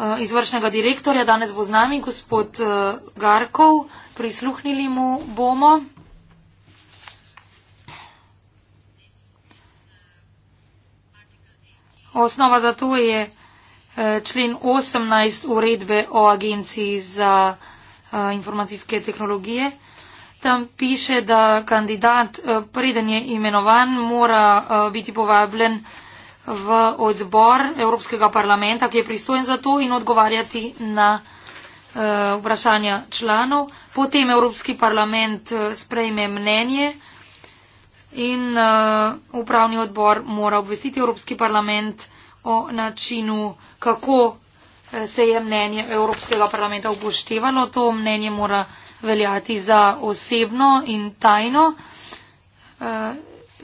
Eh, izvršnega direktorja. Danes bo z nami gospod eh, Garkov. Prisluhnili mu bomo. Osnova za to je eh, člen 18 uredbe o agenciji za informacijske tehnologije. Tam piše, da kandidat, preden je imenovan, mora biti povabljen v odbor Evropskega parlamenta, ki je pristojen za to in odgovarjati na eh, vprašanja članov. Potem Evropski parlament eh, sprejme mnenje in eh, upravni odbor mora obvestiti Evropski parlament o načinu, kako se je mnenje Evropskega parlamenta upoštevalo. To mnenje mora veljati za osebno in tajno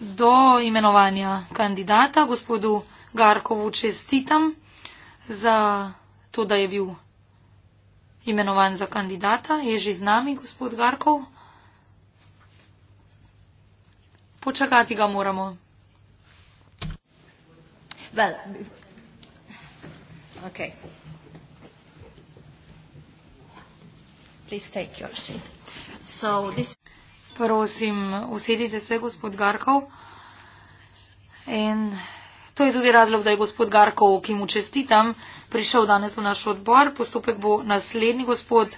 do imenovanja kandidata, gospodu Garkovu čestitam za to, da je bil imenovan za kandidata. Je že z nami, gospod Garkov? Počakati ga moramo. Well, okay. Please take your seat. So this Prosim, usedite se, gospod Garkov. In to je tudi razlog, da je gospod Garkov, ki mu čestitam, prišel danes v naš odbor. Postopek bo naslednji. Gospod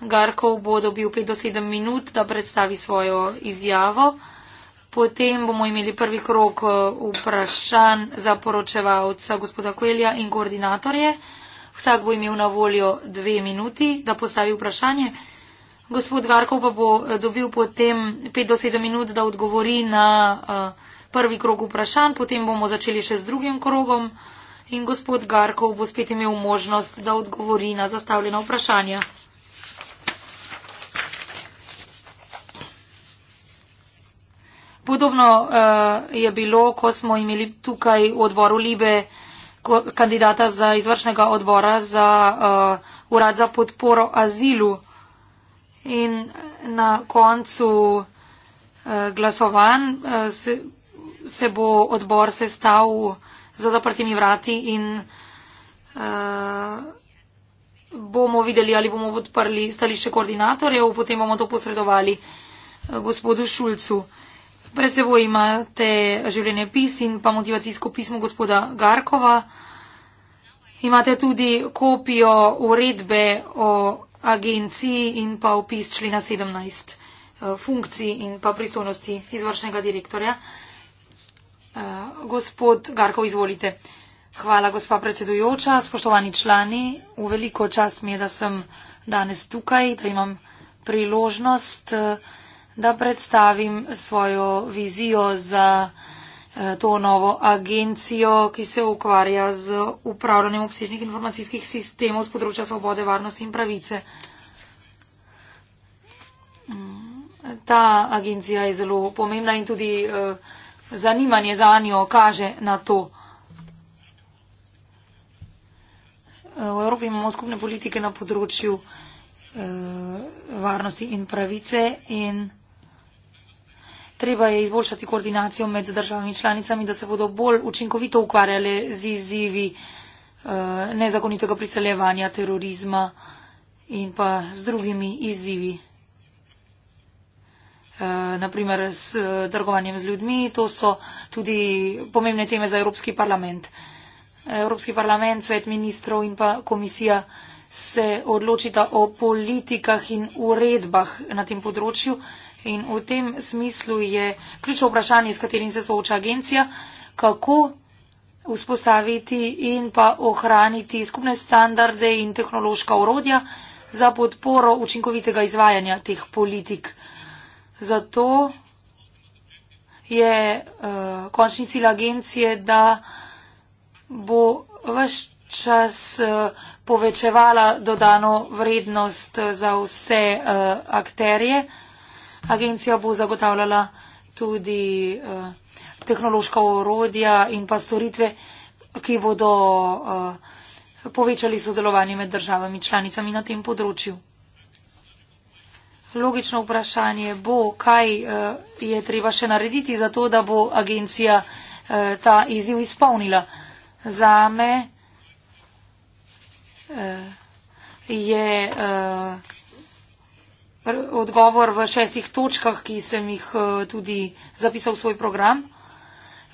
Garkov bo dobil 5 do 7 minut, da predstavi svojo izjavo. Potem bomo imeli prvi krok eh, vprašanj za poročevalca gospoda Kuelja in koordinatorje. Vsak bo imel na voljo dve minuti, da postavi vprašanje. Gospod Garko pa bo eh, dobil potem 5 do 7 minut, da odgovori na eh, prvi krog vprašanj, potem bomo začeli še z drugim krogom in gospod Garko bo spet imel možnost, da odgovori na zastavljena vprašanja. Podobno uh, je bilo, ko smo imeli tukaj v odboru Libe ko, kandidata za izvršnega odbora za uh, urad za podporo azilu. In na koncu eh, glasovanj eh, se, se bo odbor sestavil za zaprtimi vrati in eh, bomo videli, ali bomo podprli stališče koordinatorjev, potem bomo to posredovali eh, gospodu Šulcu. Pred seboj imate življenje pis in pa motivacijsko pismo gospoda Garkova. Imate tudi kopijo uredbe o agenciji in pa upis člena 17 eh, funkcij in pa pristojnosti izvršnega direktorja. Eh, gospod Garkov, izvolite. Hvala, gospa predsedujoča, spoštovani člani. V veliko čast mi je, da sem danes tukaj, da imam priložnost, eh, da predstavim svojo vizijo za Eh, to novo agencijo, ki se ukvarja z upravljanjem obsežnih informacijskih sistemov z področja svobode, varnosti in pravice. Mm, ta agencija je zelo pomembna in tudi eh, zanimanje za njo kaže na to. Eh, v Evropi imamo skupne politike na področju varnosti in pravice in treba je izboljšati koordinacijo med državami članicami, da se bodo bolj učinkovito ukvarjali z izzivi eh, nezakonitega priseljevanja, terorizma in pa z drugimi izzivi. Eh, Naprimer s eh, trgovanjem z ljudmi, to so tudi pomembne teme za Evropski parlament. Evropski parlament, svet ministrov in pa komisija se odločita o politikah in uredbah na tem področju. In v tem smislu je ključno vprašanje, s katerim se sooča agencija, kako vzpostaviti in pa ohraniti skupne standarde in tehnološka urodja za podporo učinkovitega izvajanja teh politik. Zato je uh, končni cilj agencije, da bo vse čas uh, povečevala dodano vrednost eh, za vse uh, akterje. Agencija bo zagotavljala tudi uh, tehnološka orodja in pa storitve, ki bodo uh, povečali sodelovanje med državami članicami na tem področju. Logično vprašanje bo, kaj uh, je treba še narediti za to, da bo agencija uh, ta izziv izpolnila. Za me uh, je. Uh, odgovor v šestih točkah, ki sem jih eh, tudi zapisal v svoj program.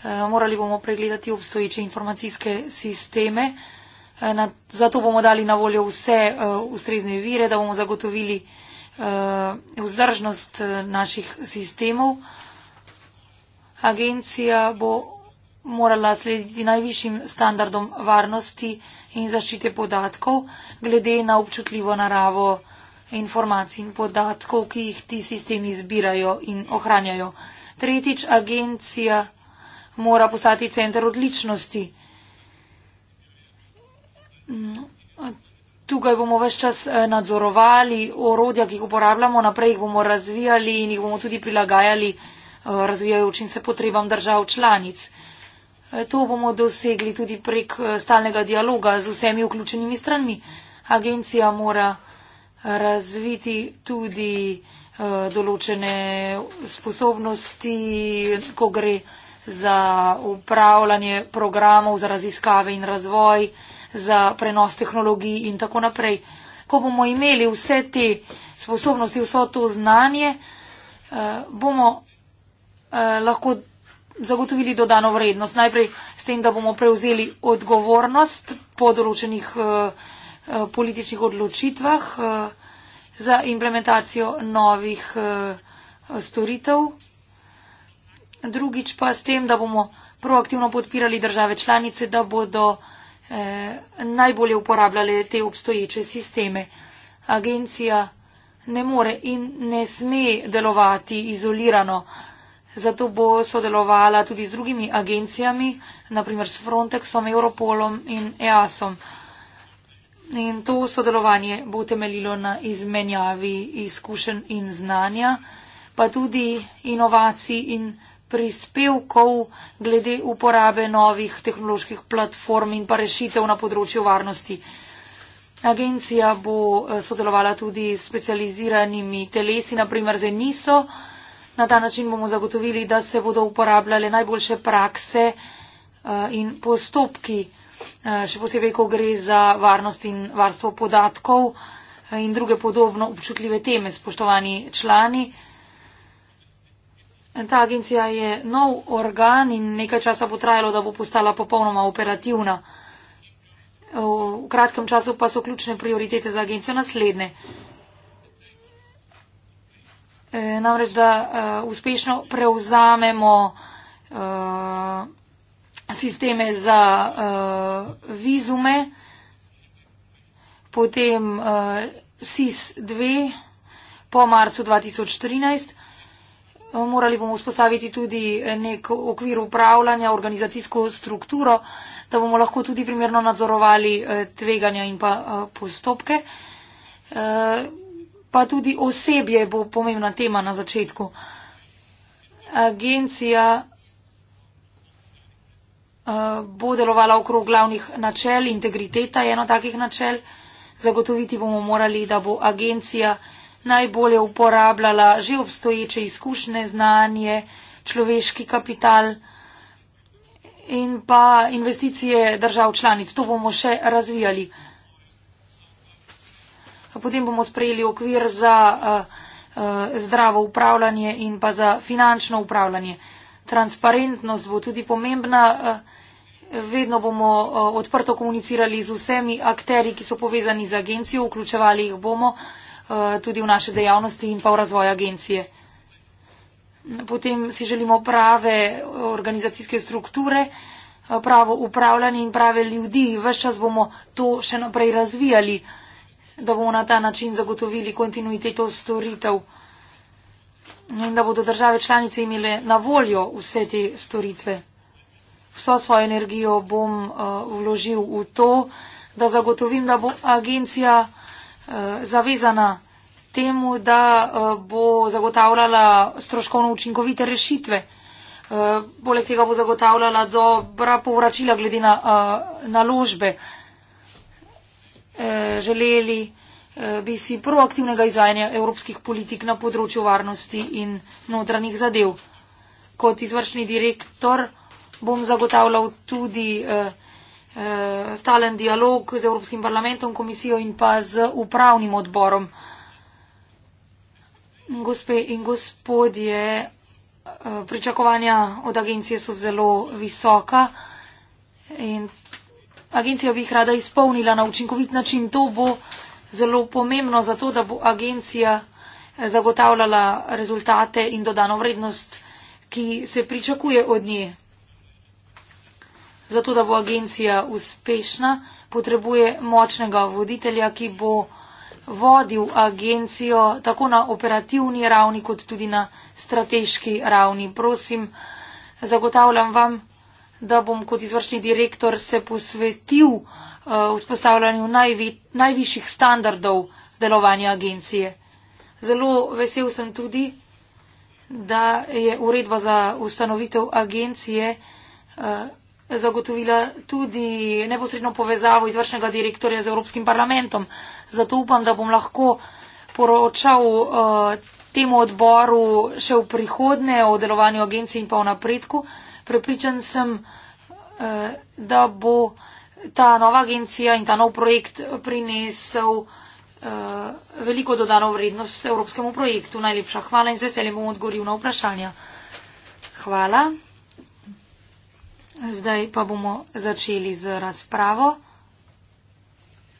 Eh, morali bomo pregledati obstoječe informacijske sisteme. Eh, zato bomo dali na voljo vse ustrezne vire, da bomo zagotovili vzdržnost naših sistemov. Agencija bo morala slediti najvišjim standardom varnosti in zaščite podatkov glede na občutljivo naravo informacij in podatkov, ki jih ti sistemi zbirajo in ohranjajo. Tretjič, agencija mora postati center odličnosti. Tukaj bomo vse čas eh, nadzorovali orodja, ki jih uporabljamo, naprej jih bomo razvijali in jih bomo tudi prilagajali eh, razvijajočim se potrebam držav članic. Eh, to bomo dosegli tudi prek stalnega dialoga z vsemi vključenimi stranmi. Agencija mora razviti tudi eh, določene sposobnosti, ko gre za upravljanje programov, za raziskave in razvoj, za prenos tehnologij in tako naprej. Ko bomo imeli vse te sposobnosti, vso to znanje, eh, bomo eh, lahko zagotovili dodano vrednost. Najprej s tem, da bomo prevzeli odgovornost po določenih Eh, političnih odločitvah eh, za implementacijo novih eh, storitev. Drugič pa s tem, da bomo proaktivno podpirali države članice, da bodo najbolje uporabljali te obstoječe sisteme. Agencija ne more in ne sme delovati izolirano. Zato bo sodelovala tudi z drugimi agencijami, naprimer s Frontexom, Europolom in EASom. In to sodelovanje bo temeljilo na izmenjavi izkušenj in znanja, pa tudi inovacij in prispevkov glede uporabe novih tehnoloških platform in pa rešitev na področju varnosti. Agencija bo eh, sodelovala tudi s specializiranimi telesi, naprimer z ENISO. Na ta način bomo zagotovili, da se bodo uporabljale najboljše prakse eh, in postopki. Eh, še posebej, ko gre za varnost in varstvo podatkov eh, in druge podobno občutljive teme, spoštovani člani. Ta agencija je nov organ in nekaj časa bo trajalo, da bo postala popolnoma operativna. Eh, v kratkem času pa so ključne prioritete za agencijo naslednje. Namreč, da uspešno prevzamemo sisteme za uh, vizume, potem uh, eh, SIS-2 po marcu 2013. Morali bomo vzpostaviti tudi nek okvir upravljanja, organizacijsko strukturo, da bomo lahko tudi primerno nadzorovali uh, tveganja in pa uh, postopke. Uh, pa tudi osebje bo pomembna tema na začetku. Agencija. Eh, bo delovala okrog glavnih načel. Integriteta je eno takih načel. Zagotoviti bomo morali, da bo agencija najbolje uporabljala že obstoječe izkušnje, znanje, človeški kapital in pa investicije držav članic. To bomo še razvijali. Potem bomo sprejeli okvir za uh, uh, zdravo upravljanje in pa za finančno upravljanje. Transparentnost bo tudi pomembna. Uh, Vedno bomo eh, odprto komunicirali z vsemi akteri, ki so povezani z agencijo, vključevali jih bomo eh, tudi v naše dejavnosti in pa v razvoj agencije. Potem si želimo prave eh, organizacijske strukture, pravo upravljanje in prave ljudi. Ves čas bomo to še naprej razvijali, da bomo na ta način zagotovili kontinuiteto storitev in da bodo države članice imele na voljo vse te storitve vso svojo energijo bom eh, vložil v to, da zagotovim, da bo agencija eh, zavezana temu, da eh, bo zagotavljala stroškovno učinkovite rešitve. Poleg tega bo zagotavljala dobra povračila glede na naložbe. Želeli bi si proaktivnega izvajanja evropskih politik na področju varnosti in notranjih zadev. Kot izvršni direktor bom zagotavljal tudi eh, eh, stalen dialog z Evropskim parlamentom, komisijo in pa z upravnim odborom. Gospe in gospodje, eh, pričakovanja od agencije so zelo visoka in agencija bi jih rada izpolnila na učinkovit način. To bo zelo pomembno za to, da bo agencija eh, zagotavljala rezultate in dodano vrednost, ki se pričakuje od nje. Zato, da bo agencija uspešna, potrebuje močnega voditelja, ki bo vodil agencijo tako na operativni ravni, kot tudi na strateški ravni. Prosim, zagotavljam vam, da bom kot izvršni direktor se posvetil uh, vzpostavljanju najvi, najvišjih standardov delovanja agencije. Zelo vesel sem tudi, da je uredba za ustanovitev agencije. Uh, zagotovila tudi neposredno povezavo izvršnega direktorja z Evropskim parlamentom. Zato upam, da bom lahko poročal uh, temu odboru še v prihodne o delovanju agencije in pa o napredku. Prepričan sem, uh, da bo ta nova agencija in ta nov projekt prinesel eh, veliko dodano vrednost evropskemu projektu. Najlepša hvala in z veseljem bom odgovoril na vprašanja. Hvala. Zdaj pa bomo začeli z razpravo.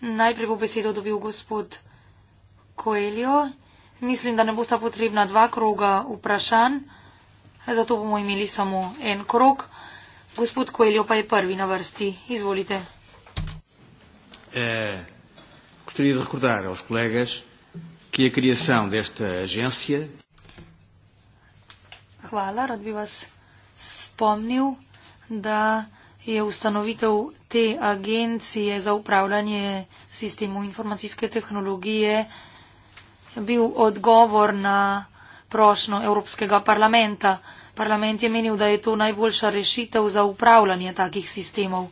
Najprej bo besedo dobil gospod Koeljo. Mislim, da ne bosta potrebna dva kroga vprašanj, zato bomo imeli samo en krog. Gospod Koeljo pa je prvi na vrsti. Izvolite. Eh, kolegas, je desta Hvala, rad bi vas spomnil da je ustanovitev te agencije za upravljanje sistemov informacijske tehnologije bil odgovor na prošno Evropskega parlamenta. Parlament je menil, da je to najboljša rešitev za upravljanje takih sistemov.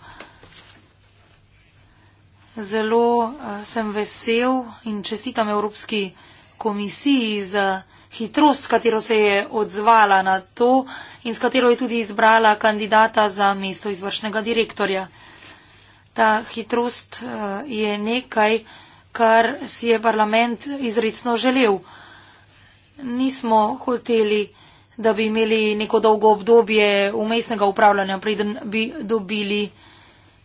Zelo eh, sem vesel in čestitam Evropski komisiji za hitrost, s katero se je odzvala na to in s katero je tudi izbrala kandidata za mesto izvršnega direktorja. Ta hitrost eh, je nekaj, kar si je parlament izredno želel. Nismo hoteli, da bi imeli neko dolgo obdobje umestnega upravljanja, preden bi dobili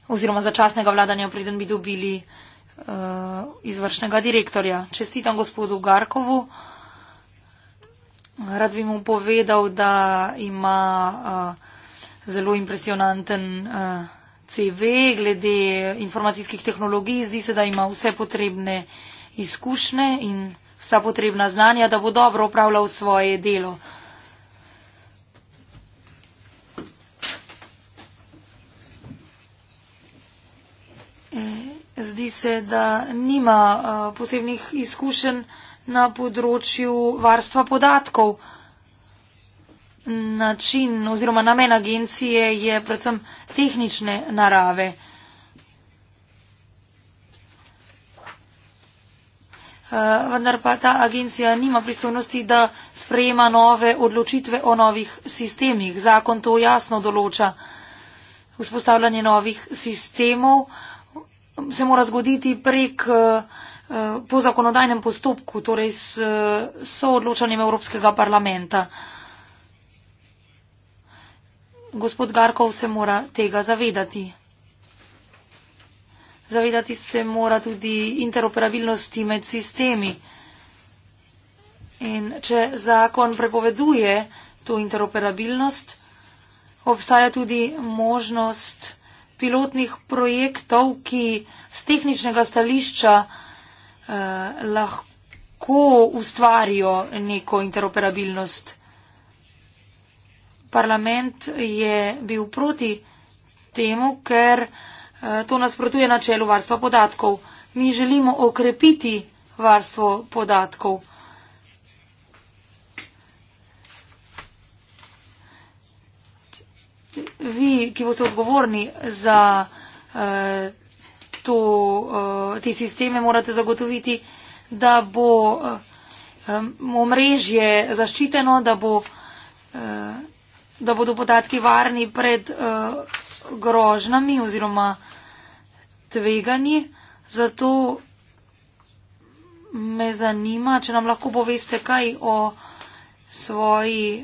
oziroma začasnega vladanja, preden bi dobili uh, izvršnega direktorja. Čestitam gospodu Garkovu. Rad bi mu povedal, da ima uh, zelo impresionanten uh, CV glede informacijskih tehnologij. Zdi se, da ima vse potrebne izkušnje in vsa potrebna znanja, da bo dobro upravljal svoje delo. E, zdi se, da nima uh, posebnih izkušenj na področju varstva podatkov. Način oziroma namen agencije je predvsem tehnične narave. Eh, vendar pa ta agencija nima pristojnosti, da sprejema nove odločitve o novih sistemih. Zakon to jasno določa. Vzpostavljanje novih sistemov se mora zgoditi prek eh, Eh, po zakonodajnem postopku, torej s soodločanjem Evropskega parlamenta. Gospod Garkov se mora tega zavedati. Zavedati se mora tudi interoperabilnosti med sistemi. In če zakon prepoveduje to interoperabilnost, obstaja tudi možnost pilotnih projektov, ki z tehničnega stališča Eh, lahko ustvarijo neko interoperabilnost. Parlament je bil proti temu, ker eh, to nasprotuje načelu varstva podatkov. Mi želimo okrepiti varstvo podatkov. Vi, ki boste odgovorni za uh, to, eh, te sisteme morate zagotoviti, da bo eh, omrežje zaščiteno, da, bo, eh, da bodo podatki varni pred grožnami oziroma tveganji. Zato me zanima, če nam lahko poveste kaj o svoji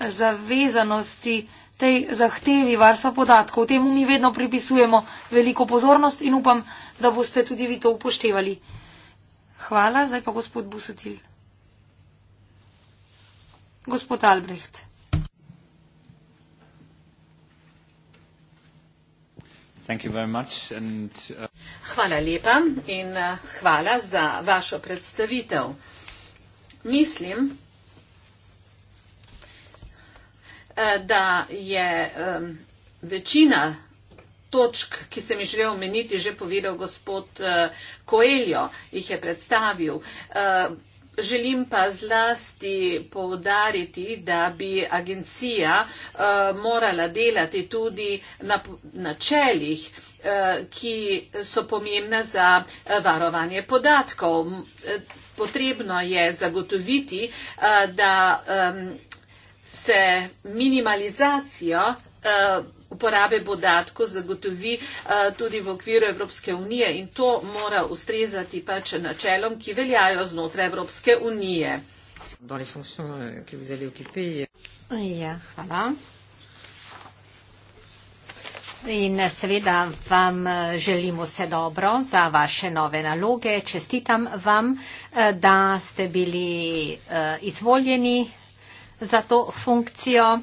zavezanosti tej zahtevi varstva podatkov. Temu mi vedno pripisujemo veliko pozornost in upam, da boste tudi vi to upoštevali. Hvala, zdaj pa gospod Busutil. Gospod Albrecht. Much, and, uh... Hvala lepa in uh, hvala za vašo predstavitev. Mislim, Eh, da je večina točk, ki sem jih želel omeniti, že povedal gospod Koeljo, eh, jih je predstavil. Eh, želim pa zlasti povdariti, da bi agencija morala delati tudi na načeljih, ki so pomembne za varovanje podatkov. Potrebno je zagotoviti, da se minimalizacijo eh, uporabe podatkov zagotovi eh, tudi v okviru Evropske unije in to mora ustrezati pač načelom, ki veljajo znotraj Evropske unije. Dans les fonctions euh, que vous allez occuper. Oui, voilà. Ja, in eh, seveda vam želimo vse dobro za vaše nove naloge. Čestitam vam, da ste bili izvoljeni za to funkcijo.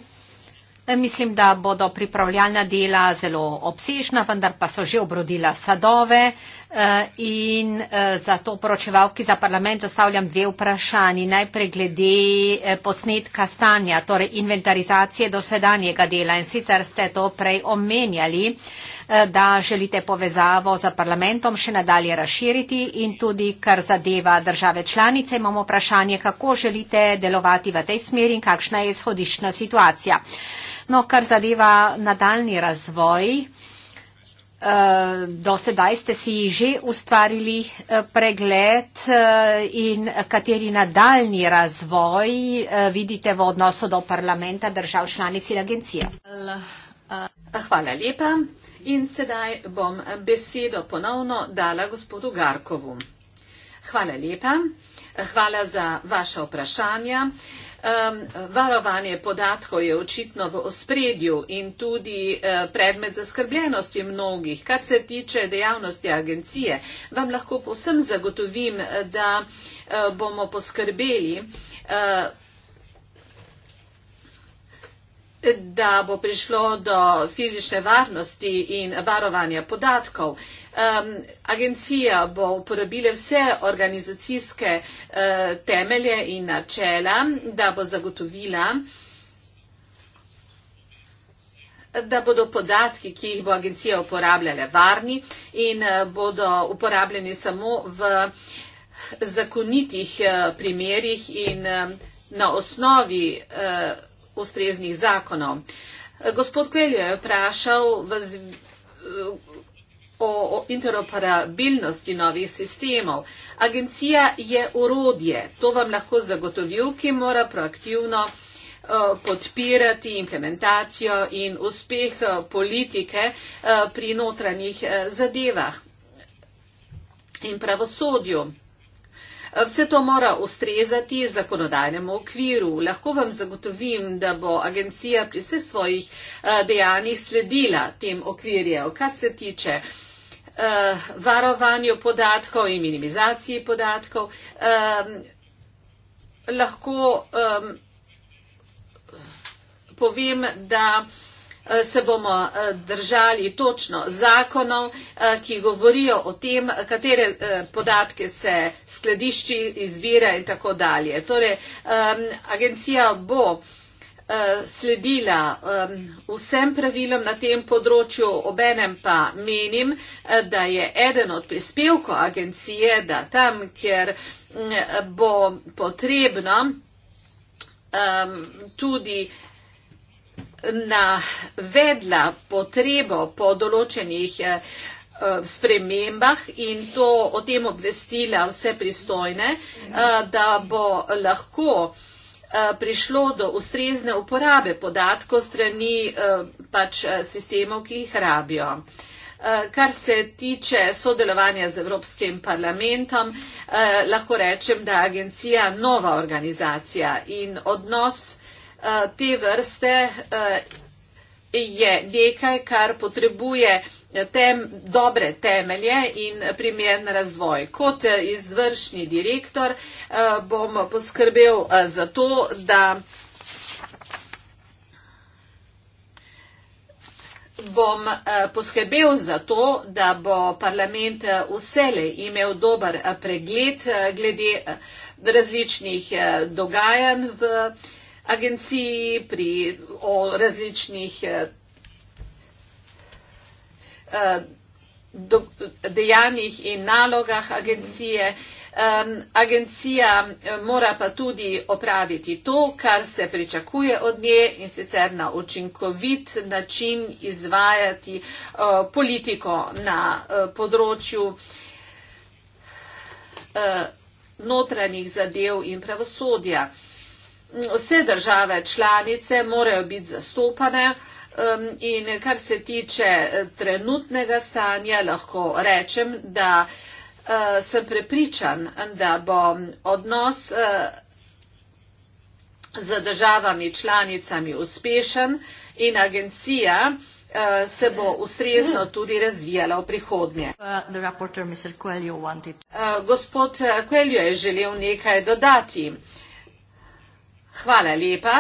E, mislim, da bodo pripravljalna dela zelo obsežna, vendar pa so že obrodila sadove e, in e, zato poročevalki za parlament zastavljam dve vprašanji. Najprej glede posnetka stanja, torej inventarizacije dosedanjega dela in sicer ste to prej omenjali. Eh, da želite povezavo z parlamentom še nadalje razširiti in tudi, kar zadeva države članice, imamo vprašanje, kako želite delovati v tej smeri in kakšna je izhodiščna situacija. No, kar zadeva nadaljni razvoj, eh, do sedaj ste si že ustvarili eh, pregled in kateri nadaljni razvoj vidite v odnosu do parlamenta držav članic in agencije. Hvala lepa. In sedaj bom besedo ponovno dala gospodu Garkovu. Hvala lepa. Hvala za vaša vprašanja. Um, varovanje podatkov je očitno v ospredju in tudi uh, predmet zaskrbljenosti mnogih. Kar se tiče dejavnosti agencije, vam lahko povsem zagotovim, da uh, bomo poskrbeli. Uh, da bo prišlo do fizične varnosti in varovanja podatkov. Um, agencija bo uporabila vse organizacijske uh, temelje in načela, da bo zagotovila, da bodo podatki, ki jih bo agencija uporabljala, varni in uh, bodo uporabljeni samo v zakonitih uh, eh, primerjih in uh, na osnovi uh, ustreznih zakonov. Gospod Kveljo je vprašal v o interoperabilnosti novih sistemov. Agencija je urodje, to vam lahko zagotovil, ki mora proaktivno eh, podpirati implementacijo in uspeh eh, politike eh, pri notranjih zadevah in pravosodju. Vse to mora ustrezati zakonodajnemu okviru. Lahko vam zagotovim, da bo agencija pri vseh svojih eh, dejanjih sledila tem okvirjev, kar se tiče eh, varovanju podatkov in minimizaciji podatkov. Ehm, lahko ehm, povem, da. Eh, se bomo eh, držali točno zakonov, eh, ki govorijo o tem, katere podatke se skladišči, izvira in tako dalje. Torej, agencija bo sledila vsem pravilom na tem področju, obenem pa menim, da je eden od prispevkov agencije, da tam, kjer mm, bo potrebno tudi navedla potrebo po določenih eh, eh, spremembah in to o tem obvestila vse pristojne, eh, da bo lahko prišlo do ustrezne uporabe podatkov strani pač sistemov, ki jih rabijo. Kar se tiče sodelovanja z Evropskim parlamentom, lahko rečem, da je agencija nova organizacija in odnos Eh, te vrste eh, je nekaj, kar potrebuje eh, tem, dobre temelje in primern razvoj. Kot izvršni direktor bom poskrbel za to, da bom poskrbel za to, da bo parlament vsele imel dober pregled glede različnih dogajanj v agenciji, pri različnih eh, eh, dejanjih in nalogah agencije. Agencija eh, mora pa tudi opraviti to, kar se pričakuje od nje in sicer na učinkovit način izvajati politiko na področju notranjih zadev in pravosodja vse države članice morajo biti zastopane. Um, in kar se tiče eh, trenutnega stanja, lahko rečem, da eh, sem prepričan, da bo odnos eh, z državami članicami uspešen in agencija se bo ustrezno tudi razvijala v prihodnje. Uh, gospod Koeljo je želel nekaj dodati hvala lepa.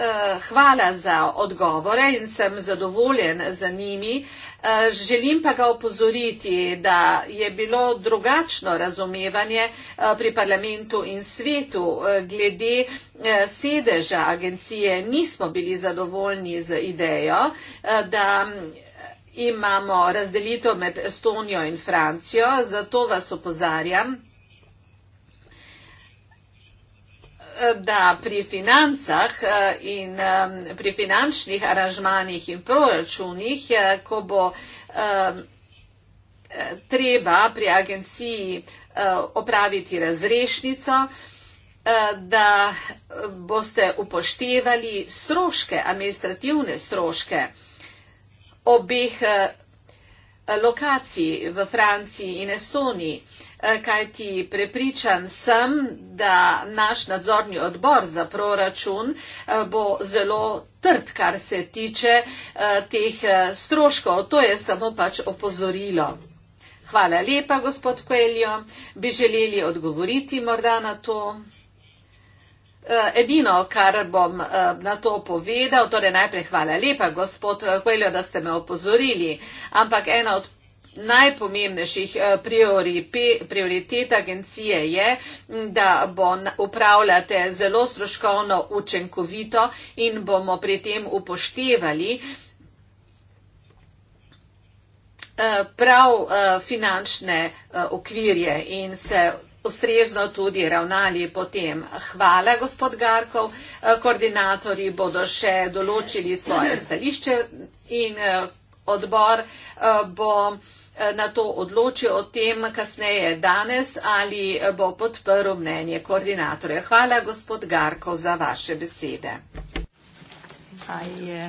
Eh, hvala za odgovore in sem zadovoljen za njimi. Eh, želim pa ga opozoriti, da je bilo drugačno razumevanje eh, pri parlamentu in svetu glede sedeža agencije. Nismo bili zadovoljni z idejo, da imamo razdelitev med Estonijo in Francijo, zato vas opozarjam da pri financah eh, in eh, pri finančnih aranžmanih in proračunih, eh, ko bo treba pri agenciji opraviti razrešnico, da boste upoštevali stroške, administrativne stroške obeh lokacij v Franciji in Estoniji. Eh, kajti prepričan sem, da naš nadzorni odbor za proračun eh, bo zelo trd, kar se tiče eh, teh stroškov. To je samo pač opozorilo. Hvala lepa, gospod Koeljo. Bi želeli odgovoriti morda na to? Edino, kar bom na to povedal, torej najprej hvala lepa, gospod Koeljo, da ste me opozorili, ampak ena od najpomembnejših eh, prioritet agencije je, da bo upravljate zelo stroškovno učinkovito in bomo pri tem upoštevali eh, prav eh, finančne okvirje in se ustrezno tudi ravnali potem. Hvala, gospod Garkov. Koordinatori bodo še določili svoje stališče in odbor bo. Eh, na to odloči o tem kasneje danes ali eh, bo podprl mnenje koordinatorja. Hvala, gospod Garko, za vaše besede. I, uh,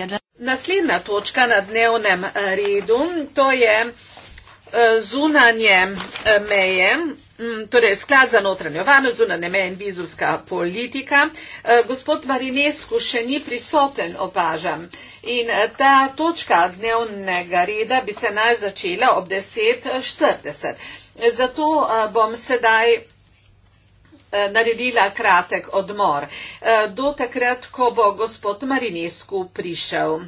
I Naslednja točka na dnevnem redu, to je zunanje meje. Mm, torej, sklad za notranjo varnost, zunanje meje in vizumska politika. Eh, gospod Marinescu še ni prisoten, opažam. In eh, ta točka dnevnega reda bi se naj začela ob 10.40. Zato eh, bom sedaj naredila kratek odmor. Do takrat, ko bo gospod Marinescu prišel.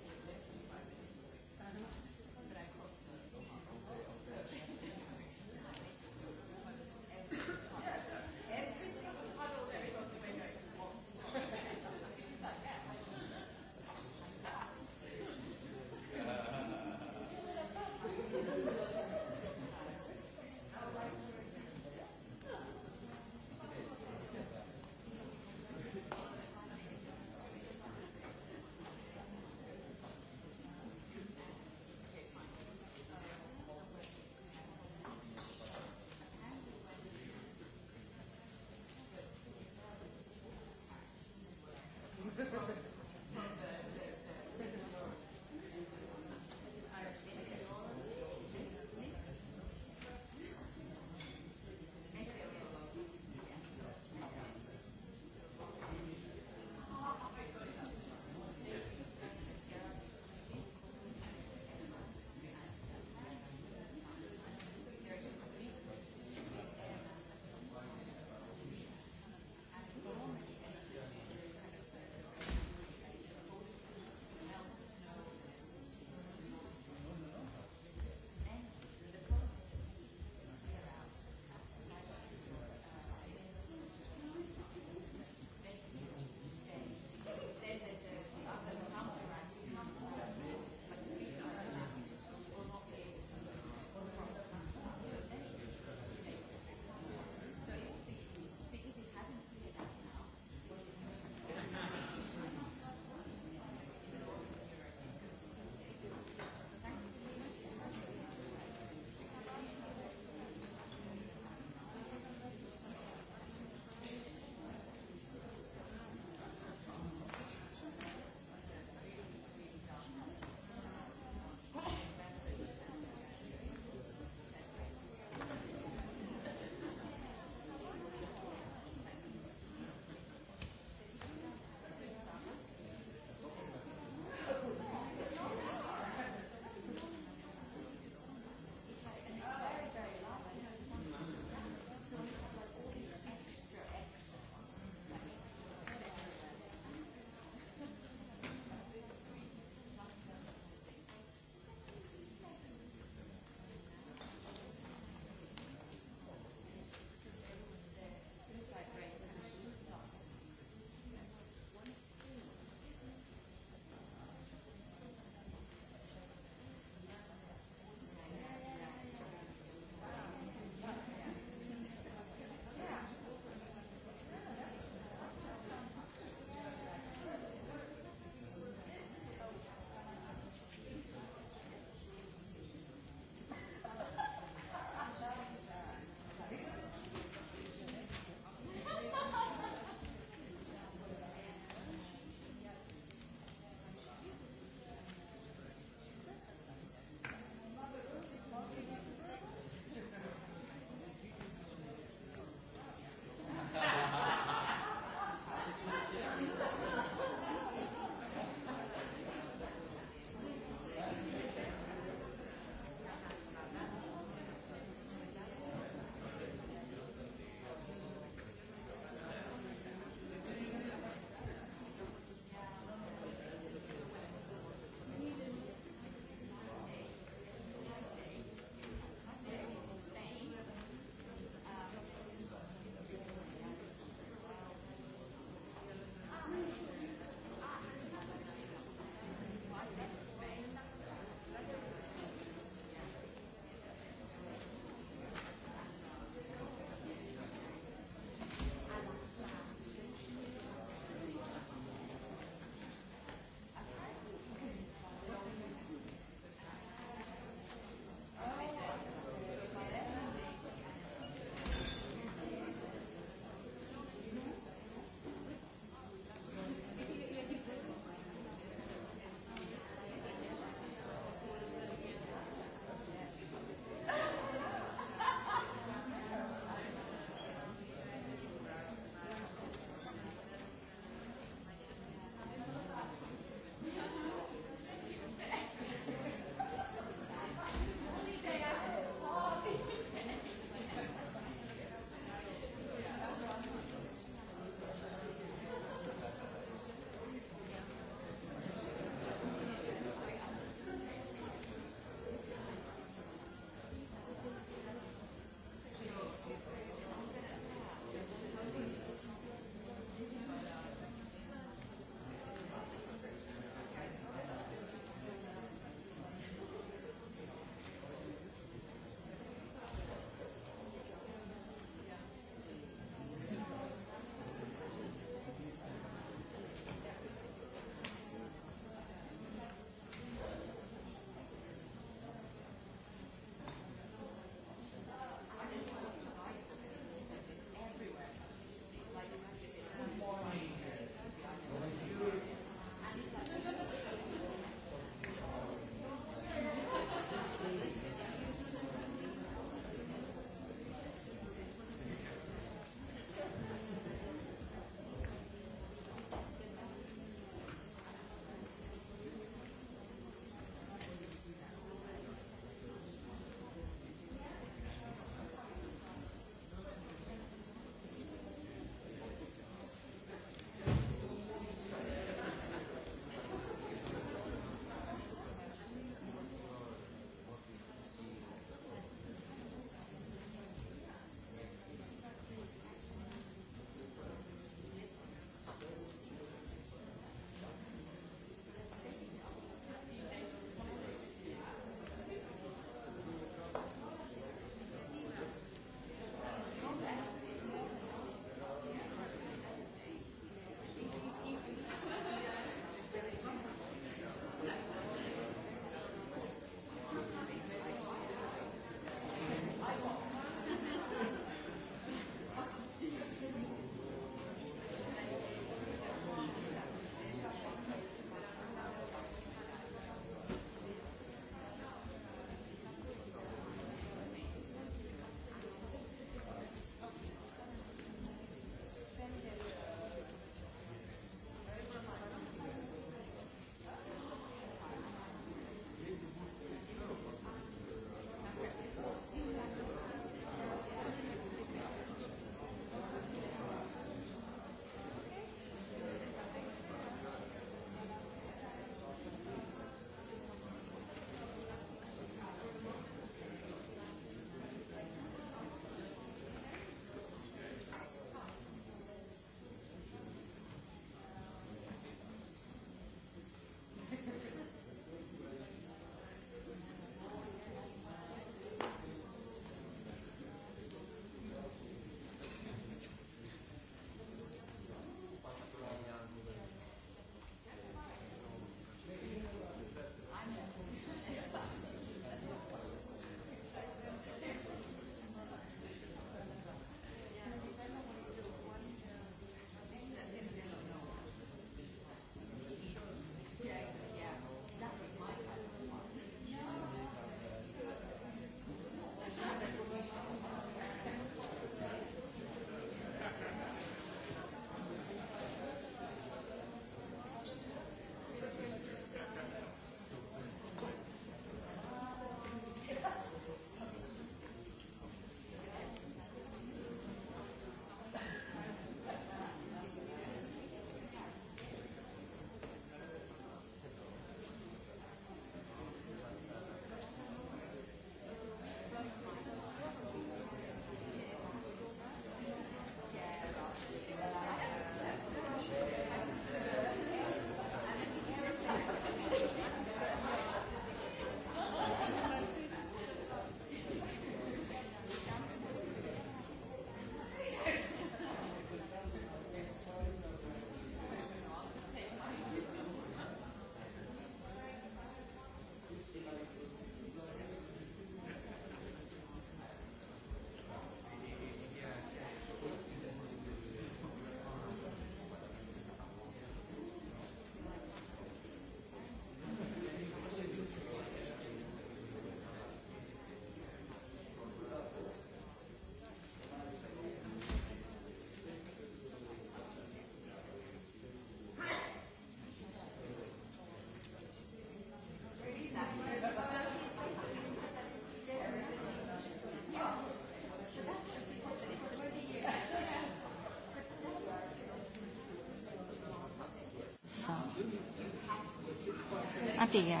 Srbije.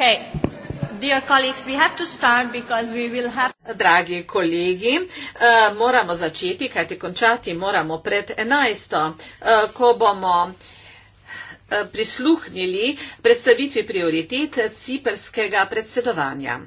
Okay. Dear colleagues, we have to start because we will have Dragi kolegi, eh, moramo začeti, kajti končati moramo pred enajsto, eh, ko bomo eh, prisluhnili predstavitvi prioritet ciperskega predsedovanja.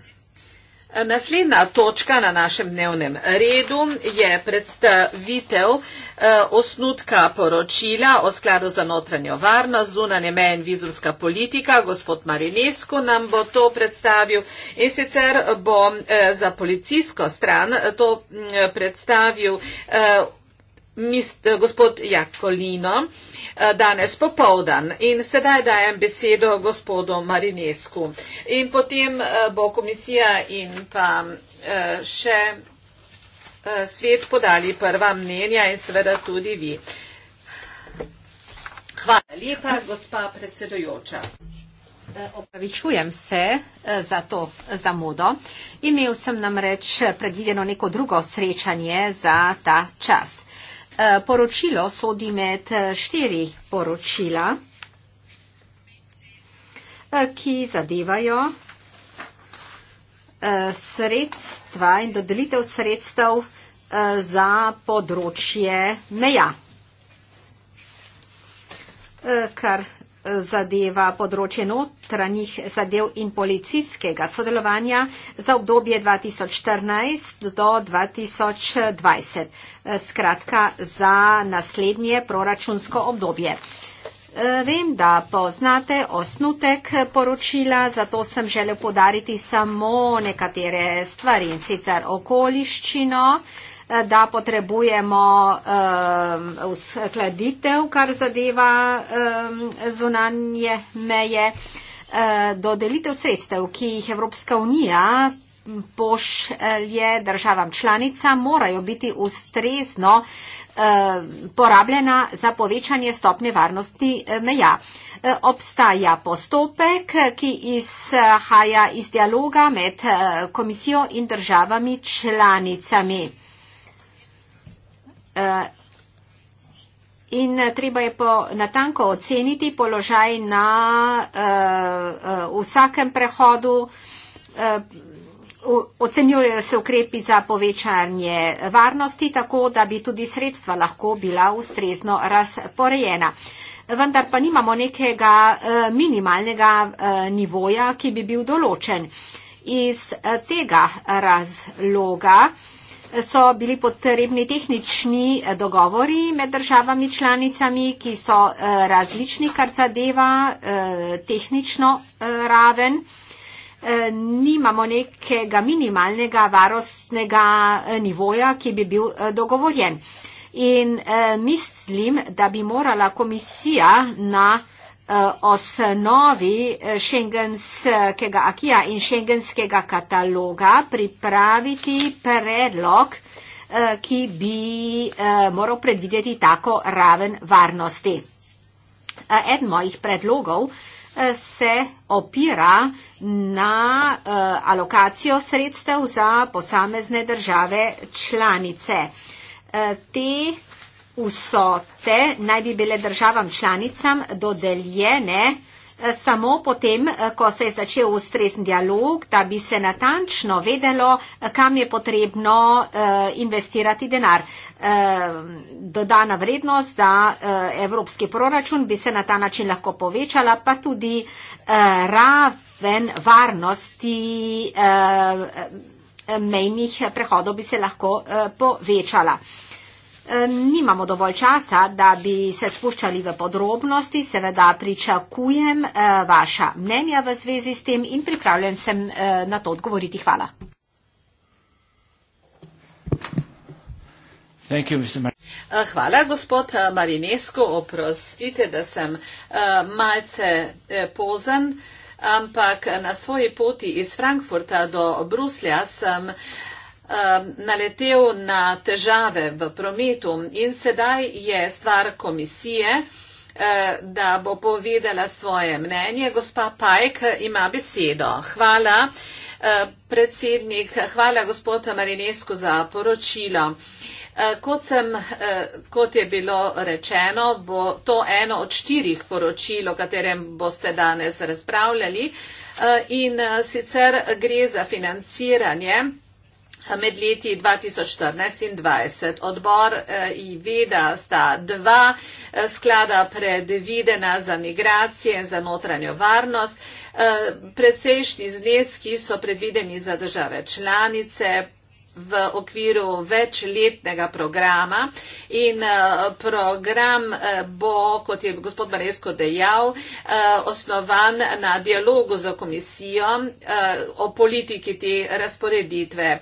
Naslednja točka na našem dnevnem redu je predstavitev eh, osnutka poročila o skladu za notranjo varnost, zunanje meje in vizumska politika. Gospod Marinesko nam bo to predstavil in sicer bo eh, za policijsko stran to mm, predstavil eh, Eh, gospod Jakolino eh, danes popovdan in sedaj dajem besedo gospodu Marinesku. In potem eh, bo komisija in pa še svet podali prva mnenja in seveda tudi vi. Hvala lepa, gospa predsedujoča. Opravičujem se za to zamudo. Imel sem namreč predvideno neko drugo srečanje za ta čas. Eh, poročilo sodi med eh, štiri poročila, eh, ki zadevajo sredstva in dodelitev sredstev za področje meja, kar zadeva področje notranjih zadev in policijskega sodelovanja za obdobje 2014 do 2020. Skratka, za naslednje proračunsko obdobje. Vem, da poznate osnutek poročila, zato sem želel podariti samo nekatere stvari in sicer okoliščino, da potrebujemo uskladitev, kar zadeva zunanje meje, eh, dodelitev sredstev, ki jih Evropska unija pošlje državam članica, morajo biti ustrezno porabljena za povečanje stopne varnosti eh, meja. Eh, obstaja postopek, ki izhaja iz dialoga med komisijo in državami članicami. Eh, in eh, treba je po, natanko oceniti položaj na uh, uh, vsakem prehodu. Uh, ocenjujejo se ukrepi za povečanje varnosti, tako da bi tudi sredstva lahko bila ustrezno razporejena. Vendar pa nimamo nekega uh, minimalnega uh, nivoja, ki bi bil določen. Iz uh, tega razloga. Uh, so bili potrebni tehnični eh, dogovori med državami članicami, ki so eh, različni, kar zadeva eh, tehnično raven. Nimamo nekega minimalnega varostnega nivoja, ki bi bil dogovorjen. In mislim, da bi morala komisija na Eh, osnovi eh, šengenskega akija in šengenskega kataloga pripraviti predlog, eh, ki bi moral predvideti tako raven varnosti. Eden mojih predlogov se opira na alokacijo sredstev za posamezne države članice. Te vsote naj bi bile državam članicam dodeljene eh, samo potem, eh, ko se je začel ustrezen dialog, da bi se natančno vedelo, eh, kam je potrebno investirati denar. Dodana vrednost za evropski proračun bi se na ta način lahko povečala, pa tudi raven varnosti mejnih prehodov bi se lahko povečala. Nimamo dovolj časa, da bi se spuščali v podrobnosti, seveda pričakujem eh, vaša mnenja v zvezi s tem in pripravljen sem eh, na to odgovoriti. Hvala. Eh, hvala, gospod Marinesko. Oprostite, da sem malce pozen, ampak na svoji poti iz Frankfurta do Bruslja sem. Um, naletel na težave v prometu in sedaj je stvar komisije, uh, da bo povedala svoje mnenje. Gospa Pajk ima besedo. Hvala, uh, predsednik. Hvala, gospod Marinesko, za poročilo. Uh, kot, sem, kot je bilo rečeno, bo to eno od štirih poročil, o katerem boste danes razpravljali. In sicer gre za financiranje med leti 2014 in 2020. Odbor eh, i veda sta dva eh, sklada predvidena za migracije in za notranjo varnost. Eh, precejšnji zneski so predvideni za države članice, v okviru večletnega programa in eh, program eh, bo, kot je gospod Maresko dejal, eh, osnovan na dialogu z komisijo o politiki te razporeditve.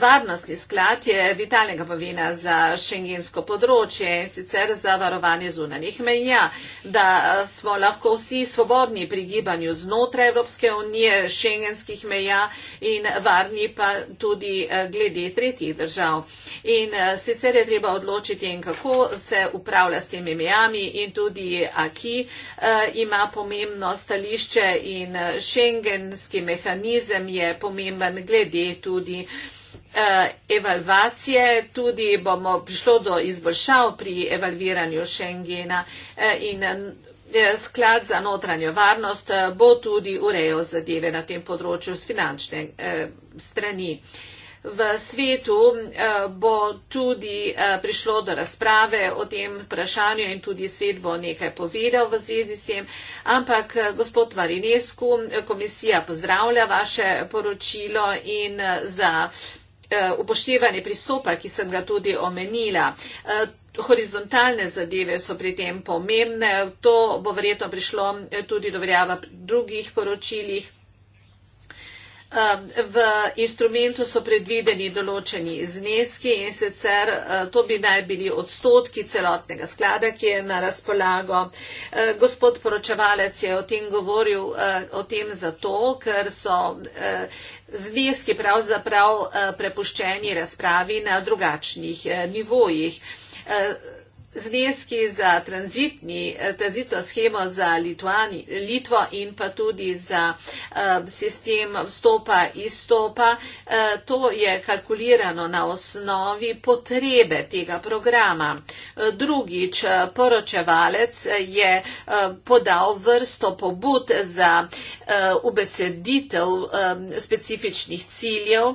Varnostni sklad je vitalnega pomena za šengensko področje in sicer za varovanje zunanih menja, da smo lahko vsi svobodni pri gibanju znotraj Evropske unije, šengenskih meja in varni pa tudi glede glede tretjih držav. In eh, sicer je treba odločiti, kako se upravlja s temi mejami in tudi, ki eh, ima pomembno stališče in eh, šengenski mehanizem je pomemben glede tudi evalvacije, tudi bomo prišlo do izboljšav pri evalviranju šengena in sklad za notranjo varnost bo tudi urejal zadeve na tem področju s finančne strani v svetu eh, bo tudi eh, prišlo do razprave o tem vprašanju in tudi svet bo nekaj povedal v zvezi s tem. Ampak, eh, gospod Marinescu, komisija pozdravlja vaše poročilo in za upoštevanje pristopa, ki sem ga tudi omenila. Horizontalne zadeve so pri tem pomembne. To bo verjetno prišlo tudi do verjava drugih poročilih. V instrumentu so predvideni določeni zneski in sicer e, to bi naj bili odstotki celotnega sklada, ki je na razpolago. E, gospod poročevalec je o tem govoril e, o tem zato, ker so zneski pravzaprav prepuščeni razpravi na drugačnih nivojih zneski za tranzitni, eh, tranzitno schemo za Litvani, Litvo in pa tudi za eh, sistem vstopa in izstopa. Eh, to je kalkulirano na osnovi potrebe tega programa. Drugič, poročevalec je podal vrsto pobud za ubeseditev specifičnih ciljev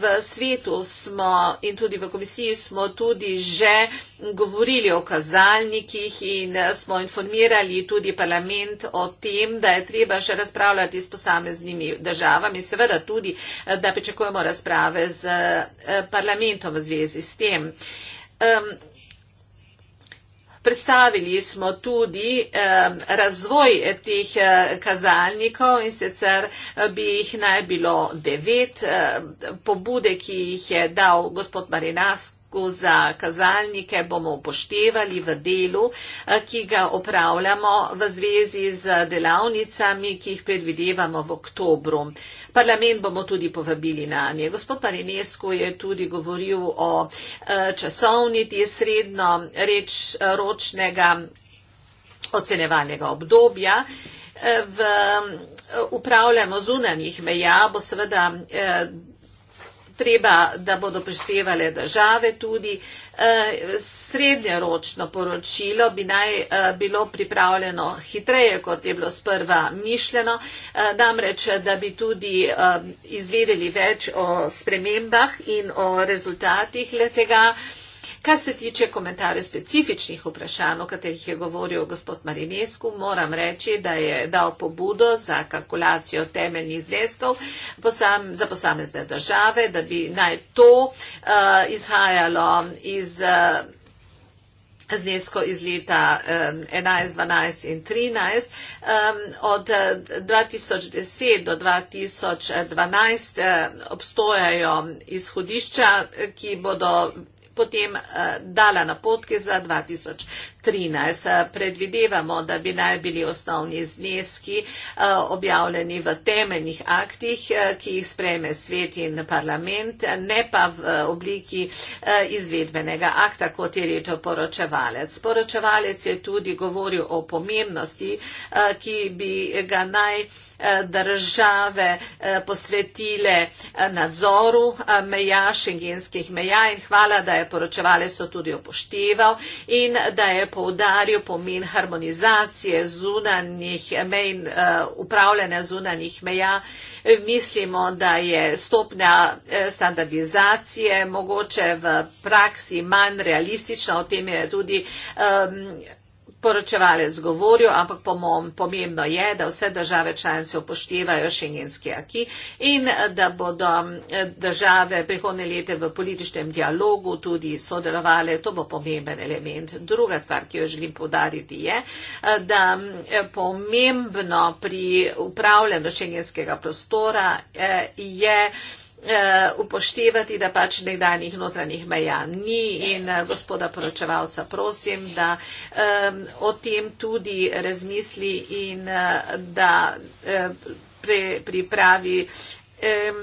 v svetu smo in tudi v komisiji smo tudi že govorili o kazalnikih in smo informirali tudi parlament o tem, da je treba še razpravljati s posameznimi državami, seveda tudi, eh, da pričakujemo razprave z eh, parlamentom v zvezi s tem. Predstavili smo tudi eh, razvoj eh, teh eh, kazalnikov in sicer eh, bi jih naj bilo devet. Eh, pobude, ki jih je dal gospod Marinas, za kazalnike bomo upoštevali v delu, eh, ki ga opravljamo v zvezi z delavnicami, ki jih predvidevamo v oktobru. Parlament bomo tudi povabili na nje. Gospod Parinesko je tudi govoril o eh, časovniti sredno reč eh, ročnega ocenevalnega obdobja. V upravljanju zunanjih meja bo seveda treba, da bodo prispevale države tudi. Eh, srednjeročno poročilo bi naj eh, bilo pripravljeno hitreje, kot je bilo sprva mišljeno, eh, namreč, da bi tudi izvedeli več o spremembah in o rezultatih letega. Kar se tiče komentarjev specifičnih vprašanj, o katerih je govoril gospod Marinescu, moram reči, da je dal pobudo za kalkulacijo temeljnih zneskov za posamezne države, da bi naj to uh, izhajalo iz. Uh, eh, Znesko iz leta 11, eh, 12 in 13. Od 2010 do 2012 obstojajo izhodišča, ki bodo potem eh, dala napotke za 2000. 2013. Predvidevamo, da bi naj bili osnovni zneski eh, objavljeni v temeljnih aktih, eh, ki jih spreme svet in parlament, ne pa v eh, obliki izvedbenega akta, kot je reto poročevalec. Poročevalec je tudi govoril o pomembnosti, ki bi ga naj države posvetile nadzoru meja, šengenskih meja in hvala, da je poročevalec to tudi upošteval in da je poudaril pomen harmonizacije zunanjih mej, eh, upravljanja zunanjih meja. Mislimo, da je stopnja eh, standardizacije mogoče v praksi manj realistična, o tem je tudi um, poročevali z govorjo, ampak pomembno je, da vse države članice upoštevajo šengenski aki in da bodo države prihodne lete v političnem dialogu tudi sodelovali. To bo pomemben element. Druga stvar, ki jo želim podariti, je, da pomembno pri upravljanju šengenskega prostora eh, je. Eh, upoštevati, da pač nekdanjih notranjih meja ni in eh, gospoda poročevalca prosim, da um, o tem tudi razmisli in uh, da uh, pre, pripravi um,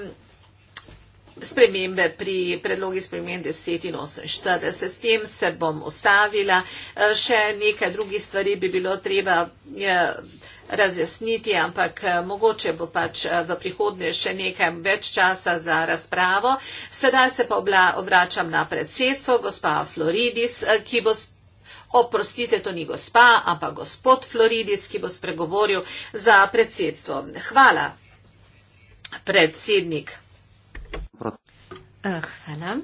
spremembe pri predlogi spremembe 10 in 48. S tem se bom ostavila. Uh, še nekaj drugih stvari bi bilo treba uh, razjasniti, ampak eh, mogoče bo pač eh, v prihodnje še nekaj več časa za razpravo. Sedaj se pa obla, obračam na predsedstvo, gospa Floridis, eh, ki bo. Oprostite, to ni gospa, ampak gospod Floridis, ki bo spregovoril za predsedstvo. Hvala, predsednik. Hvala.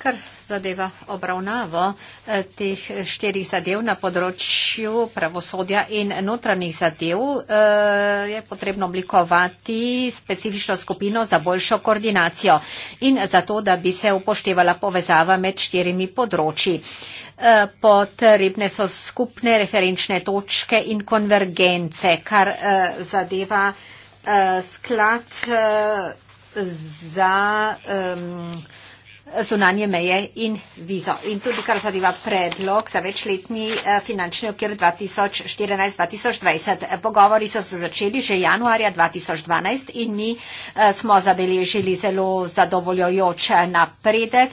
Kar zadeva obravnavo eh, teh eh, štirih zadev na področju pravosodja in notranjih zadev, eh, je potrebno oblikovati specifično skupino za boljšo koordinacijo in zato, da bi se upoštevala povezava med štirimi področji. Potrebne so skupne referenčne točke in konvergence, kar zadeva sklad za. Um, zunanje meje in vizo. In tudi kar zadeva predlog za večletni eh, finančni okvir 2014-2020. Pogovori so se začeli že januarja 2012 in mi eh, smo zabeležili zelo zadovoljujoč eh, napredek.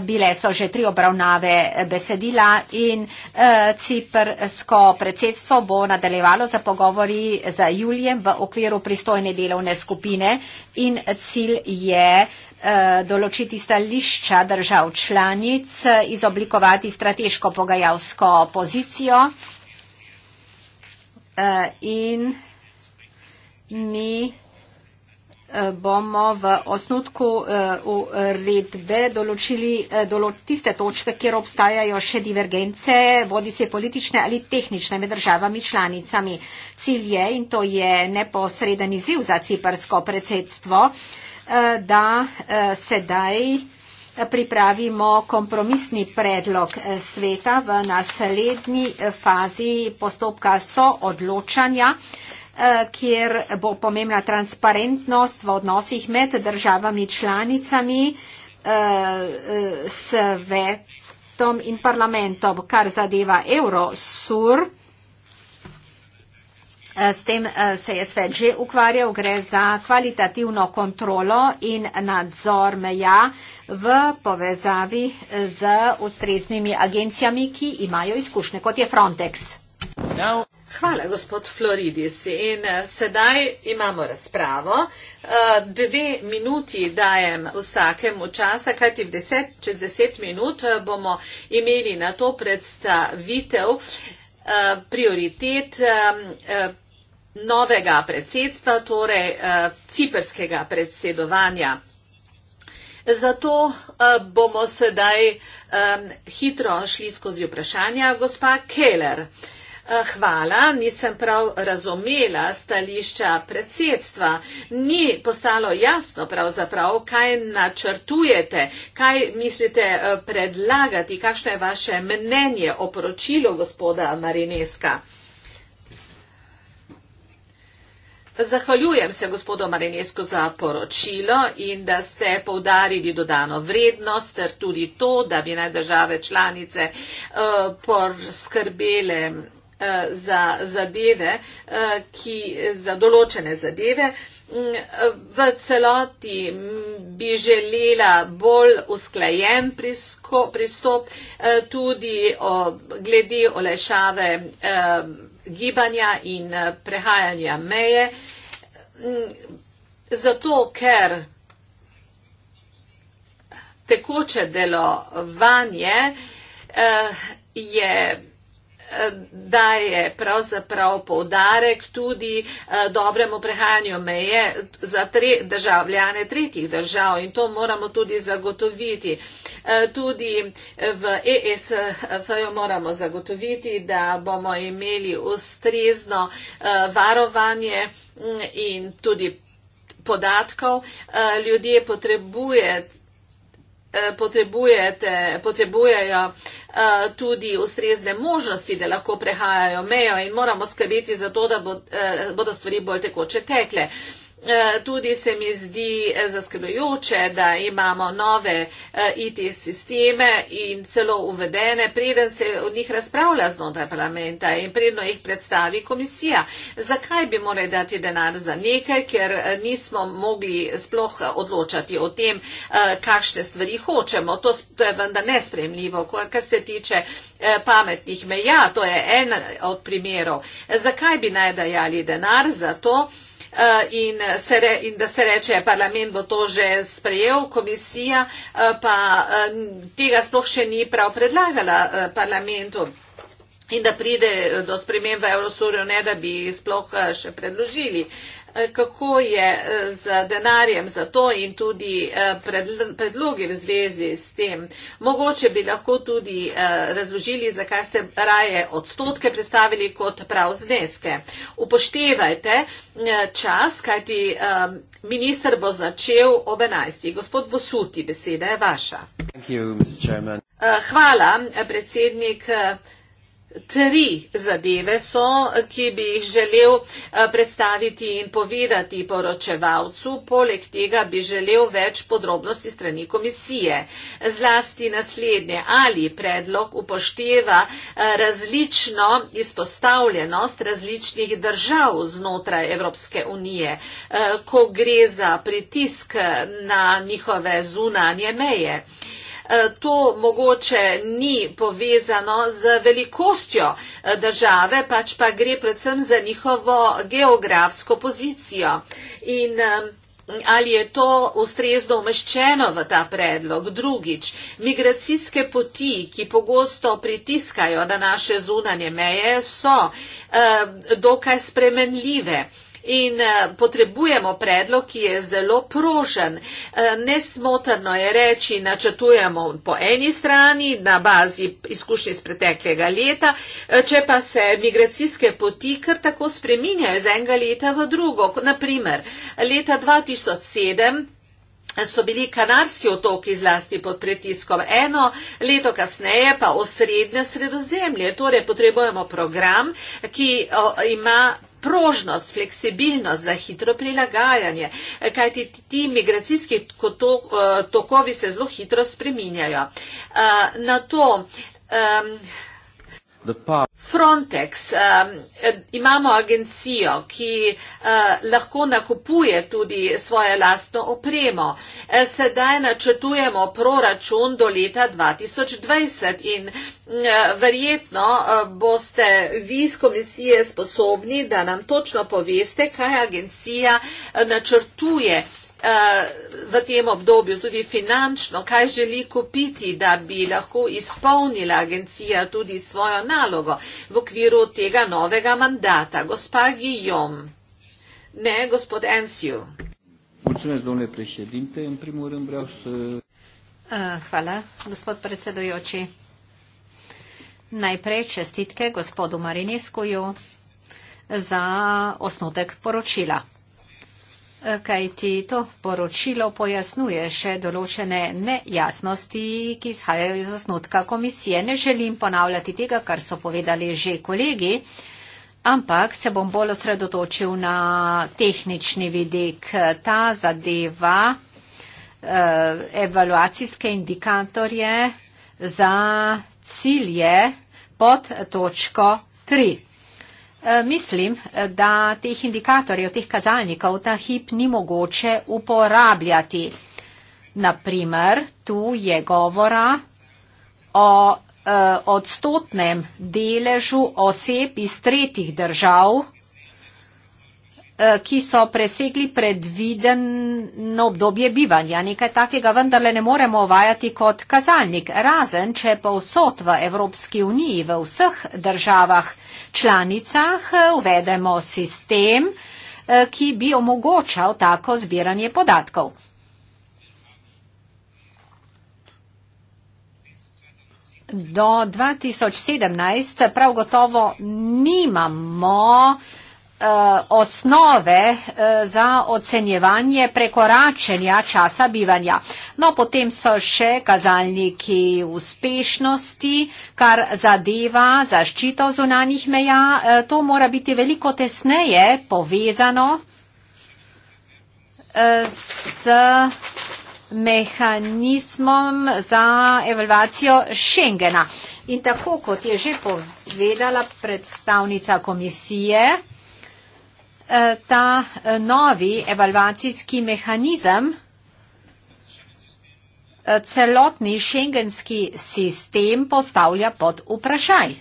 Bile so že tri obravnave besedila in ciprsko predsedstvo bo nadaljevalo za pogovori z Julijem v okviru pristojne delovne skupine in cilj je Eh, določiti stališča držav članic, izoblikovati strateško pogajalsko pozicijo eh, in mi eh, bomo v osnutku uredbe določili tiste točke, kjer obstajajo še divergence, bodi se politične ali tehnične med državami članicami. Cilj je, in to je neposreden izziv za ciprsko predsedstvo, Eh, da eh, sedaj pripravimo kompromisni predlog eh, sveta v naslednji fazi postopka soodločanja, kjer bo pomembna transparentnost v odnosih med državami članicami svetom in parlamentom, kar zadeva Eurosur. Eh, s tem eh, se je svet že ukvarjal, gre za kvalitativno kontrolo in nadzor meja v povezavi eh, z ustreznimi agencijami, ki imajo izkušnje, kot je Frontex. Now. Hvala, gospod Floridis. In sedaj imamo razpravo. Dve minuti dajem vsakemu časa, kajti deset, čez deset minut bomo imeli na to predstavitev prioritet novega predsedstva, torej eh, ciperskega predsedovanja. Zato eh, bomo sedaj eh, hitro šli skozi vprašanja. Gospa Keller, hvala, nisem prav razumela stališča predsedstva. Ni postalo jasno pravzaprav, kaj načrtujete, kaj mislite predlagati, kakšno je vaše mnenje o poročilu gospoda Marineska. Zahvaljujem se gospodu Marinesku za poročilo in da ste povdarili dodano vrednost ter tudi to, da bi naj države članice eh, poskrbele eh, za zadeve, eh, ki za določene zadeve v celoti bi želela bolj usklajen pristop eh, tudi glede olešave eh, gibanja in eh, prehajanja meje, mm, zato ker tekoče delovanje je daje pravzaprav povdarek tudi eh, dobremu prehajanju meje za tre državljane tretjih držav in to moramo tudi zagotoviti. Eh, tudi eh, v ESF-ju moramo zagotoviti, da bomo imeli ustrezno varovanje mm, in tudi podatkov. Ljudje potrebujejo Eh, potrebujete, potrebujejo eh, tudi ustrezne možnosti, da lahko prehajajo mejo in moramo skrbeti za to, da eh, bodo stvari bolj tekoče tekle. E, tudi se mi zdi e, zaskrbljujoče, da imamo nove e, IT sisteme in celo uvedene, preden se o njih razpravlja znotraj parlamenta in preden jih predstavi komisija. Zakaj bi morali dati denar za nekaj, ker nismo mogli sploh odločati o tem, kakšne stvari hočemo. To, to je vendar nespremljivo, kar se tiče pametnih meja. To je en od primerov. Zakaj bi naj dajali denar za to? Eh, in, re, in da se reče, parlament bo to že sprejel, komisija eh, pa eh, tega sploh še ni prav predlagala parlamentu in da pride do sprememb v Eurosurju, ne da bi sploh še predložili. Eh, kako je eh, z denarjem za to in tudi eh, predlogi v zvezi s tem. Mogoče bi lahko tudi razložili, zakaj ste raje odstotke predstavili kot prav zneske. Upoštevajte čas, kajti minister bo začel ob 11. Gospod Bosuti, beseda je vaša. Hvala, predsednik. Tri zadeve so, ki bi jih želel eh, predstaviti in povedati poročevalcu, poleg tega bi želel več podrobnosti strani komisije. Zlasti naslednje, ali predlog upošteva eh, različno izpostavljenost različnih držav znotraj Evropske unije, eh, ko gre za pritisk na njihove zunanje meje. Eh, to mogoče ni povezano z velikostjo eh, države, pač pa gre predvsem za njihovo geografsko pozicijo. In, Ali je to ustrezno umeščeno v ta predlog? Drugič, migracijske poti, ki pogosto pritiskajo na naše zunanje meje, so eh, dokaj spremenljive. Eh, in eh, potrebujemo predlog, ki je zelo prožen. Eh, nesmotrno je reči, načrtujemo po eni strani na bazi izkušnje iz preteklega leta, eh, če pa se migracijske poti kar tako spreminjajo iz enega leta v drugo. Naprimer, leta 2007 so bili kanarski otoki zlasti pod pritiskom eno, leto kasneje pa osrednje sredozemlje. Torej potrebujemo program, ki o, ima prožnost, fleksibilnost za hitro prilagajanje, kajti ti migracijski eh, tokovi se zelo hitro spreminjajo. Eh, Na to Frontex, um, imamo agencijo, ki uh, lahko nakupuje tudi svojo lastno opremo. Uh, sedaj načrtujemo proračun do leta 2020 in uh, verjetno uh, boste vi iz komisije sposobni, da nam točno poveste, kaj agencija uh, načrtuje. Eh, v tem obdobju tudi finančno, kaj želi kupiti, da bi lahko izpolnila agencija tudi svojo nalogo v okviru tega novega mandata. Gospa Gijom, ne gospod Ensiu. Eh, hvala, gospod predsedujoči. Najprej čestitke gospodu Marinijskuju za osnutek poročila kaj ti to poročilo pojasnuje še določene nejasnosti, ki izhajajo iz osnutka komisije. Ne želim ponavljati tega, kar so povedali že kolegi, ampak se bom bolj osredotočil na tehnični vidik. Ta zadeva eh, evaluacijske indikatorje za cilje pod točko 3. Eh, mislim, eh, da teh indikatorjev, teh kazalnikov ta hip ni mogoče uporabljati. Naprimer, tu je govora o eh, odstotnem deležu oseb iz tretjih držav Eh, ki so presegli predviden obdobje bivanja. Nekaj takega vendarle ne moremo ovajati kot kazalnik, razen če povsod v Evropski uniji, v vseh državah članicah eh, uvedemo sistem, eh, ki bi omogočal tako zbiranje podatkov. Do 2017 prav gotovo nimamo Eh, osnove eh, za ocenjevanje prekoračenja časa bivanja. No, potem so še kazalniki uspešnosti, kar zadeva zaščito zunanjih meja. Eh, to mora biti veliko tesneje povezano s mehanizmom za evalvacijo Schengena. In tako, kot je že povedala predstavnica komisije, Eh, ta eh, novi evalvacijski mehanizem, eh, celotni šengenski sistem postavlja pod vprašaj.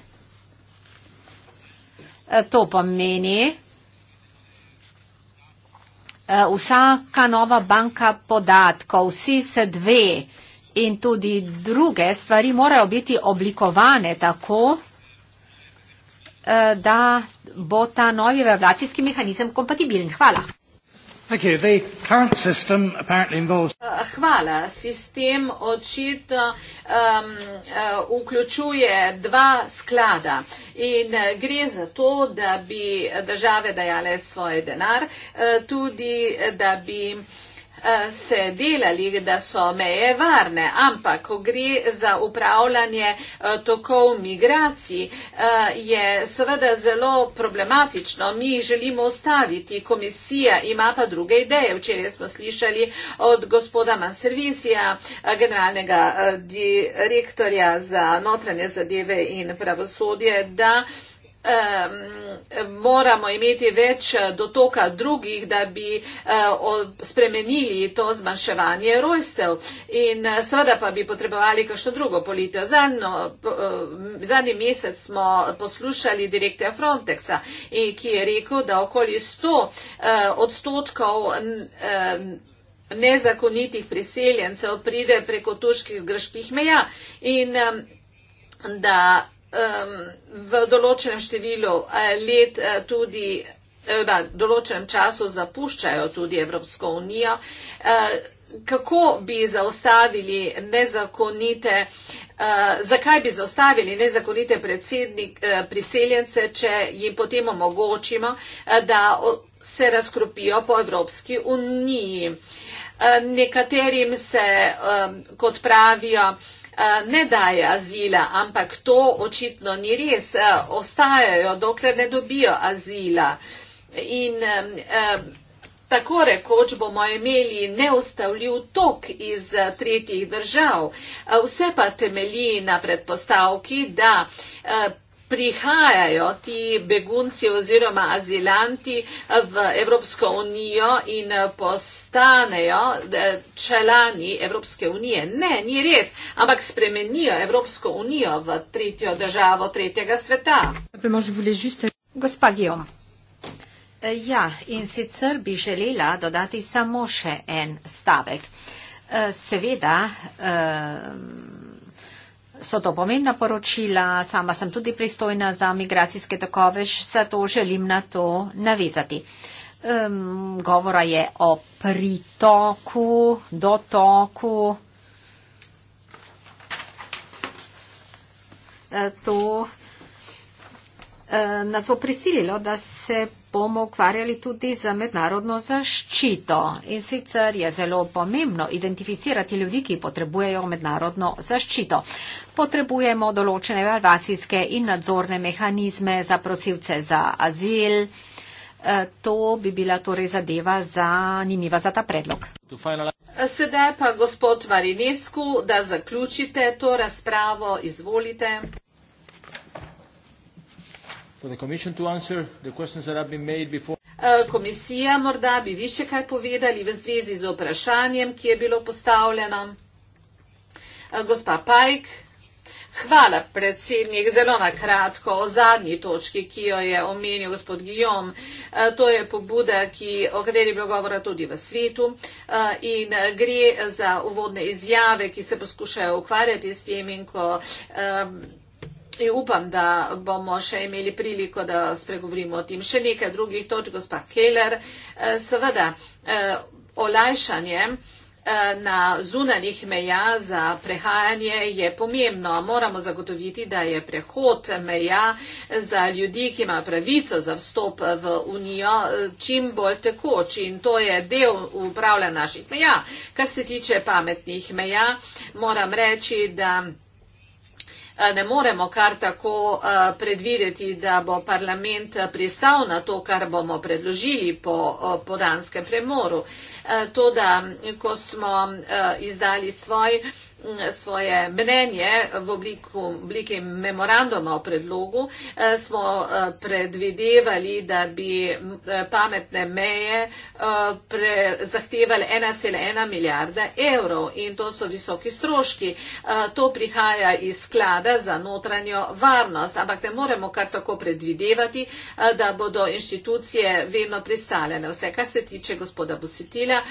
To pomeni, vsaka nova banka podatkov, SIS-2 in tudi druge stvari morajo biti oblikovane tako, Eh, da bo ta novi evaluacijski mehanizem kompatibilen. Hvala. Eh, hvala. Sistem očitno um, vključuje dva sklada in gre za to, da bi države dajale svoj denar, tudi da bi uh, Eh, se delali, da so meje varne, ampak ko gre za upravljanje eh, tokov migracij, eh, je seveda zelo problematično. Mi želimo ostaviti, komisija ima pa druge ideje. Včeraj smo slišali od gospoda Manservisija, generalnega direktorja za notranje zadeve in pravosodje, da moramo imeti več dotoka drugih, da bi eh, spremenili to zmanjševanje rojstev. In eh, seveda pa bi potrebovali kakšno drugo politijo. Zadnjo, eh, zadnji mesec smo poslušali direktorja Frontexa, ki je rekel, da okoli 100 odstotkov nezakonitih priseljencev pride preko tuških grških meja in da um, v določenem številu uh, let uh, tudi v uh, eh, določenem času zapuščajo tudi Evropsko unijo. Uh, kako bi zaustavili nezakonite, uh, zakaj bi zaustavili nezakonite predsednik uh, priseljence, če jim potem omogočimo, uh, da se razkropijo po Evropski uniji. Uh, nekaterim se, um, kot pravijo, uh, Eh, ne daje azila, ampak to očitno ni res. Eh, ostajajo, dokler ne dobijo azila. In tako rekoč bomo imeli neustavljiv tok iz eh, tretjih držav. Vse pa temelji na predpostavki, da prihajajo ti begunci oziroma azilanti v Evropsko unijo in postanejo eh, člani Evropske unije. Ne, ni res, ampak spremenijo Evropsko unijo v tretjo državo tretjega sveta. Gospa Gijom. Eh, ja, in sicer bi želela dodati samo še en stavek. Eh, seveda. Um, so to pomembna poročila, sama sem tudi pristojna za migracijske tokove, zato želim na to navezati. Um, govora je o pritoku, dotoku. E, to uh, nas bo prisililo, da se bomo ukvarjali tudi z mednarodno zaščito. In sicer je zelo pomembno identificirati ljudi, ki potrebujejo mednarodno zaščito. Potrebujemo določene evalvacijske in nadzorne mehanizme za prosilce za azil. Eh, to bi bila torej zadeva zanimiva za ta predlog. Sedaj pa gospod Marinesku, da zaključite to razpravo, izvolite. Eh, komisija, morda bi vi še kaj povedali v zvezi z vprašanjem, ki je bilo postavljeno. Eh, gospa Pajk, hvala predsednik, zelo na kratko o zadnji točki, ki jo je omenil gospod Gijom. Eh, to je pobuda, ki, o kateri je bilo govora tudi v svetu in gre za uvodne izjave, ki se poskušajo ukvarjati s tem in ko. Um, in upam, da bomo še imeli priliko, da spregovorimo o tem. Še nekaj drugih točk, gospa Keller. Eh, seveda, eh, olajšanje eh, na zunanih meja za prehajanje je pomembno. Moramo zagotoviti, da je prehod meja za ljudi, ki imajo pravico za vstop v Unijo, čim bolj tekoč in to je del upravljanja naših meja. Kar se tiče pametnih meja, moram reči, da. Eh, ne moremo kar tako eh, predvideti, da bo parlament pristal na to, kar bomo predložili po podanskem premoru. Eh, to, da ko smo izdali svoj svoje mnenje v obliku, obliki memoranduma o predlogu, eh, smo eh, predvidevali, da bi eh, pametne meje zahtevali 1,1 milijarda evrov in to so visoki stroški. To prihaja iz sklada za notranjo varnost, ampak ne moremo kar tako predvidevati, da bodo inštitucije vedno pristale na vse, kar se tiče gospoda Busitila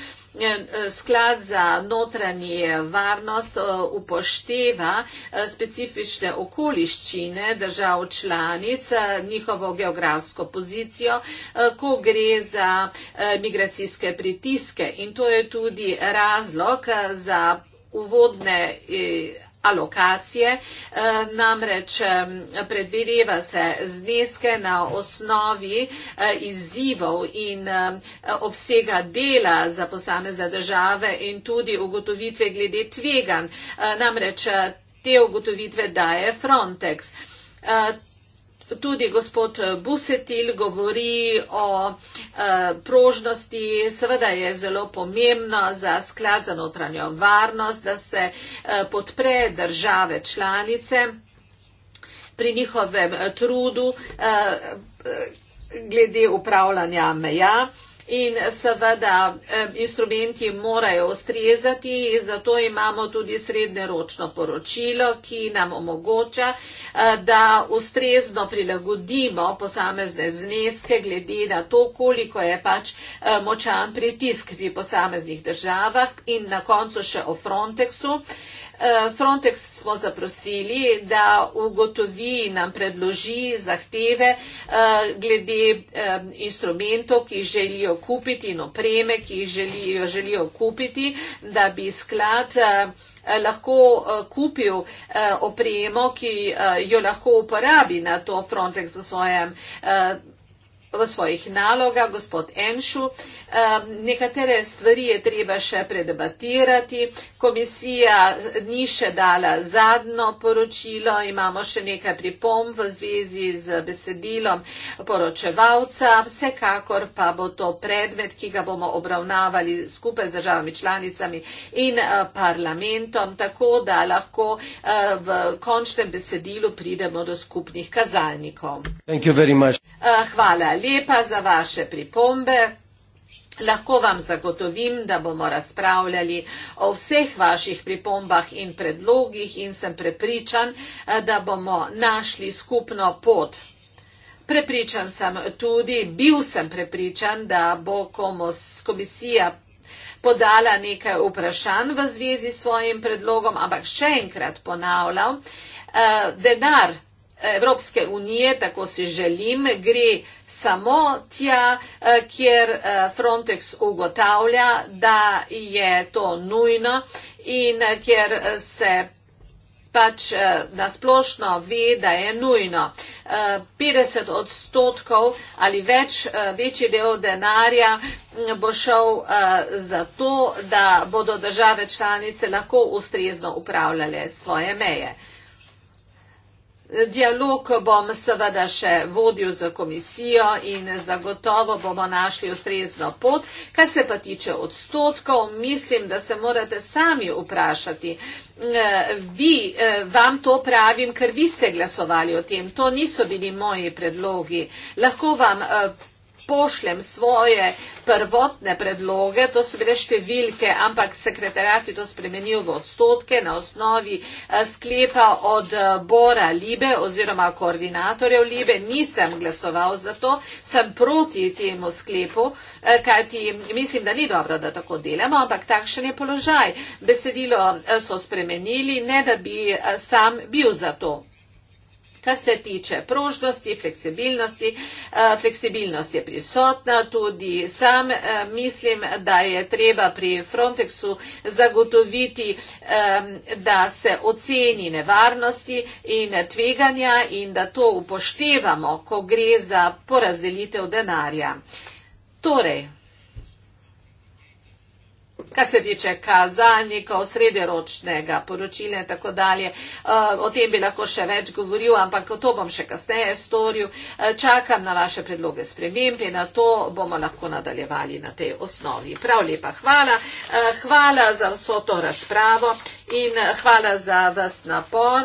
sklad za notranje varnost eh, upošteva eh, specifične okoliščine držav članic, eh, njihovo geografsko pozicijo, ko gre za migracijske pritiske. In to je tudi razlog za uvodne alokacije. Eh, namreč predvideva se zneske na osnovi eh, izzivov in obsega dela za posamezne države in tudi ugotovitve glede tvegan. Eh, namreč te ugotovitve daje Frontex tudi gospod Busetil govori o eh, prožnosti, seveda je zelo pomembno za sklad za notranjo varnost, da se eh, podpre države članice pri njihovem eh, trudu glede upravljanja meja. In seveda instrumenti morajo ustrezati, zato imamo tudi srednjeročno poročilo, ki nam omogoča, eh, da ustrezno prilagodimo posamezne zneske glede na to, koliko je pač eh, močan pritisk pri posameznih državah in na koncu še o Frontexu. Eh, Frontex smo zaprosili, da ugotovi nam predloži zahteve eh, glede eh, instrumentov, ki želijo kupiti in opreme, ki želijo, želijo kupiti, da bi sklad lahko kupil opremo, ki jo lahko uporabi na to Frontex v svojem v svojih nalogah, gospod Enšu. Um, nekatere stvari je treba še predebatirati. Komisija ni še dala zadnjo poročilo, imamo še nekaj pripomb v zvezi z besedilom poročevalca. Vsekakor pa bo to predmet, ki ga bomo obravnavali skupaj z državami članicami in uh, parlamentom, tako da lahko uh, v končnem besedilu pridemo do skupnih kazalnikov. Uh, hvala lepa za vaše pripombe. Lahko vam zagotovim, da bomo razpravljali o vseh vaših pripombah in predlogih in sem prepričan, eh, da bomo našli skupno pot. Prepričan sem tudi, bil sem prepričan, da bo komos, komisija podala nekaj vprašanj v zvezi s svojim predlogom, ampak še enkrat ponavljam, eh, denar Evropske unije, tako si želim, gre samo tja, eh, kjer eh, Frontex ugotavlja, da je to nujno in eh, kjer se pač nasplošno ve, da je nujno. 50 odstotkov ali več, večji del denarja mm, bo šel za to, da bodo države članice lahko ustrezno upravljale svoje meje. Dialog bom seveda še vodil z komisijo in zagotovo bomo našli ustrezno pot. Kar se pa tiče odstotkov, mislim, da se morate sami vprašati. Eh, vi, eh, vam to pravim, ker vi ste glasovali o tem. To niso bili moji predlogi. Lahko vam eh, pošljem svoje prvotne predloge, to so bile številke, ampak sekretarjat je to spremenil v odstotke na osnovi eh, sklepa od eh, Bora Libe oziroma koordinatorjev Libe. Nisem glasoval za to, sem proti temu sklepu, eh, kajti mislim, da ni dobro, da tako delamo, ampak takšen je položaj. Besedilo so spremenili, ne da bi sam bil za to kar se tiče prožnosti, fleksibilnosti. Eh, fleksibilnost je prisotna, tudi sam eh, mislim, da je treba pri Frontexu zagotoviti, da se oceni nevarnosti in tveganja in da to upoštevamo, ko gre za porazdelitev denarja. Torej, kar se tiče kazalnikov, srednjeročnega poročila in tako dalje. Eh, o tem bi lahko še več govoril, ampak to bom še kasneje storil. Eh, čakam na vaše predloge sprememb in na to bomo lahko nadaljevali na tej osnovi. Prav lepa hvala. Eh, hvala za vso to razpravo in hvala za vas napor,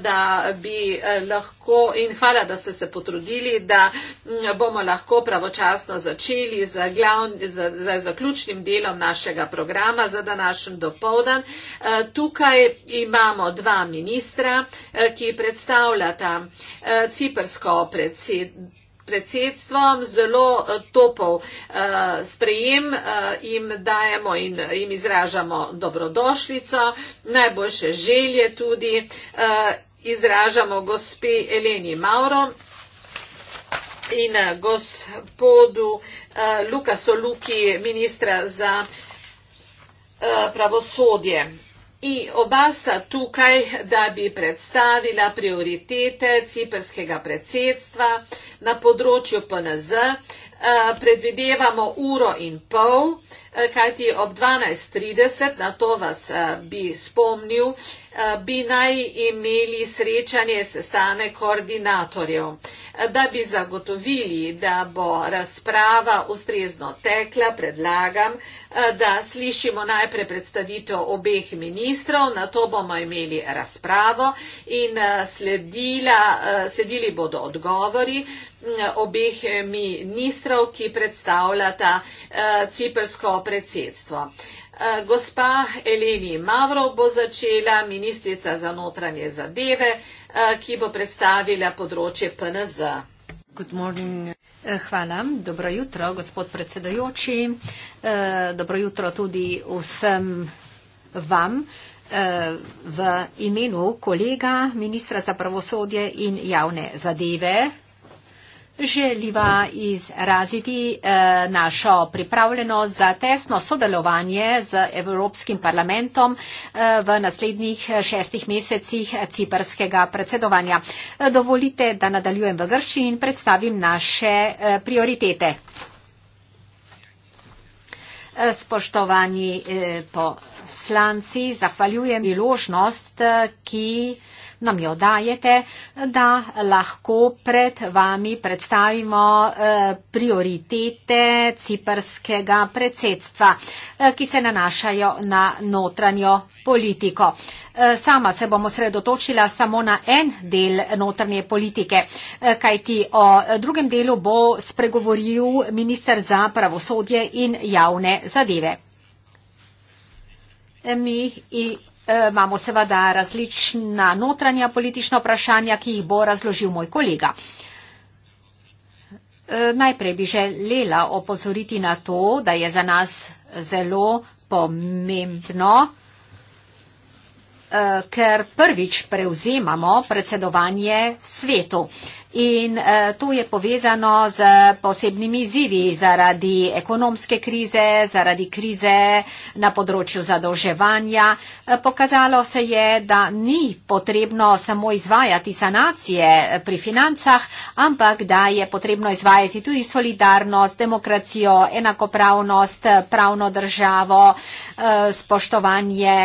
da bi lahko in hvala, da ste se potrudili, da mm, bomo lahko pravočasno začeli z, glavn, z, z zaključnim delom našega programa programa za današnji dopoldan. E, tukaj imamo dva ministra, e, ki predstavljata e, ciprsko predsednico predsedstvo, zelo topov sprejem jim dajemo in jim izražamo dobrodošlico, najboljše želje tudi izražamo gospe Eleni Mauro in gospodu Lukasu Luki, ministra za uh, Eh, pravosodje. I oba sta tukaj, da bi predstavila prioritete ciperskega predsedstva na področju PNZ. Eh, predvidevamo uro in pol, Eh, kajti ob 12.30, na to vas eh, bi spomnil, eh, bi naj imeli srečanje sestane koordinatorjev, da bi zagotovili, da bo razprava ustrezno tekla, predlagam, da slišimo najprej predstavitev obeh ministrov, na to bomo imeli razpravo in sledila, sledili bodo odgovori mm, obeh ministrov, ki predstavljata cipersko predsedstvo. Eh, gospa Eleni Mavrov bo začela, ministrica za notranje zadeve, eh, ki bo predstavila področje PNZ. Eh, hvala, dobro jutro, gospod predsedajoči. Dobro jutro tudi vsem vam v imenu kolega ministra za pravosodje in javne zadeve, Želiva izraziti eh, našo pripravljenost za tesno sodelovanje z Evropskim parlamentom eh, v naslednjih eh, šestih mesecih eh, ciperskega predsedovanja. Eh, dovolite, da nadaljujem v Grščini in predstavim naše eh, prioritete. Spoštovani eh, poslanci, zahvaljujem priložnost, ki. Eh, nam jo dajete, da lahko pred vami predstavimo eh, prioritete ciperskega predsedstva, eh, ki se nanašajo na notranjo politiko. Eh, sama se bom osredotočila samo na en del notranje politike, kajti o drugem delu bo spregovoril minister za pravosodje in javne zadeve. Mi Eh, imamo seveda različna notranja politična vprašanja, ki jih bo razložil moj kolega. Eh, najprej bi želela opozoriti na to, da je za nas zelo pomembno, eh, ker prvič prevzemamo predsedovanje svetu. In eh, to je povezano z posebnimi izzivi zaradi ekonomske krize, zaradi krize na področju zadolževanja. Eh, pokazalo se je, da ni potrebno samo izvajati sanacije eh, pri financah, ampak da je potrebno izvajati tudi solidarnost, demokracijo, enakopravnost, pravno državo, spoštovanje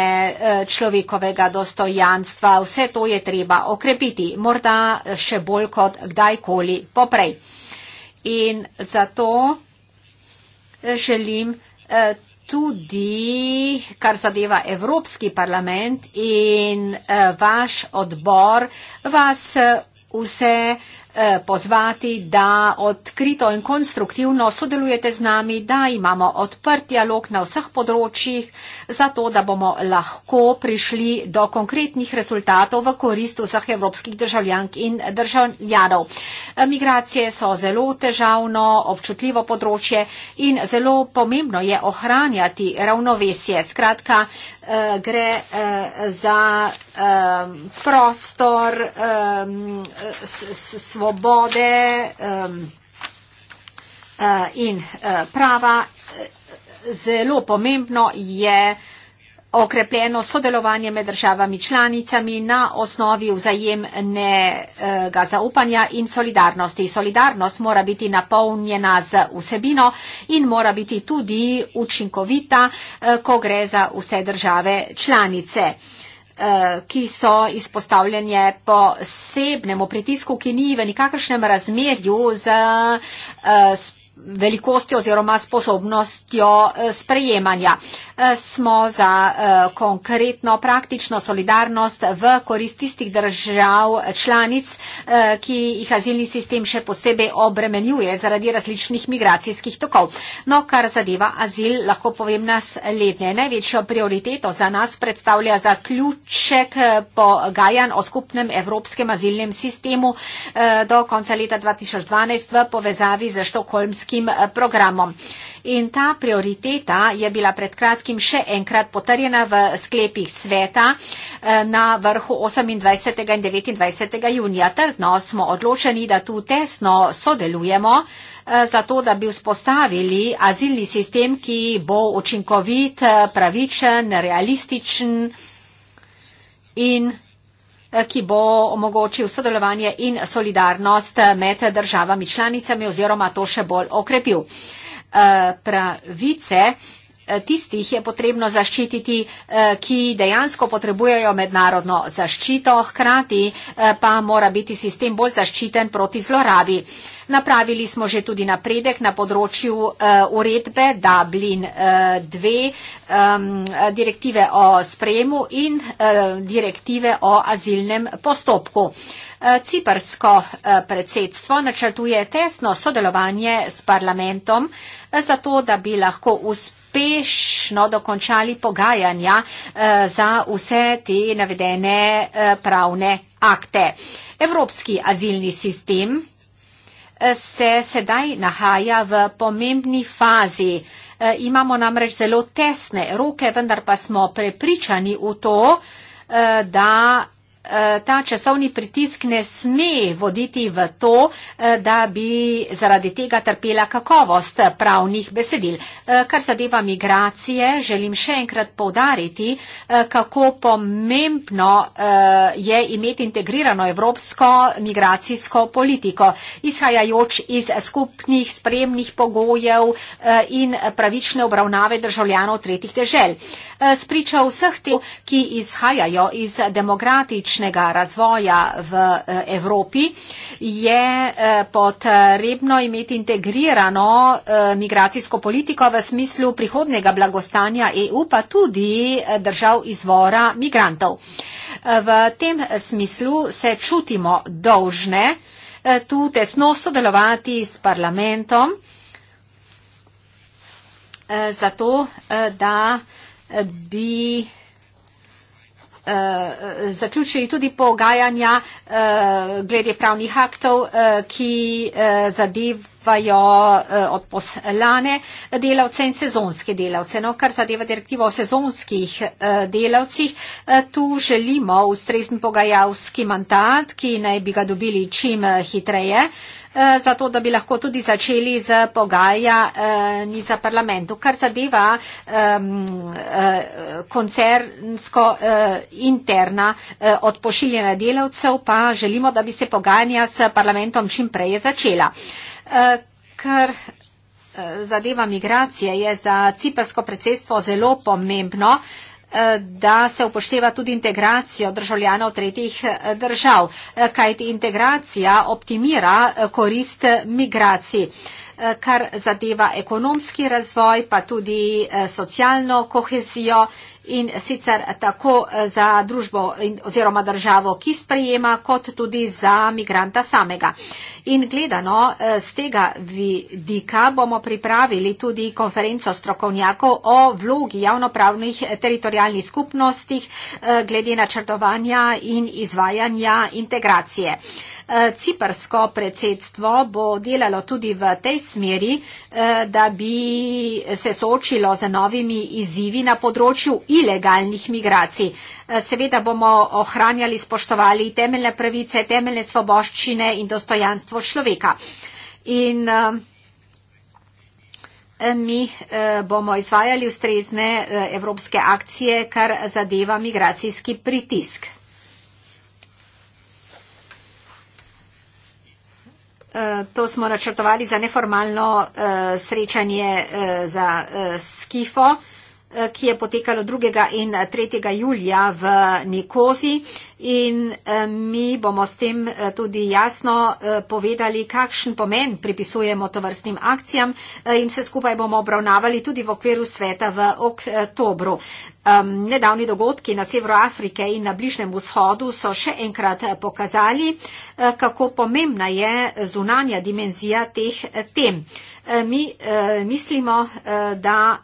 človekovega dostojanstva. Vse to je treba okrepiti, morda še bolj kot kdajkoli poprej. In zato eh, želim eh, tudi, kar zadeva Evropski parlament in eh, vaš odbor, vas vse uh, Eh, pozvati, da odkrito in konstruktivno sodelujete z nami, da imamo odprt dialog na vseh področjih, zato da bomo lahko prišli do konkretnih rezultatov v korist vseh evropskih državljank in državljanov. Eh, migracije so zelo težavno, občutljivo področje in zelo pomembno je ohranjati ravnovesje. Skratka, eh, gre za prostor s, s, svobode um, uh, in uh, prava. Zelo pomembno je okrepljeno sodelovanje med državami članicami na osnovi vzajemnega zaupanja in solidarnosti. Solidarnost mora biti napolnjena z vsebino in mora biti tudi učinkovita, eh, ko gre za vse države članice. Uh, Eh, ki so izpostavljene posebnemu pritisku, ki ni v nikakršnem razmerju z uh, eh, spremljanjem velikostjo oziroma sposobnostjo eh, sprejemanja. Eh, smo za eh, konkretno praktično solidarnost v korist tistih držav članic, ki jih azilni sistem še posebej obremenjuje zaradi različnih migracijskih tokov. No, kar zadeva azil, lahko povem nas letne. Največjo prioriteto za nas predstavlja zaključek pogajan o skupnem evropskem azilnem sistemu do konca leta 2012 v povezavi z Štokholmskim študijskim eh, programom. In ta prioriteta je bila pred kratkim še enkrat potrjena v sklepih sveta eh, na vrhu 28. in 29. junija. Trdno smo odločeni, da tu tesno sodelujemo, eh, zato da bi vzpostavili azilni sistem, ki bo učinkovit, pravičen, realističen in Eh, ki bo omogočil sodelovanje in solidarnost eh, med državami članicami oziroma to še bolj okrepil. Eh, pravice Eh, tistih je potrebno zaščititi, eh, ki dejansko potrebujejo mednarodno zaščito, hkrati eh, pa mora biti sistem bolj zaščiten proti zlorabi. Napravili smo že tudi napredek na področju uredbe Dublin 2, direktive o sprejemu in direktive o azilnem postopku. Cipersko predsedstvo načrtuje tesno sodelovanje s parlamentom, zato da bi lahko uspešno uspešno dokončali pogajanja eh, za vse te navedene eh, pravne akte. Evropski azilni sistem eh, se sedaj nahaja v pomembni fazi. Imamo namreč zelo tesne roke, vendar pa smo prepričani v to, da Eh, ta časovni pritisk ne sme voditi v to, eh, da bi zaradi tega trpela kakovost pravnih besedil. Eh, kar zadeva migracije, želim še enkrat povdariti, kako pomembno je imeti integrirano evropsko migracijsko politiko, izhajajoč iz skupnih spremnih pogojev in pravične obravnave državljanov tretjih težel. Spričal vseh te, ki izhajajo iz demokratičnih ekonomičnega razvoja v eh, Evropi, je eh, potrebno imeti integrirano eh, migracijsko politiko v smislu prihodnega blagostanja EU, pa tudi držav izvora migrantov. V tem smislu se čutimo dolžne tu tesno sodelovati s parlamentom, zato da bi uh, zaključili tudi pogajanja uh, glede pravnih aktov, uh, ki uh, zadevajo uh, odposlane delavce in sezonske delavce. No, kar zadeva direktivo o sezonskih uh, delavcih, uh, tu želimo ustrezni pogajalski mandat, ki naj bi ga dobili čim hitreje. Uh, Eh, zato da bi lahko tudi začeli z pogajanji eh, za parlamentu. Kar zadeva um, koncernsko uh, interna uh, odpošiljena delavcev, pa želimo, da bi se pogajanja s parlamentom čim prej začela. Uh, kar, Zadeva migracije je za ciprsko predsedstvo zelo pomembno, da se upošteva tudi integracijo državljanov tretjih eh, držav, eh, kajti integracija optimira eh, korist migracij kar zadeva ekonomski razvoj, pa tudi socialno kohezijo in sicer tako eh, za družbo oziroma državo, ki sprejema, kot tudi za migranta samega. In gledano z eh, tega vidika bomo pripravili tudi konferenco strokovnjakov o vlogi javnopravnih eh, teritorijalnih skupnostih glede načrtovanja in izvajanja integracije. Cipersko predsedstvo bo delalo tudi v tej smeri, da bi se soočilo z novimi izzivi na področju ilegalnih migracij. Eh, seveda bomo ohranjali, spoštovali temeljne pravice, temeljne svoboščine in dostojanstvo človeka. In eh, mi eh, bomo izvajali ustrezne evropske akcije, kar zadeva migracijski pritisk. To smo načrtovali za neformalno srečanje za SKIFO. Eh, ki je potekalo 2. in 3. julija v Nikozi in eh, mi bomo s tem eh, tudi jasno povedali, kakšen pomen pripisujemo to vrstnim akcijam in se skupaj bomo obravnavali tudi v okviru sveta v oktobru. Nedavni dogodki na severu Afrike in na Bližnem vzhodu so še enkrat eh, pokazali, eh, kako pomembna je zunanja dimenzija teh eh, tem. Mi mislimo, da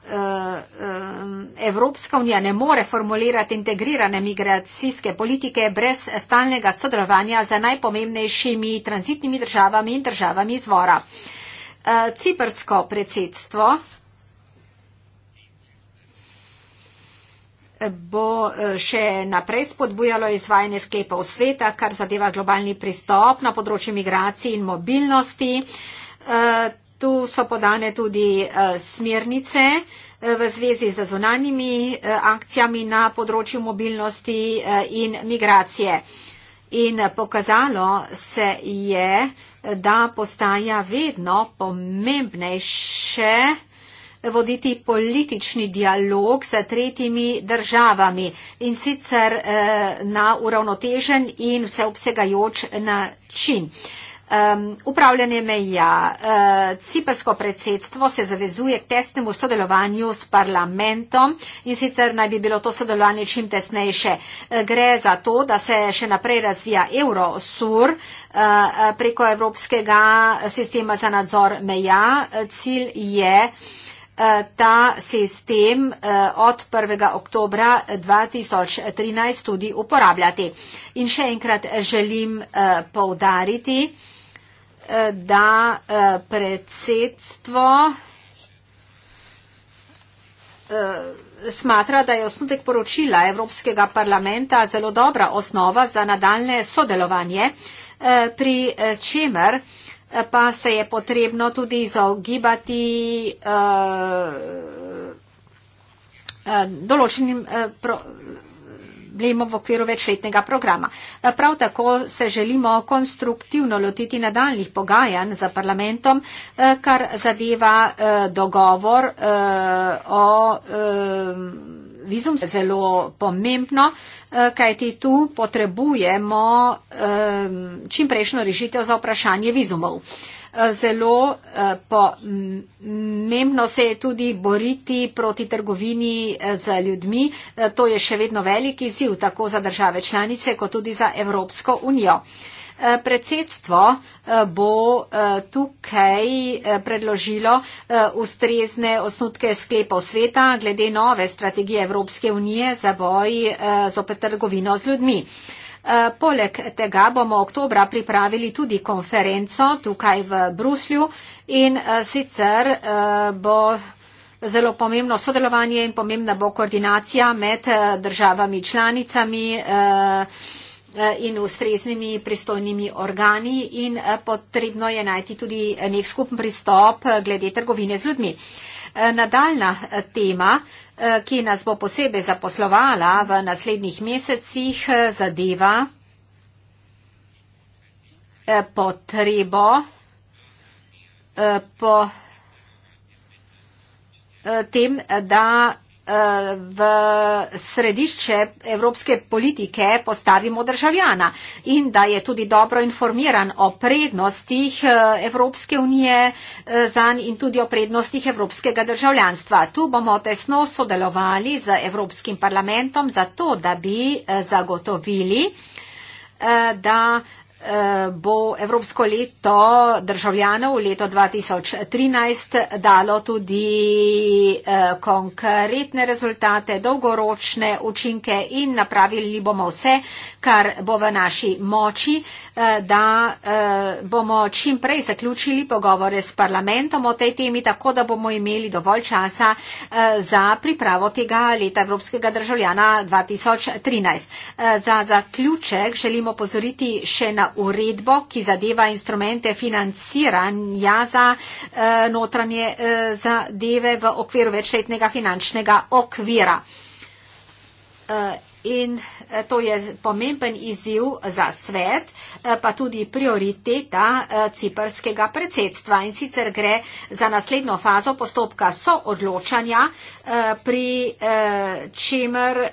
Evropska unija ne more formulirati integrirane migracijske politike brez stalnega sodelovanja z najpomembnejšimi tranzitnimi državami in državami izvora. Cipersko predsedstvo bo eh, še naprej spodbujalo izvajanje sklepov sveta, kar zadeva globalni pristop na področju migracij in mobilnosti. Eh, tu so podane tudi eh, smernice v zvezi z zunanjimi akcijami na področju mobilnosti in migracije. In pokazalo se je, da postaja vedno pomembnejše voditi politični dialog s tretjimi državami in sicer eh, na uravnotežen in vseobsegajoč način. Um, upravljanje meja. Uh, eh, Cipersko predsedstvo se zavezuje k tesnemu sodelovanju s parlamentom in sicer naj bi bilo to sodelovanje čim tesnejše. Uh, gre za to, da se še naprej razvija Eurosur uh, preko Evropskega sistema za nadzor meja. Uh, cilj je uh, Eh, ta sistem eh, od 1. oktobra 2013 eh, tudi uporabljati. In še enkrat želim povdariti, da predsedstvo smatra, da je osnutek poročila Evropskega parlamenta zelo dobra osnova za nadaljne sodelovanje, pri čemer pa se je potrebno tudi izogibati uh, eh, eh, določenim uh, problemom v okviru večletnega programa. Prav tako se želimo konstruktivno lotiti nadaljnih pogajanj za parlamentom, uh, kar zadeva uh, dogovor uh, o. Uh, vizum zelo pomembno, eh, kajti tu potrebujemo ehm, čimprejšnjo rešitev za vprašanje vizumov. Eh, zelo eh, pomembno se je tudi boriti proti trgovini z ljudmi. To je še vedno veliki ziv tako za države članice, kot tudi za Evropsko unijo. Eh, predsedstvo eh, bo eh, tukaj predložilo ustrezne osnutke sklepov sveta glede nove strategije Evropske unije za boj zopet trgovino z ljudmi. Poleg tega bomo oktobra pripravili tudi konferenco tukaj v Bruslju in sicer bo zelo pomembno sodelovanje in pomembna bo koordinacija med državami članicami. Eh, in ustreznimi pristojnimi organi in eh, potrebno je najti tudi nek skupen pristop eh, glede trgovine z ljudmi. Nadaljna tema, ki nas bo posebej zaposlovala v naslednjih mesecih, zadeva potrebo po tem, da v središče evropske politike postavimo državljana in da je tudi dobro informiran o prednostih eh, Evropske unije eh, zanj in tudi o prednostih evropskega državljanstva. Tu bomo tesno sodelovali z Evropskim parlamentom za to, da bi eh, zagotovili, da Eh, bo Evropsko leto državljanov leto 2013 dalo tudi eh, konkretne rezultate, dolgoročne učinke in napravili bomo vse, kar bo v naši moči, eh, da bomo čim prej zaključili pogovore s parlamentom o tej temi, tako da bomo imeli dovolj časa za pripravo tega leta Evropskega državljana 2013. Za zaključek želimo pozoriti še na uredbo, ki zadeva instrumente financiranja za eh, notranje eh, zadeve v okviru večletnega finančnega okvira. Eh, In eh, to je pomemben izziv za svet, eh, pa tudi prioriteta eh, ciprskega predsedstva. In sicer gre za naslednjo fazo postopka soodločanja, pri čemer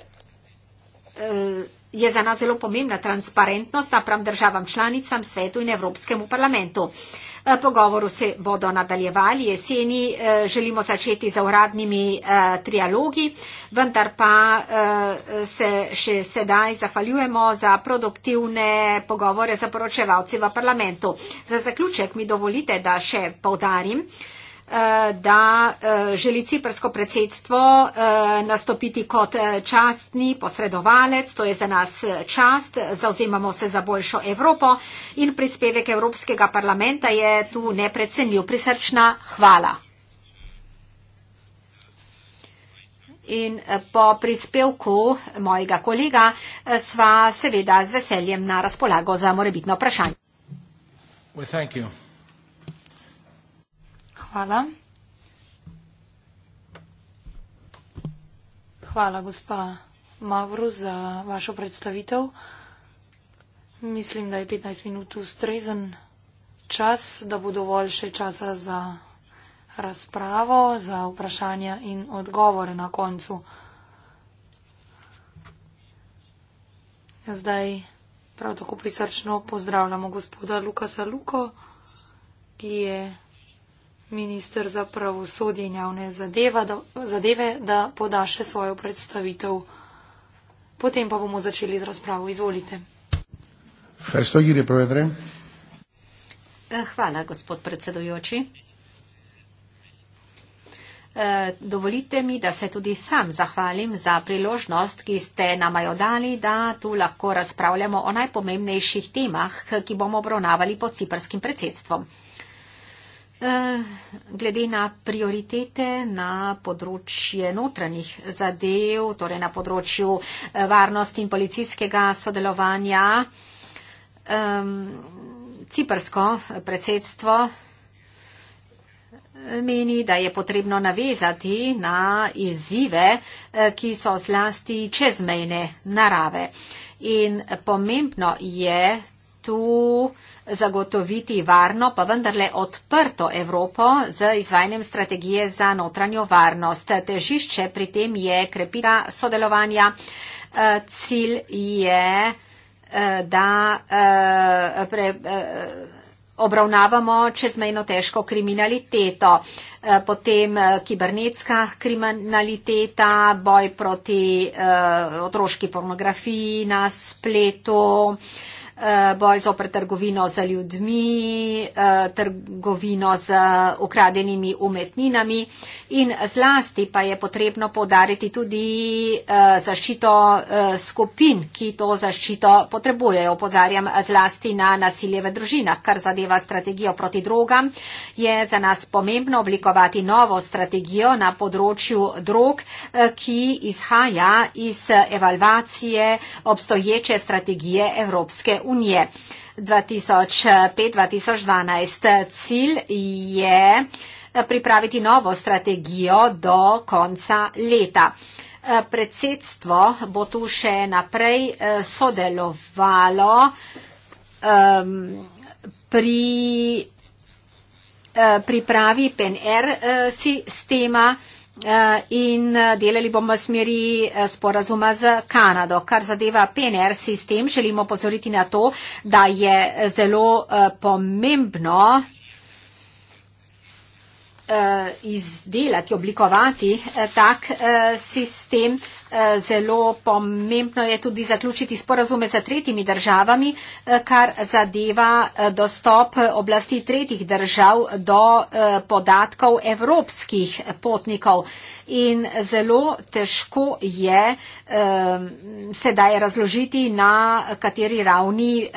je za nas zelo pomembna transparentnost naprem državam članicam, svetu in Evropskemu parlamentu. Eh, pogovoru se bodo nadaljevali jeseni, eh, želimo začeti za uradnimi eh, trialogi, vendar pa se še sedaj zahvaljujemo za produktivne pogovore za poročevalce v parlamentu. Za zaključek mi dovolite, da še povdarim, Eh, da eh, želi ciprsko predsedstvo eh, nastopiti kot častni posredovalec, to je za nas čast, zauzemamo se za boljšo Evropo in prispevek Evropskega parlamenta je tu neprecenljiv. Prisrčna hvala. In po prispevku mojega kolega sva seveda z veseljem na razpolago za morebitno vprašanje. Well, Hvala. Hvala, gospa Mavru, za vašo predstavitev. Mislim, da je 15 minut ustrezen čas, da bo dovolj še časa za razpravo, za vprašanja in odgovore na koncu. Zdaj prav tako prisrčno pozdravljamo gospoda Lukasa Luko, ki je minister za pravosodje in javne zadeve, da, zadeve, da poda še svojo predstavitev. Potem pa bomo začeli z razpravo. Izvolite. Eh, hvala, gospod predsedujoči. Eh, dovolite mi, da se tudi sam zahvalim za priložnost, ki ste nam jo dali, da tu lahko razpravljamo o najpomembnejših temah, ki bomo obravnavali pod ciprskim predsedstvom. Eh, glede na prioritete na področje notranjih zadev, torej na področju eh, varnosti in policijskega sodelovanja, ciprsko predsedstvo eh, meni, da je potrebno navezati na izzive, ki so zlasti čezmejne narave. In pomembno je tu, zagotoviti varno, pa vendarle odprto Evropo z izvajanjem strategije za notranjo varnost. Težišče pri tem je krepita sodelovanja. Eh, cilj je, eh, da eh, pre, obravnavamo čezmejno težko kriminaliteto, potem kibernetska kriminaliteta, boj proti otroški pornografiji na spletu, Eh, boj z opr trgovino za ljudmi, eh, trgovino z ukradenimi umetninami in zlasti pa je potrebno podariti tudi eh, zaščito skupin, ki to zaščito potrebujejo. Opozarjam zlasti na nasilje v družinah, kar zadeva strategijo proti drogam. Je za nas pomembno oblikovati novo strategijo na področju drog, ki izhaja iz evalvacije obstoječe strategije Evropske unije 2005-2012. Cilj je eh, pripraviti novo strategijo do konca leta. Eh, predsedstvo bo tu še naprej eh, sodelovalo um, pri pripravi PNR sistema, Eh, in eh, delali bomo v smeri eh, sporazuma z Kanado. Kar zadeva PNR sistem, želimo pozoriti na to, da je zelo pomembno Eh, izdelati, oblikovati eh, tak eh, sistem. Zelo pomembno je tudi zaključiti sporazume z za tretjimi državami, kar zadeva dostop oblasti tretjih držav do podatkov evropskih potnikov. In zelo težko je sedaj razložiti, na kateri ravni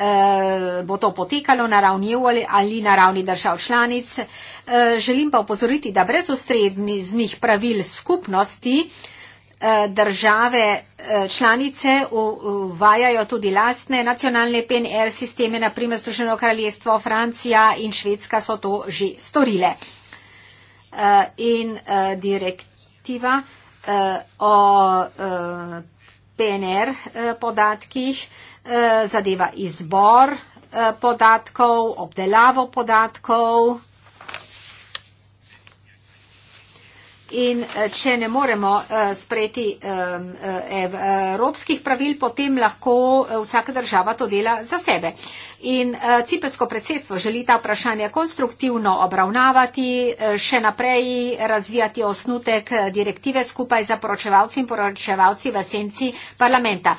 bo to potekalo, na ravni EU ali na ravni držav članic. Želim pa upozoriti, opozoriti, da brez ustreznih pravil skupnosti eh, države eh, članice uvajajo tudi lastne nacionalne PNR sisteme, naprimer Združeno kraljestvo, Francija in Švedska so to že storile. Eh, in direktiva o PNR podatkih zadeva izbor podatkov, obdelavo podatkov, In eh, če ne moremo eh, sprejeti eh, evropskih pravil, potem lahko vsaka država to dela za sebe. In cipersko predsedstvo želi ta vprašanja konstruktivno obravnavati, še naprej razvijati osnutek direktive skupaj za poročevalci in poročevalci v senci parlamenta,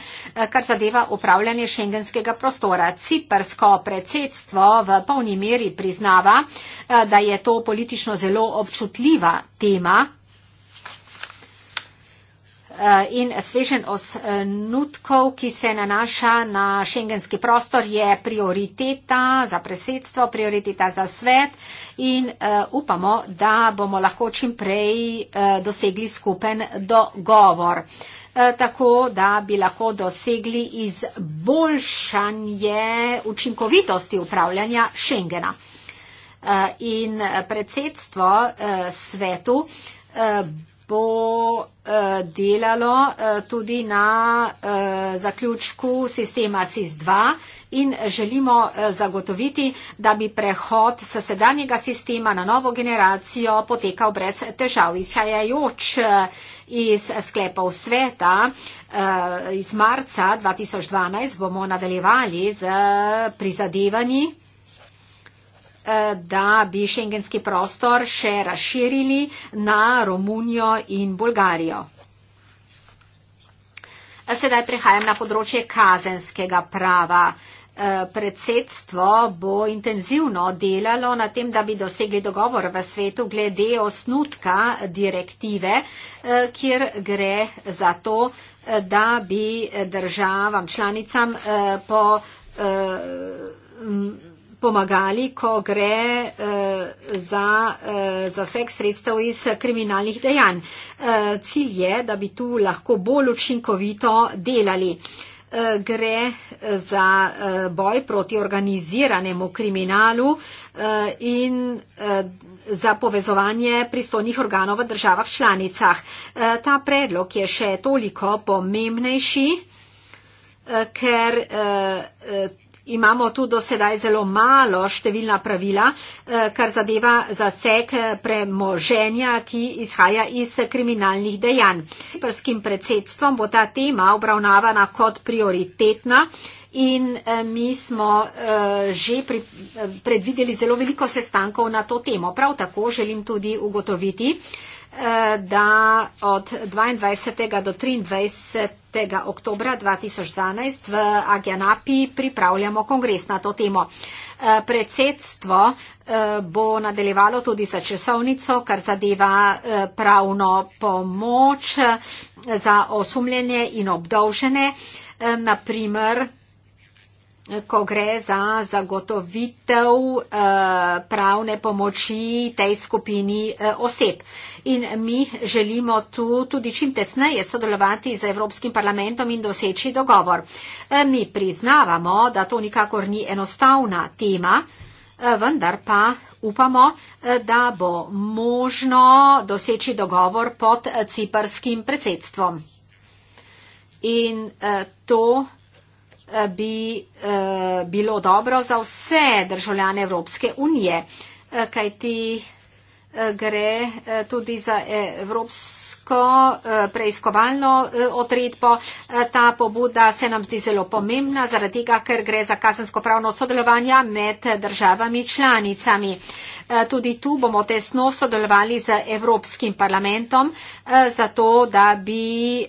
kar zadeva upravljanje šengenskega prostora. Cipersko predsedstvo v polni meri priznava, da je to politično zelo občutljiva tema Eh, in svežen osnutkov, ki se nanaša na šengenski prostor, je prioriteta za presedstvo, prioriteta za svet in eh, upamo, da bomo lahko čim prej eh, dosegli skupen dogovor tako da bi lahko dosegli izboljšanje učinkovitosti upravljanja Schengena. In predsedstvo svetu bo uh, delalo uh, tudi na uh, zaključku sistema SIS-2 in želimo uh, zagotoviti, da bi prehod s sedanjega sistema na novo generacijo potekal brez težav. Izhajajoč uh, iz sklepov sveta uh, iz marca 2012 bomo nadaljevali z uh, prizadevanji da bi šengenski prostor še razširili na Romunijo in Bolgarijo. Sedaj prehajam na področje kazenskega prava. E, predsedstvo bo intenzivno delalo na tem, da bi dosegli dogovor v svetu glede osnutka direktive, e, kjer gre za to, e, da bi državam članicam po pomagali, ko gre eh, za eh, zaseg sredstev iz kriminalnih dejanj. Eh, cilj je, da bi tu lahko bolj učinkovito delali. Eh, gre eh, za eh, boj proti organiziranemu kriminalu eh, in eh, za povezovanje pristojnih organov v državah članicah. Eh, ta predlog je še toliko pomembnejši, eh, ker imamo tu do sedaj zelo malo številna pravila, eh, kar zadeva zaseg eh, premoženja, ki izhaja iz kriminalnih dejanj. Prskim predsedstvom bo ta tema obravnavana kot prioritetna. In eh, mi smo že predvideli zelo veliko sestankov na to temo. Prav tako želim tudi ugotoviti, Eh, da od 22. do 23. oktobra 2012 v Agianapi pripravljamo kongres na to temo. Eh, predsedstvo eh, bo nadaljevalo tudi za časovnico, kar zadeva pravno pomoč za osumljene in obdolžene, naprimer ko gre za zagotovitev eh, pravne pomoči tej skupini eh, oseb. In mi želimo tu tudi čim tesneje sodelovati z Evropskim parlamentom in doseči dogovor. Eh, mi priznavamo, da to nikakor ni enostavna tema, vendar pa. Upamo, da bo možno doseči dogovor pod ciparskim predsedstvom. In to bi eh, bilo dobro za vse državljane Evropske unije, eh, kajti gre eh, tudi za evropsko eh, preiskovalno eh, odredbo. Ta pobuda se nam zdi zelo pomembna, zaradi tega, ker gre za kazensko pravno sodelovanje med državami članicami. Tudi tu bomo tesno sodelovali z Evropskim parlamentom, zato da bi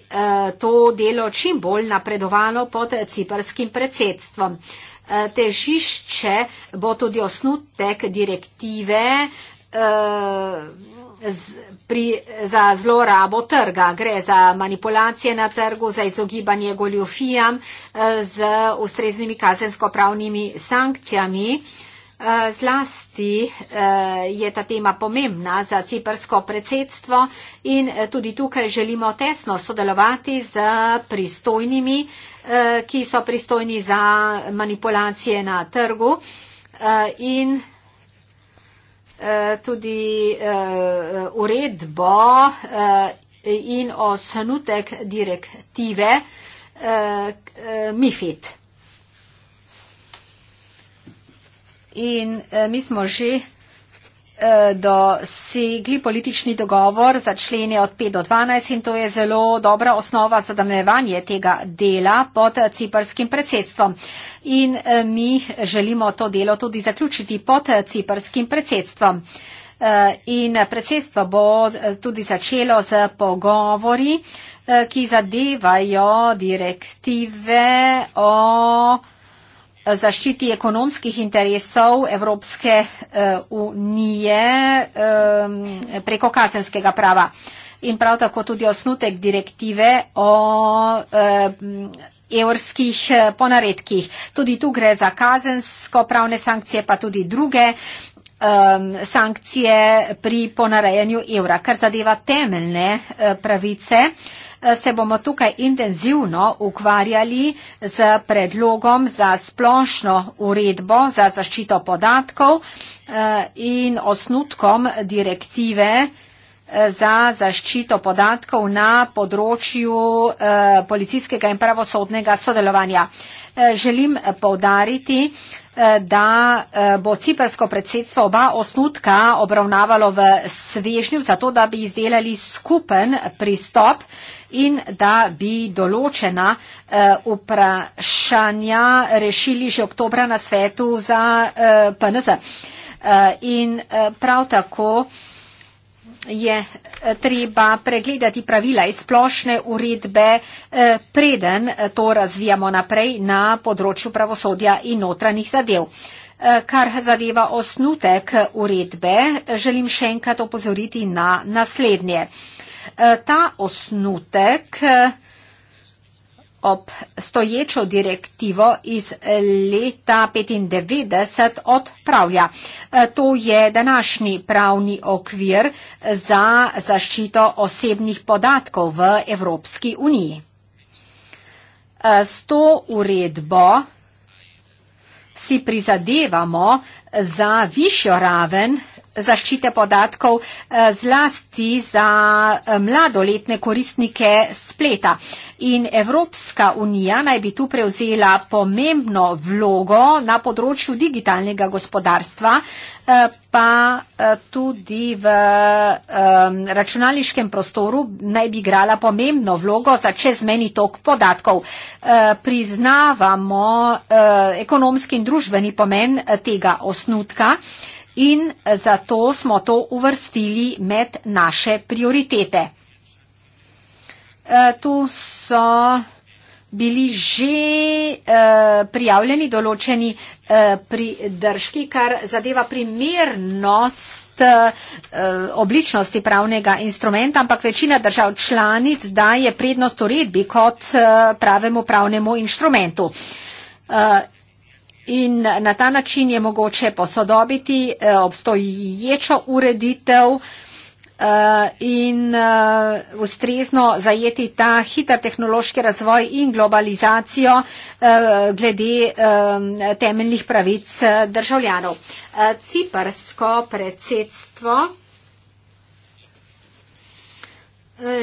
to delo čim bolj napredovalo pod ciprskim predsedstvom. Težišče bo tudi osnutek direktive Eh, z, pri, za zlorabo trga, gre za manipulacije na trgu, za izogibanje goljofijam eh, z ustreznimi kazensko-pravnimi sankcijami. Eh, zlasti je ta tema pomembna za ciprsko predsedstvo in tudi tukaj želimo tesno sodelovati z pristojnimi, ki so pristojni za manipulacije na trgu in Eh, tudi eh, uredbo eh, in osnutek direktive MIFID. In mi smo že Eh, dosegli politični dogovor za člene od 5 do 12 in to je zelo dobra osnova za nadaljevanje tega dela pod ciprskim predsedstvom. In eh, mi želimo to delo tudi zaključiti pod eh, ciprskim predsedstvom. In predsedstvo bo tudi začelo z pogovori, ki zadevajo direktive o zaščiti ekonomskih interesov Evropske eh, unije preko kazenskega prava. In prav tako tudi osnutek direktive o eh, evrskih eh, ponaredkih. Tudi tu gre za kazensko pravne sankcije, pa tudi druge sankcije pri ponarejanju evra. Kar zadeva temeljne pravice, Eh, se bomo tukaj intenzivno ukvarjali z predlogom za splošno uredbo za zaščito podatkov eh, in osnutkom direktive eh, za zaščito podatkov na področju policijskega in pravosodnega sodelovanja. Želim povdariti, da bo ciprsko predsedstvo oba osnutka obravnavalo v svežnju, zato da bi izdelali skupen pristop in da bi določena uh, vprašanja rešili že oktobra na svetu za uh, eh, PNZ. Uh, eh, in uh, prav tako je treba pregledati pravila iz splošne uredbe, preden to razvijamo naprej na področju pravosodja in notranjih zadev. Kar zadeva osnutek uredbe, želim še enkrat opozoriti na naslednje. Eh, ta osnutek eh, ob stoječo direktivo iz leta 1995 odpravlja. Eh, to je današnji pravni okvir za zaščito osebnih podatkov v Evropski uniji. S to uredbo si prizadevamo za višjo raven zaščite podatkov, eh, zlasti za eh, mladoletne koristnike spleta. In Evropska unija naj bi tu prevzela pomembno vlogo na področju digitalnega gospodarstva, eh, pa tudi v računalniškem prostoru naj bi igrala pomembno vlogo za čezmeni tok podatkov. Priznavamo ekonomski in družbeni pomen tega osnutka in zato smo to uvrstili med naše prioritete. E, tu so bili že e, prijavljeni določeni e, pridržki, kar zadeva primernost obličnosti pravnega instrumenta, ampak večina držav članic daje prednost uredbi kot pravemu pravnemu instrumentu in na ta način je mogoče posodobiti eh, obstoječo ureditev eh, in eh, ustrezno zajeti ta hiter tehnološki razvoj in globalizacijo glede temeljnih pravic državljanov. Cipersko predsedstvo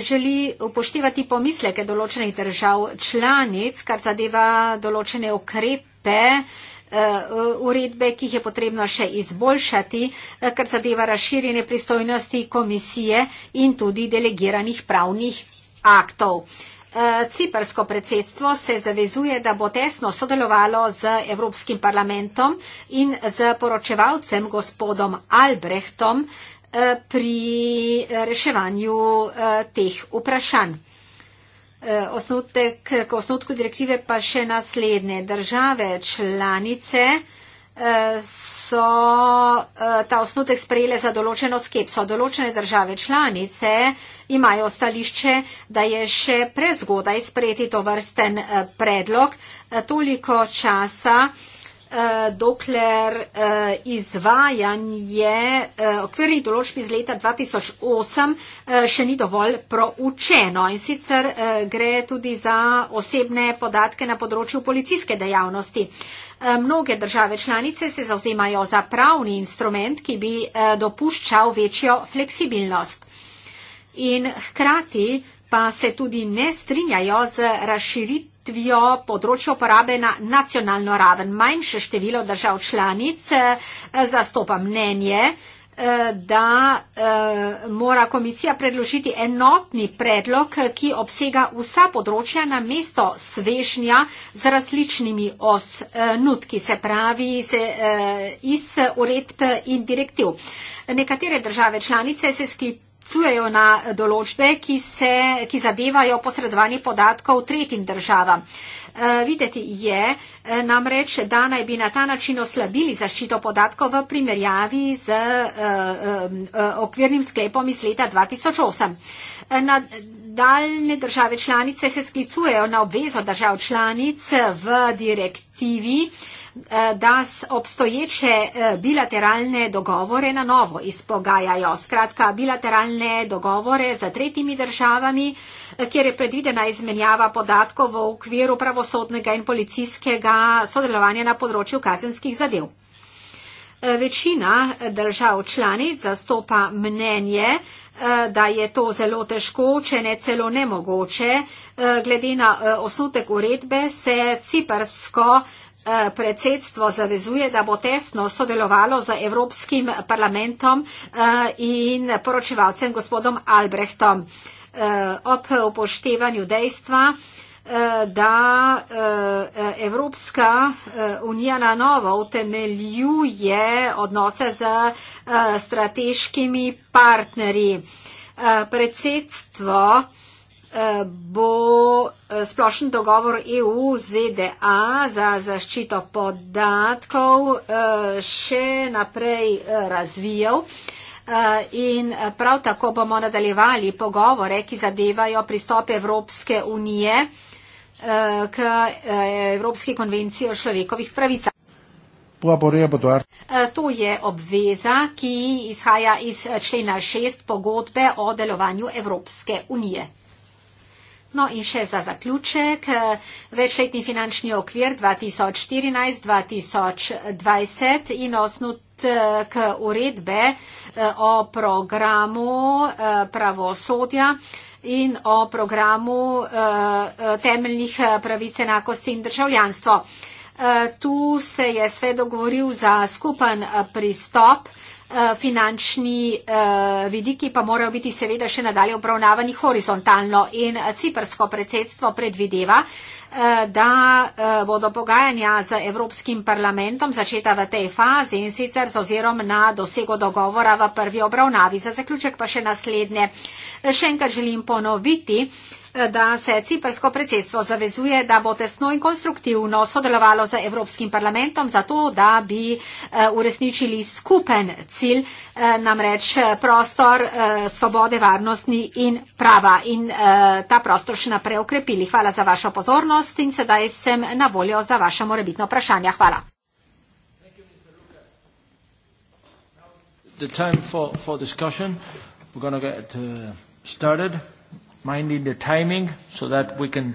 želi upoštevati pomisleke določenih držav članic, kar zadeva določene ukrepe, Eh, uredbe, ki jih je potrebno še izboljšati, eh, kar zadeva razširjene pristojnosti komisije in tudi delegiranih pravnih aktov. Eh, Cipersko predsedstvo se zavezuje, da bo tesno sodelovalo z Evropskim parlamentom in z poročevalcem gospodom Albrehtom pri reševanju teh vprašanj. Eh, osnutek, k osnutku direktive pa še naslednje. Države članice eh, so eh, ta osnutek sprejele za določeno skepso. Določene države članice imajo stališče, da je še prezgodaj sprejeti to vrsten predlog. Toliko časa Eh, dokler eh, izvajanje eh, okvirnih določb iz leta 2008 še ni dovolj proučeno. In sicer gre tudi za osebne podatke na področju policijske dejavnosti. Mnoge države članice se zauzemajo za pravni instrument, ki bi dopuščal večjo fleksibilnost. In hkrati pa se tudi ne strinjajo z razširitvijo ureditvijo področja uporabe na nacionalno raven. Manjše število držav članic eh, zastopa mnenje, eh, da eh, mora komisija predložiti enotni predlog, ki obsega vsa področja na mesto svežnja z različnimi osnutki, se pravi se, iz uredb in direktiv. Nekatere države članice se sklipajo sklicujejo na določbe, ki, se, ki zadevajo posredovanje podatkov tretjim državam. Eh, videti je eh, namreč, da naj bi na ta način oslabili zaščito podatkov v primerjavi z eh, okvirnim sklepom iz leta 2008. Nadaljne države članice se sklicujejo na obvezo držav članic v direktivi Eh, da obstoječe eh, bilateralne dogovore na novo izpogajajo. Skratka, bilateralne dogovore za tretjimi državami, eh, kjer je predvidena izmenjava podatkov v okviru pravosodnega in policijskega sodelovanja na področju kazenskih zadev. Večina držav članic zastopa mnenje, da je to zelo težko, če ne celo nemogoče. Glede na osnutek uredbe se ciparsko Eh, predsedstvo zavezuje, da bo tesno sodelovalo z Evropskim parlamentom eh, in poročevalcem gospodom Albrechtom eh, ob upoštevanju dejstva, da Evropska unija na novo utemeljuje odnose z strateškimi partnerji. Predsedstvo Eh, bo eh, splošen dogovor EU-ZDA za zaščito podatkov eh, še naprej razvijal. In prav tako bomo nadaljevali pogovore, ki zadevajo pristop Evropske unije k Evropski konvenciji o človekovih pravicah. To je obveza, ki izhaja iz člena 6 pogodbe o delovanju Evropske unije. No in še za zaključek, eh, večletni finančni okvir 2014-2020 in osnutek uredbe eh, o programu eh, pravosodja in o programu temeljnih pravic enakosti in državljanstvo. Tu se je sve dogovoril za skupen pristop Eh, finančni eh, vidiki pa morajo biti seveda še nadalje obravnavani horizontalno in eh, ciprsko predsedstvo predvideva, da bodo pogajanja z Evropskim parlamentom začeta v tej fazi in sicer z ozirom na dosego dogovora v prvi obravnavi. Za zaključek pa še naslednje. Še enkrat želim ponoviti, da se ciprsko predsedstvo zavezuje, da bo tesno in konstruktivno sodelovalo z Evropskim parlamentom za to, da bi eh, uresničili skupen cilj, eh, namreč eh, prostor svobode, varnosti in prava in ta prostor še naprej okrepili. Hvala za vašo pozornost in sedaj sem na voljo za vaše morebitno vprašanje. Hvala. The time for, for discussion. We're going to get uh, started minding the timing so that we can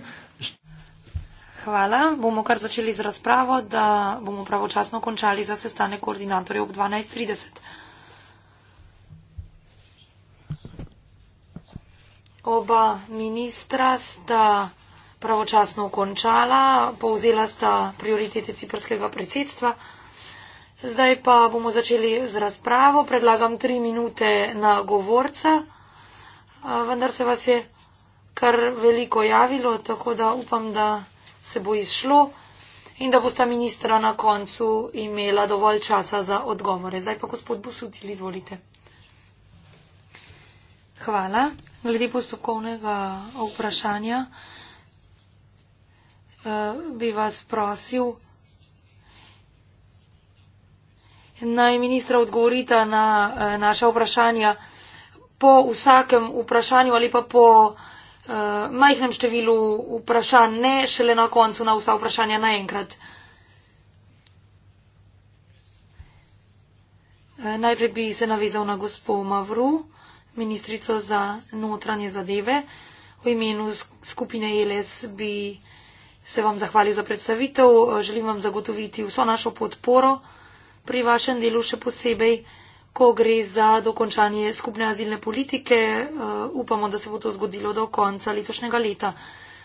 Hvala. Bomo kar začeli z razpravo, da bomo pravočasno končali za sestanek koordinatorjev ob 12.30. Oba ministra sta pravočasno končala, povzela sta prioritete ciprskega predsedstva. Zdaj pa bomo začeli z razpravo. Predlagam tri minute na govorca vendar se vas je kar veliko javilo, tako da upam, da se bo izšlo in da bosta ministra na koncu imela dovolj časa za odgovore. Zdaj pa gospod Busutil, izvolite. Hvala. Glede postopkovnega vprašanja e, bi vas prosil, naj ministra odgovorita na e, naša vprašanja po vsakem vprašanju ali pa po uh, majhnem številu vprašanj, ne šele na koncu na vsa vprašanja naenkrat. Eh, najprej bi se navezal na gospo Mavru, ministrico za notranje zadeve. V imenu skupine ELS bi se vam zahvalil za predstavitev. Eh, želim vam zagotoviti vso našo podporo pri vašem delu še posebej ko gre za dokončanje skupne azilne politike, eh, upamo, da se bo to zgodilo do konca letošnjega leta.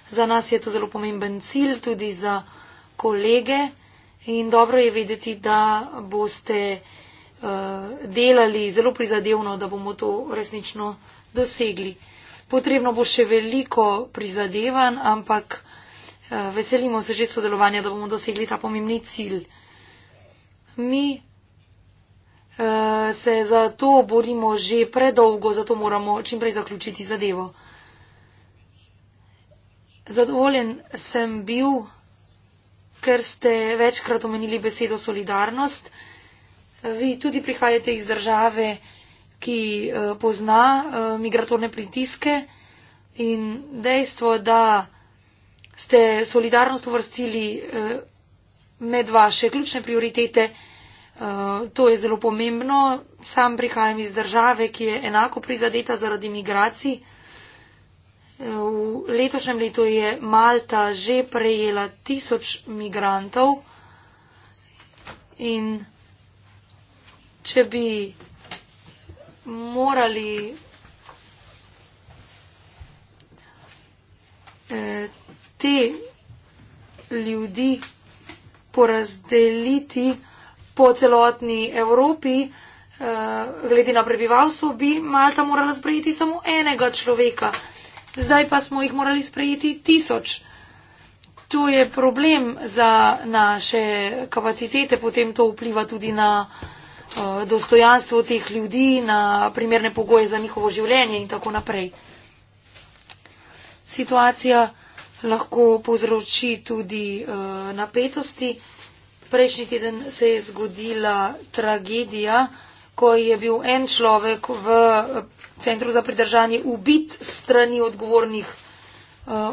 Za nas je to zelo pomemben cilj, tudi za kolege in dobro je vedeti, da boste eh, delali zelo prizadevno, da bomo to resnično dosegli. Potrebno bo še veliko prizadevan, ampak eh, veselimo se že sodelovanja, da bomo dosegli ta pomembni cilj. Mi Eh, se za to borimo že predolgo, zato moramo čimprej zaključiti zadevo. Zadovoljen sem bil, ker ste večkrat omenili besedo solidarnost. Vi tudi prihajate iz države, ki eh, pozna eh, migratorne pritiske in dejstvo, da ste solidarnost uvrstili med vaše ključne prioritete, Eh, to je zelo pomembno. Sam prihajam iz države, ki je enako prizadeta zaradi migracij. Eh, v letošnjem letu je Malta že prejela tisoč migrantov in če bi morali eh, te ljudi porazdeliti, po celotni Evropi, eh, glede na prebivalstvo, bi Malta morala sprejeti samo enega človeka. Zdaj pa smo jih morali sprejeti tisoč. To je problem za naše kapacitete, potem to vpliva tudi na eh, dostojanstvo teh ljudi, na primerne pogoje za njihovo življenje in tako naprej. Situacija lahko povzroči tudi eh, napetosti. Prejšnji teden se je zgodila tragedija, ko je bil en človek v eh, centru za pridržanje ubit strani odgovornih uh,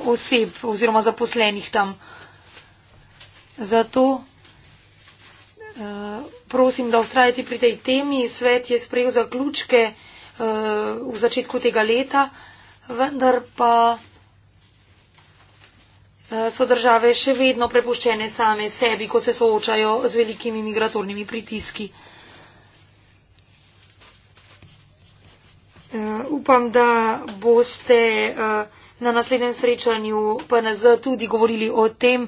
oseb oziroma zaposlenih tam. Zato uh, prosim, da ustrajate pri tej temi. Svet je sprejel zaključke uh, v začetku tega leta, vendar pa. Eh, so države še vedno prepuščene same sebi, ko se soočajo z velikimi migratornimi pritiski. Eh, upam, da boste eh, na naslednjem srečanju PNZ tudi govorili o tem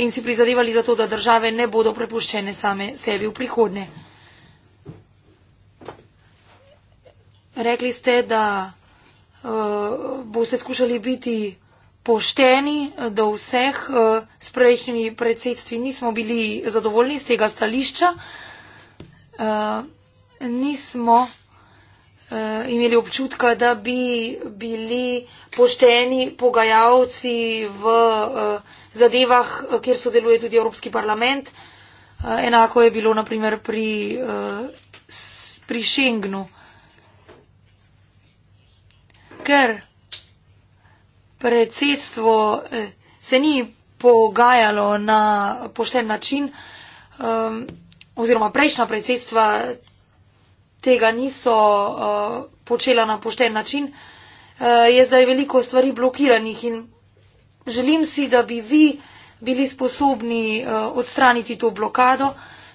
in si prizadevali za to, da države ne bodo prepuščene same sebi v prihodnje. Rekli ste, da boste skušali biti pošteni do vseh, eh, s prejšnjimi predsedstvi nismo bili zadovoljni z tega stališča, eh, nismo eh, imeli občutka, da bi bili pošteni pogajalci v zadevah, kjer sodeluje tudi Evropski parlament. Enako je bilo naprimer pri, pri Schengnu. Ker predsedstvo eh, se ni pogajalo na pošten način, um, oziroma prejšnja predsedstva tega niso uh, počela na pošten način, uh, je zdaj veliko stvari blokiranih in želim si, da bi vi bili sposobni uh, odstraniti to blokado,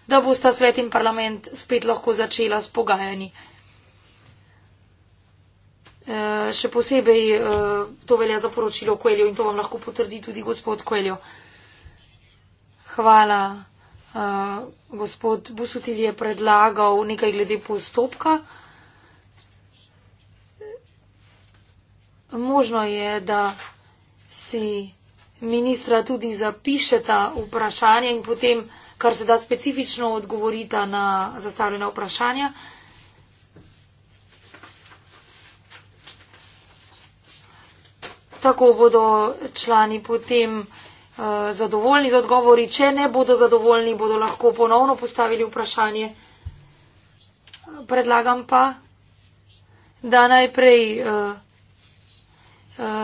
da bosta svet in parlament spet lahko začela s pogajanji. Eh, še posebej eh, to velja za poročilo Koeljo in to vam lahko potrdi tudi gospod Koeljo. Hvala. Eh, gospod Busutil je predlagal nekaj glede postopka. Možno je, da si ministra tudi zapišeta vprašanje in potem, kar se da specifično, odgovorita na zastavljena vprašanja. tako bodo člani potem eh, zadovoljni z odgovori. Če ne bodo zadovoljni, bodo lahko ponovno postavili vprašanje. Predlagam pa, da najprej eh, eh,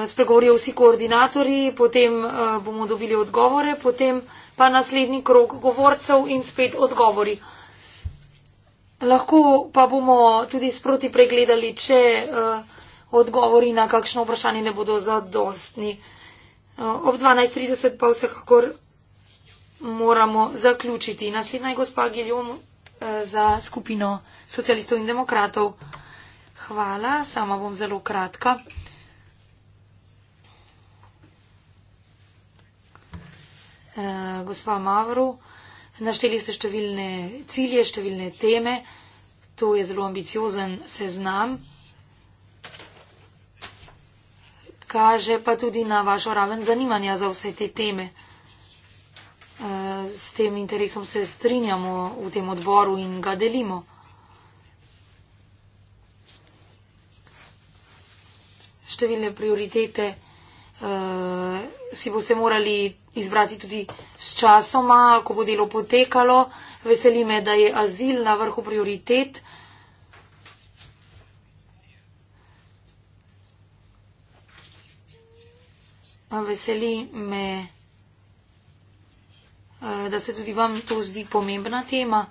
spregovorijo vsi koordinatori, potem bomo dobili odgovore, potem pa naslednji krok govorcev in spet odgovori. Lahko pa bomo tudi sproti pregledali, če uh, odgovori na kakšno vprašanje ne bodo zadostni. Eh, ob 12.30 pa vsekakor moramo zaključiti. Naslednja je gospa Giljom eh, za skupino socialistov in demokratov. Hvala, sama bom zelo kratka. Eh, gospa Mavru, našteli ste številne cilje, številne teme. To je zelo ambiciozen seznam. kaže pa tudi na vašo raven zanimanja za vse te teme. E, s tem interesom se strinjamo v tem odboru in ga delimo. Številne prioritete uh, si boste morali izbrati tudi s časoma, ko bo delo potekalo. Veseli me, da je azil na vrhu prioritet. Uh, veseli me, eh, da se tudi vam to zdi pomembna tema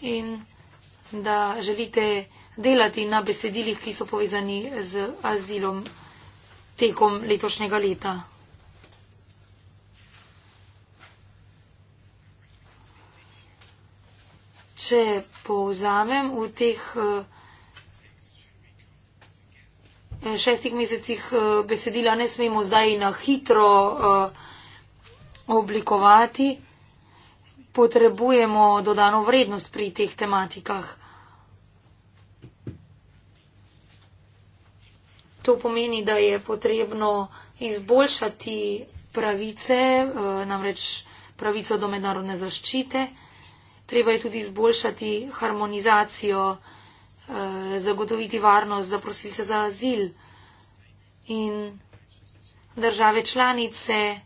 in da želite delati na besedilih, ki so povezani z azilom tekom letošnjega leta. Če povzamem v teh uh, šestih mesecih eh, besedila ne smemo zdaj na hitro eh, oblikovati, potrebujemo dodano vrednost pri teh tematikah. To pomeni, da je potrebno izboljšati pravice, eh, namreč pravico do mednarodne zaščite. Treba je tudi izboljšati harmonizacijo Eh, zagotoviti varnost za prosilce za azil in države članice, eh,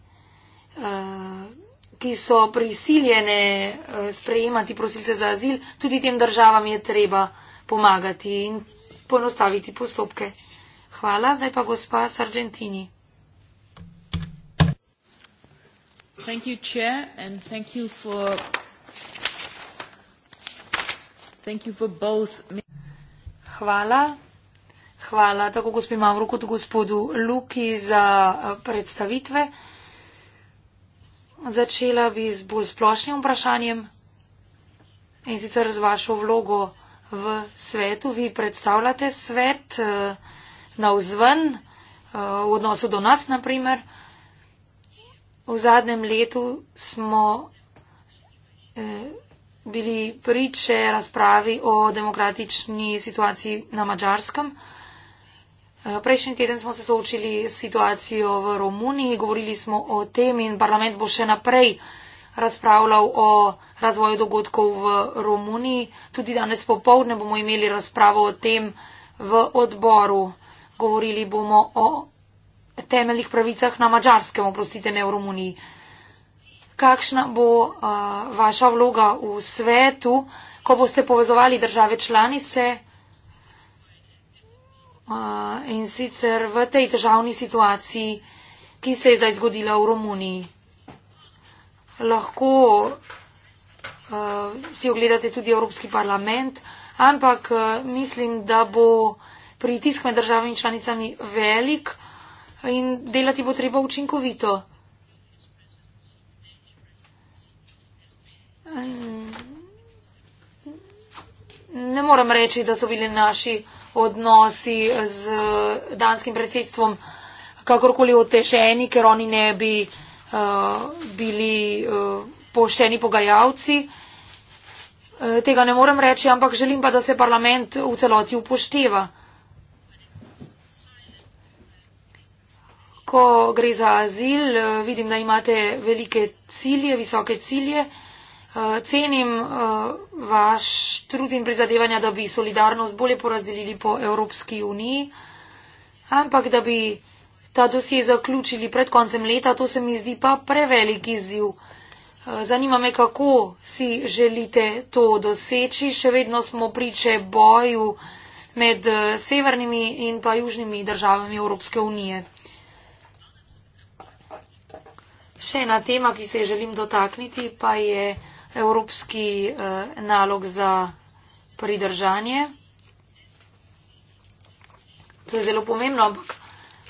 ki so prisiljene eh, sprejemati prosilce za azil, tudi tem državam je treba pomagati in ponostaviti postopke. Hvala, zdaj pa gospa s Argentini. Thank you, Chair, and thank you for, thank you for both. Hvala. Hvala tako gospod Mavro kot gospodu Luki za eh, predstavitve. Začela bi z bolj splošnim vprašanjem in sicer z vašo vlogo v svetu. Vi predstavljate svet eh, na vzven, eh, v odnosu do nas naprimer. V zadnjem letu smo. Eh, bili priče razpravi o demokratični situaciji na Mačarskem. Eh, prejšnji teden smo se soočili s situacijo v Romuniji, govorili smo o tem in parlament bo še naprej razpravljal o razvoju dogodkov v Romuniji. Tudi danes popovdne bomo imeli razpravo o tem v odboru. Govorili bomo o temeljnih pravicah na Mačarskem, oprostite, ne v Romuniji kakšna bo uh, vaša vloga v svetu, ko boste povezovali države članice uh, in sicer v tej državni situaciji, ki se je zdaj zgodila v Romuniji. Lahko uh, si ogledate tudi Evropski parlament, ampak uh, mislim, da bo pritisk med državami in članicami velik in delati bo treba učinkovito. Ne moram reči, da so bili naši odnosi z danskim predsedstvom kakorkoli otešeni, ker oni ne bi uh, bili uh, pošteni pogajalci. Eh, tega ne morem reči, ampak želim pa, da se parlament v celoti upošteva. Ko gre za azil, vidim, da imate velike cilje, visoke cilje. Uh, Eh, cenim uh, vaš trud in prizadevanja, da bi solidarnost bolje porazdelili po Evropski uniji, ampak da bi ta dosje zaključili pred koncem leta, to se mi zdi pa prevelik izziv. Eh, zanima me, kako si želite to doseči. Še vedno smo priče boju med severnimi in pa južnimi državami Evropske unije. Še ena tema, ki se je želim dotakniti, pa je evropski eh, nalog za pridržanje. To je zelo pomembno, ampak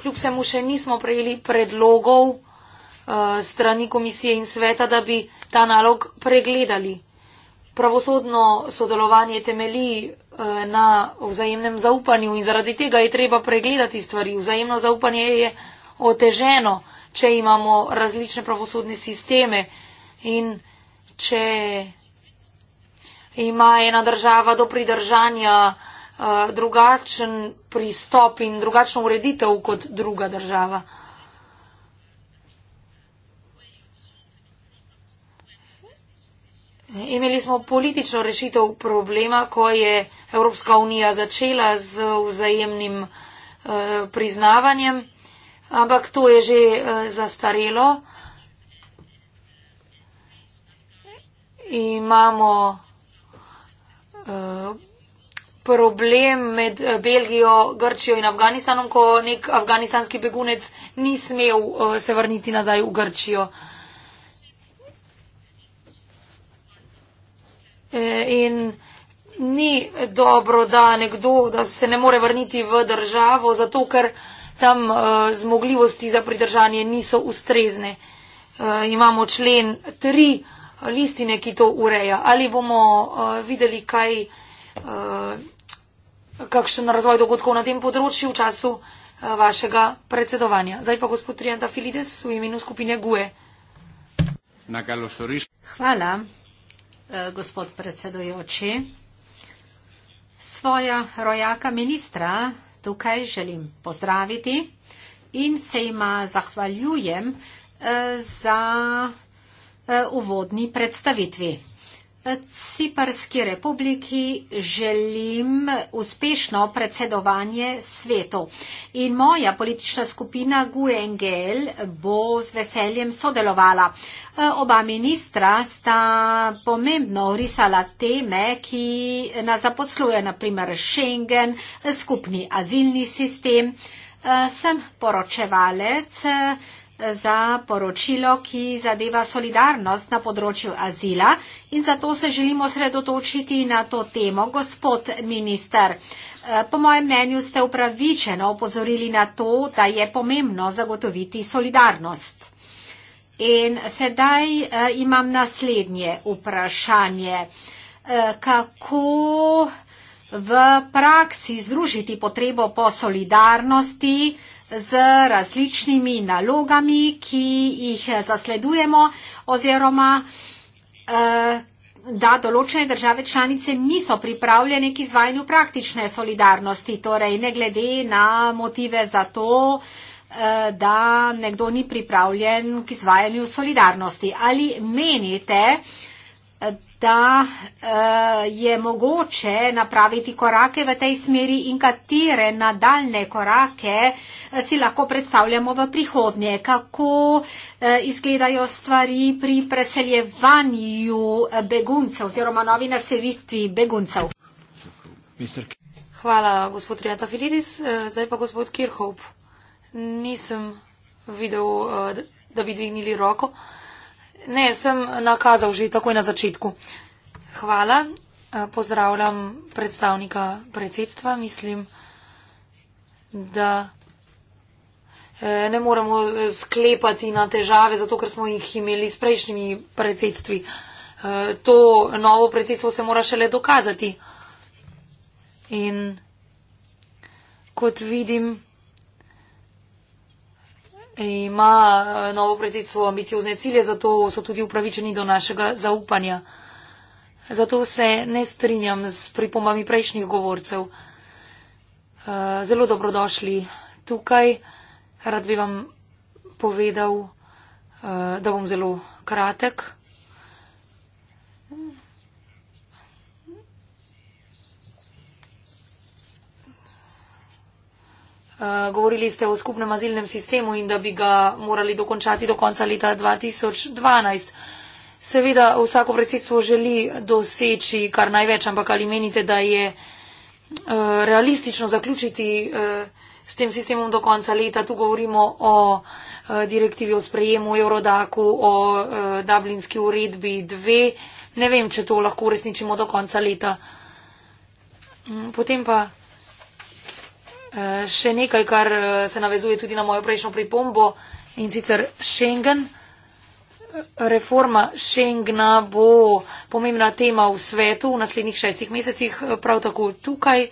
kljub vsemu še nismo prejeli predlogov eh, strani komisije in sveta, da bi ta nalog pregledali. Pravosodno sodelovanje temeli eh, na vzajemnem zaupanju in zaradi tega je treba pregledati stvari. Vzajemno zaupanje je oteženo, če imamo različne pravosodne sisteme in če ima ena država do pridržanja eh, drugačen pristop in drugačno ureditev kot druga država. Imeli smo politično rešitev problema, ko je Evropska unija začela z vzajemnim eh, priznavanjem, ampak to je že eh, zastarelo. imamo uh, problem med eh, Belgijo, Grčijo in Afganistanom, ko nek afganistanski begunec ni smel uh, se vrniti nazaj v Grčijo. In ni dobro, da nekdo da se ne more vrniti v državo, zato ker tam uh, zmogljivosti za pridržanje niso ustrezne. Uh, imamo člen 3, uh, listine, ki to ureja, ali bomo uh, videli, kaj, uh, kakšen razvoj dogodkov na tem področju v času uh, vašega predsedovanja. Zdaj pa gospod Trijanta Filides v imenu skupine GUE. Hvala, uh, gospod predsedojoči. Svoja rojaka ministra tukaj želim pozdraviti in se ima zahvaljujem uh, za Eh, uvodni predstavitvi. Eh, Ciparski republiki želim uspešno predsedovanje svetu in moja politična skupina Guengel bo z veseljem sodelovala. Eh, oba ministra sta pomembno risala teme, ki nas zaposluje, naprimer Schengen, skupni azilni sistem. Sem poročevalec za poročilo, ki zadeva solidarnost na področju azila in zato se želimo sredotočiti na to temo. Gospod minister, eh, po mojem mnenju ste upravičeno upozorili na to, da je pomembno zagotoviti solidarnost. In sedaj eh, imam naslednje vprašanje. Eh, kako v praksi združiti potrebo po solidarnosti, z različnimi nalogami, ki jih zasledujemo oziroma eh, da določene države članice niso pripravljene k izvajanju praktične solidarnosti, torej ne glede na motive za to, eh, da nekdo ni pripravljen k izvajanju solidarnosti. Ali menite, da eh, je mogoče napraviti korake v tej smeri in katere nadaljne korake, da je mogoče napraviti korake v tej smeri in katere nadaljne korake, Eh, si lahko predstavljamo v prihodnje, kako eh, izgledajo stvari pri preseljevanju eh, beguncev oziroma novi naselitvi beguncev. Hvala, gospod Rijata Filidis. Zdaj pa gospod Kirhop. Nisem videl, da bi dvignili roko. Ne, sem nakazal že takoj na začetku. Hvala. Pozdravljam predstavnika predsedstva. Mislim, da ne moremo sklepati na težave, zato ker smo jih imeli s prejšnjimi predsedstvi. E, to novo predsedstvo se mora šele dokazati. In kot vidim, ima e, novo predsedstvo ambiciozne cilje, zato so tudi upravičeni do našega zaupanja. Zato se ne strinjam s pripombami prejšnjih govorcev. E, zelo dobrodošli tukaj rad bi vam povedal, eh, da bom zelo kratek. Eh, govorili ste o skupnem azilnem sistemu in da bi ga morali dokončati do konca leta 2012. Seveda vsako predsedstvo želi doseči kar največ, ampak ali menite, da je uh, realistično zaključiti uh, s tem sistemom do konca leta. Tu govorimo o eh, direktivi o sprejemu Eurodaku, o eh, Dublinski uredbi 2. Ne vem, če to lahko uresničimo do konca leta. Mm, potem pa eh, še nekaj, kar se navezuje tudi na mojo prejšnjo pripombo in sicer Schengen. Reforma Schengna bo pomembna tema v svetu v naslednjih šestih mesecih, prav tako tukaj.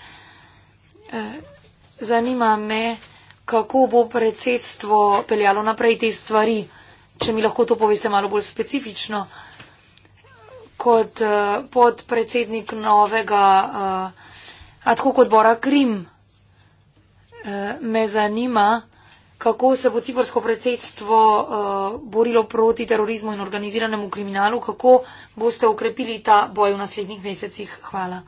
Zanima me, kako bo predsedstvo peljalo naprej te stvari, če mi lahko to poveste malo bolj specifično. Kot eh, podpredsednik novega eh, Adhok odbora Krim, eh, me zanima, kako se bo ciprsko predsedstvo borilo proti terorizmu in organiziranemu kriminalu, kako boste ukrepili ta boj v naslednjih mesecih. Hvala.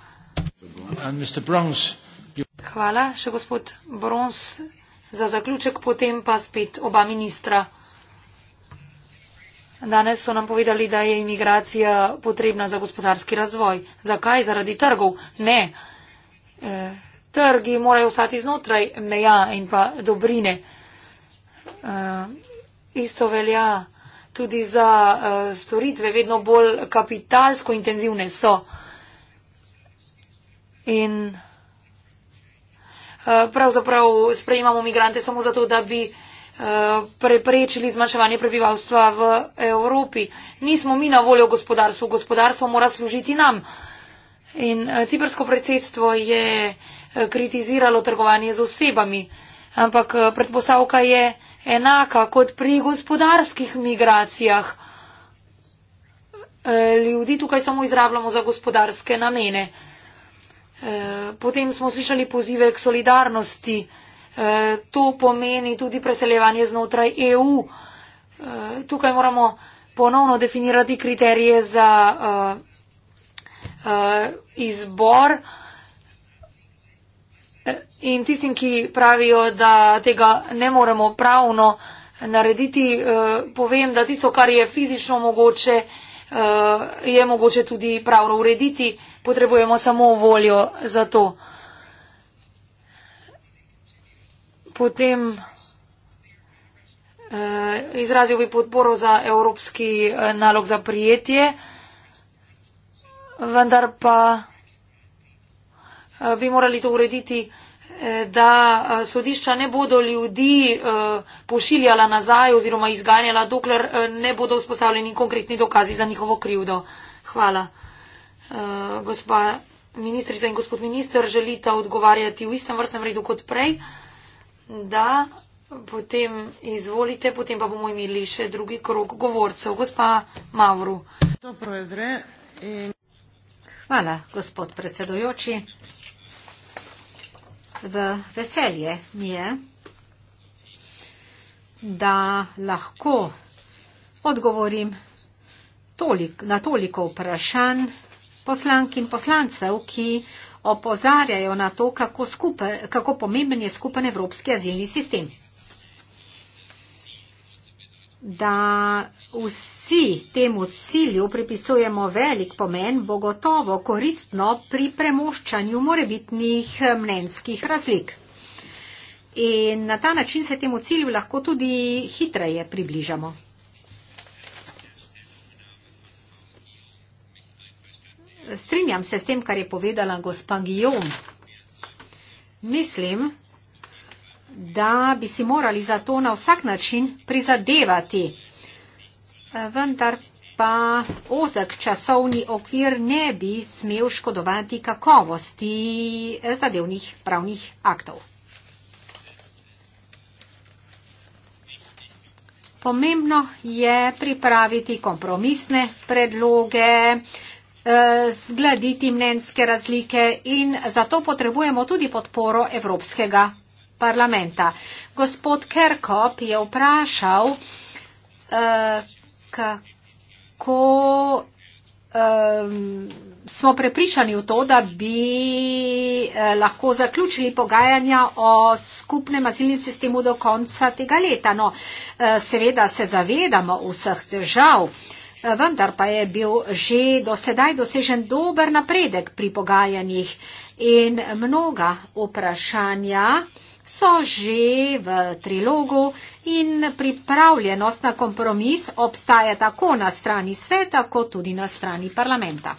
And Mr. Bronze. Hvala. Še gospod Brons za zaključek, potem pa spet oba ministra. Danes so nam povedali, da je imigracija potrebna za gospodarski razvoj. Zakaj? Zaradi trgov. Ne. E, trgi morajo ostati znotraj meja in pa dobrine. E, isto velja tudi za e, storitve, vedno bolj kapitalsko intenzivne so. In Eh, pravzaprav sprejemamo migrante samo zato, da bi eh, preprečili zmanjševanje prebivalstva v Evropi. Nismo mi na voljo gospodarstvu, gospodarstvo mora služiti nam. In eh, cipersko predsedstvo je kritiziralo trgovanje z osebami, ampak predpostavka je enaka kot pri gospodarskih migracijah. Ljudi tukaj samo izrabljamo za gospodarske namene. Eh, potem smo slišali pozive k solidarnosti. Eh, to pomeni tudi preseljevanje znotraj EU. Eh, tukaj moramo ponovno definirati kriterije za izbor. In tistim, ki pravijo, da tega ne moremo pravno narediti, povem, da tisto, kar je fizično mogoče, je mogoče tudi pravno urediti potrebujemo samo voljo za to. Potem eh, izrazil bi podporo za evropski eh, nalog za prijetje, vendar pa eh, bi morali to urediti, eh, da eh, sodišča ne bodo ljudi eh, pošiljala nazaj oziroma izganjala, dokler eh, ne bodo vzpostavljeni konkretni dokazi za njihovo krivdo. Hvala. Eh, gospa ministrica in gospod minister želita odgovarjati v istem vrstnem redu kot prej, da potem izvolite, potem pa bomo imeli še drugi krok govorcev. Gospa Mavru. Dobro jutro. In... Hvala, gospod predsedujoči. V veselje mi je, da lahko odgovorim tolik, na toliko vprašanj, poslank in poslancev, ki opozarjajo na to, kako, skupaj, kako pomemben je skupen evropski azilni sistem. Da vsi temu cilju pripisujemo velik pomen, bo gotovo koristno pri premoščanju morebitnih eh, mnenjskih razlik. In na ta način se temu cilju lahko tudi hitreje približamo. Strinjam se s tem, kar je povedala gospa Gijom. Mislim, da bi si morali za to na vsak način prizadevati. Vendar pa ozek časovni okvir ne bi smel škodovati kakovosti zadevnih pravnih aktov. Pomembno je pripraviti kompromisne predloge, Eh, zgladiti mnenjske razlike in zato potrebujemo tudi podporo Evropskega parlamenta. Gospod Kerkop je vprašal, eh, kako eh, smo prepričani v to, da bi lahko zaključili pogajanja o skupnem azilnem sistemu do konca tega leta. No, seveda se zavedamo vseh težav vendar pa je bil že do sedaj dosežen dober napredek pri pogajanjih in mnoga vprašanja so že v trilogu in pripravljenost na kompromis obstaja tako na strani sveta, kot tudi na strani parlamenta.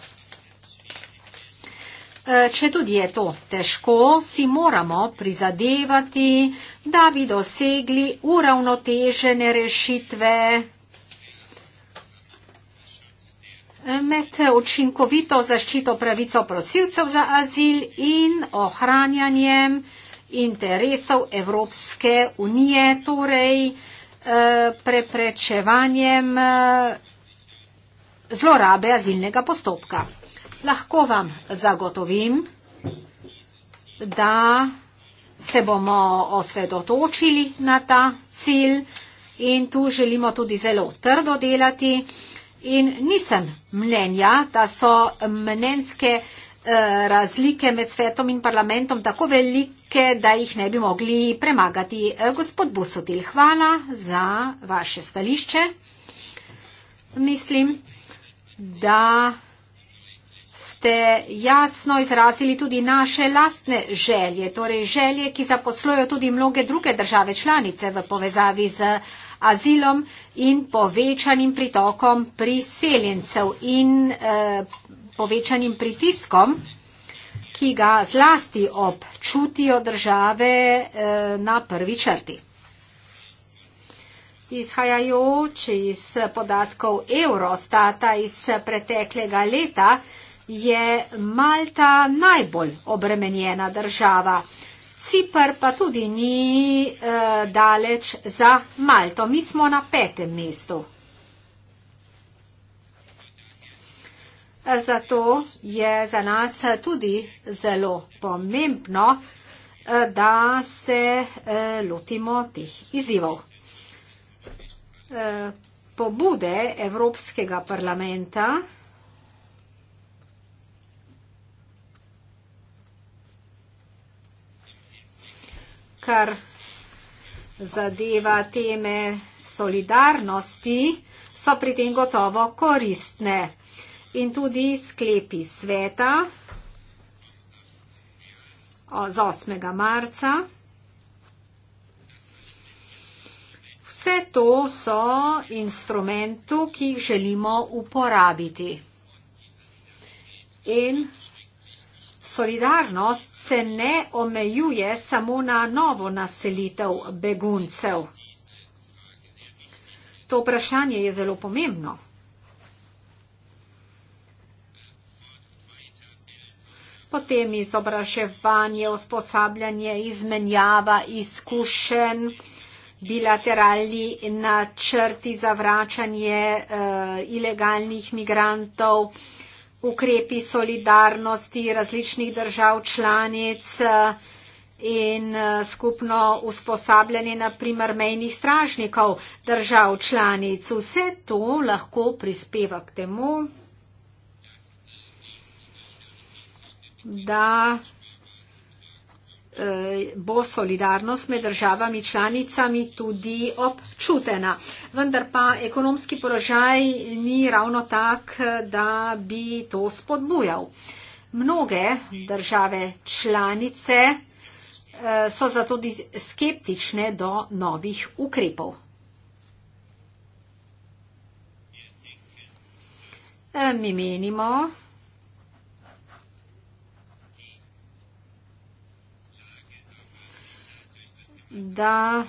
E, če tudi je to težko, si moramo prizadevati, da bi dosegli uravnotežene rešitve med učinkovito zaščito pravico prosilcev za azil in ohranjanjem interesov Evropske unije, torej eh, preprečevanjem eh, zlorabe azilnega postopka. Lahko vam zagotovim, da se bomo osredotočili na ta cilj in tu želimo tudi zelo trdo delati. In nisem mnenja, da so mnenjske eh, razlike med svetom in parlamentom tako velike, da jih ne bi mogli premagati. Eh, gospod Busotil, hvala za vaše stališče. Mislim, da ste jasno izrazili tudi naše lastne želje, torej želje, ki zaposlojo tudi mnoge druge države članice v povezavi z azilom in povečanim pritokom priseljencev in eh, povečanim pritiskom, ki ga zlasti občutijo države eh, na prvi črti. Izhajajoč iz podatkov Eurostata iz preteklega leta je Malta najbolj obremenjena država. Cipr pa tudi ni e, daleč za Malto. Mi smo na petem mestu. Zato je za nas tudi zelo pomembno, eh, da se eh, lotimo teh izzivov. Pobude Evropskega parlamenta kar zadeva teme solidarnosti, so pri tem gotovo koristne. In tudi sklepi sveta z 8. marca. Vse to so instrumentu, ki jih želimo uporabiti. In Solidarnost se ne omejuje samo na novo naselitev beguncev. To vprašanje je zelo pomembno. Potem izobraževanje, usposabljanje, izmenjava izkušenj, bilateralni načrti za vračanje uh, ilegalnih migrantov ukrepi solidarnosti različnih držav članic eh, in eh, skupno usposabljanje naprimer mejnih stražnikov držav članic. Vse to lahko prispeva k temu, da Eh, bo solidarnost med državami članicami tudi občutena. Vendar pa ekonomski položaj ni ravno tak, da bi to spodbujal. Mnoge države članice eh, so zato tudi skeptične do novih ukrepov. Eh, mi menimo, da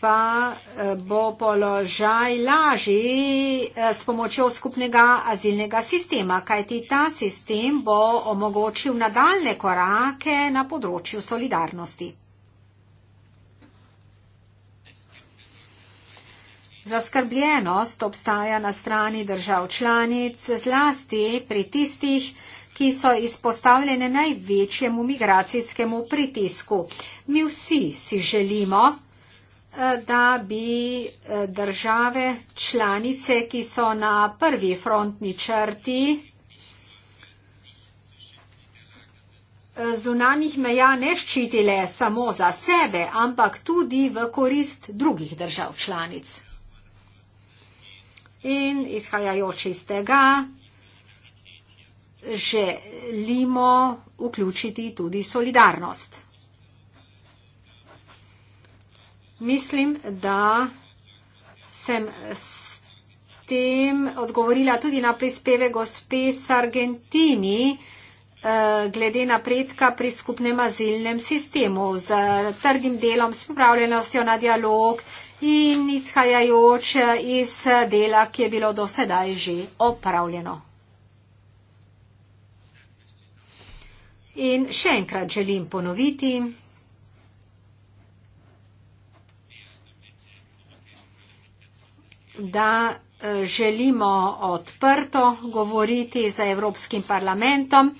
pa eh, bo položaj lažji eh, s pomočjo skupnega azilnega sistema, kajti ta sistem bo omogočil nadaljne korake na področju solidarnosti. Zaskrbljenost obstaja na strani držav članic, zlasti pri tistih, ki so izpostavljene največjemu migracijskemu pritisku. Mi vsi si želimo, eh, da bi eh, države članice, ki so na prvi frontni črti eh, zunanih meja ne ščitile samo za sebe, ampak tudi v korist drugih držav članic. In izhajajoč iz tega želimo vključiti tudi solidarnost. Mislim, da sem s tem odgovorila tudi na prispeve gospe Sargentini eh, glede napredka pri skupnem azilnem sistemu z trdim delom, s pripravljenostjo na dialog in izhajajoč iz dela, ki je bilo do sedaj že opravljeno. In še enkrat želim ponoviti, da eh, želimo odprto govoriti za Evropskim parlamentom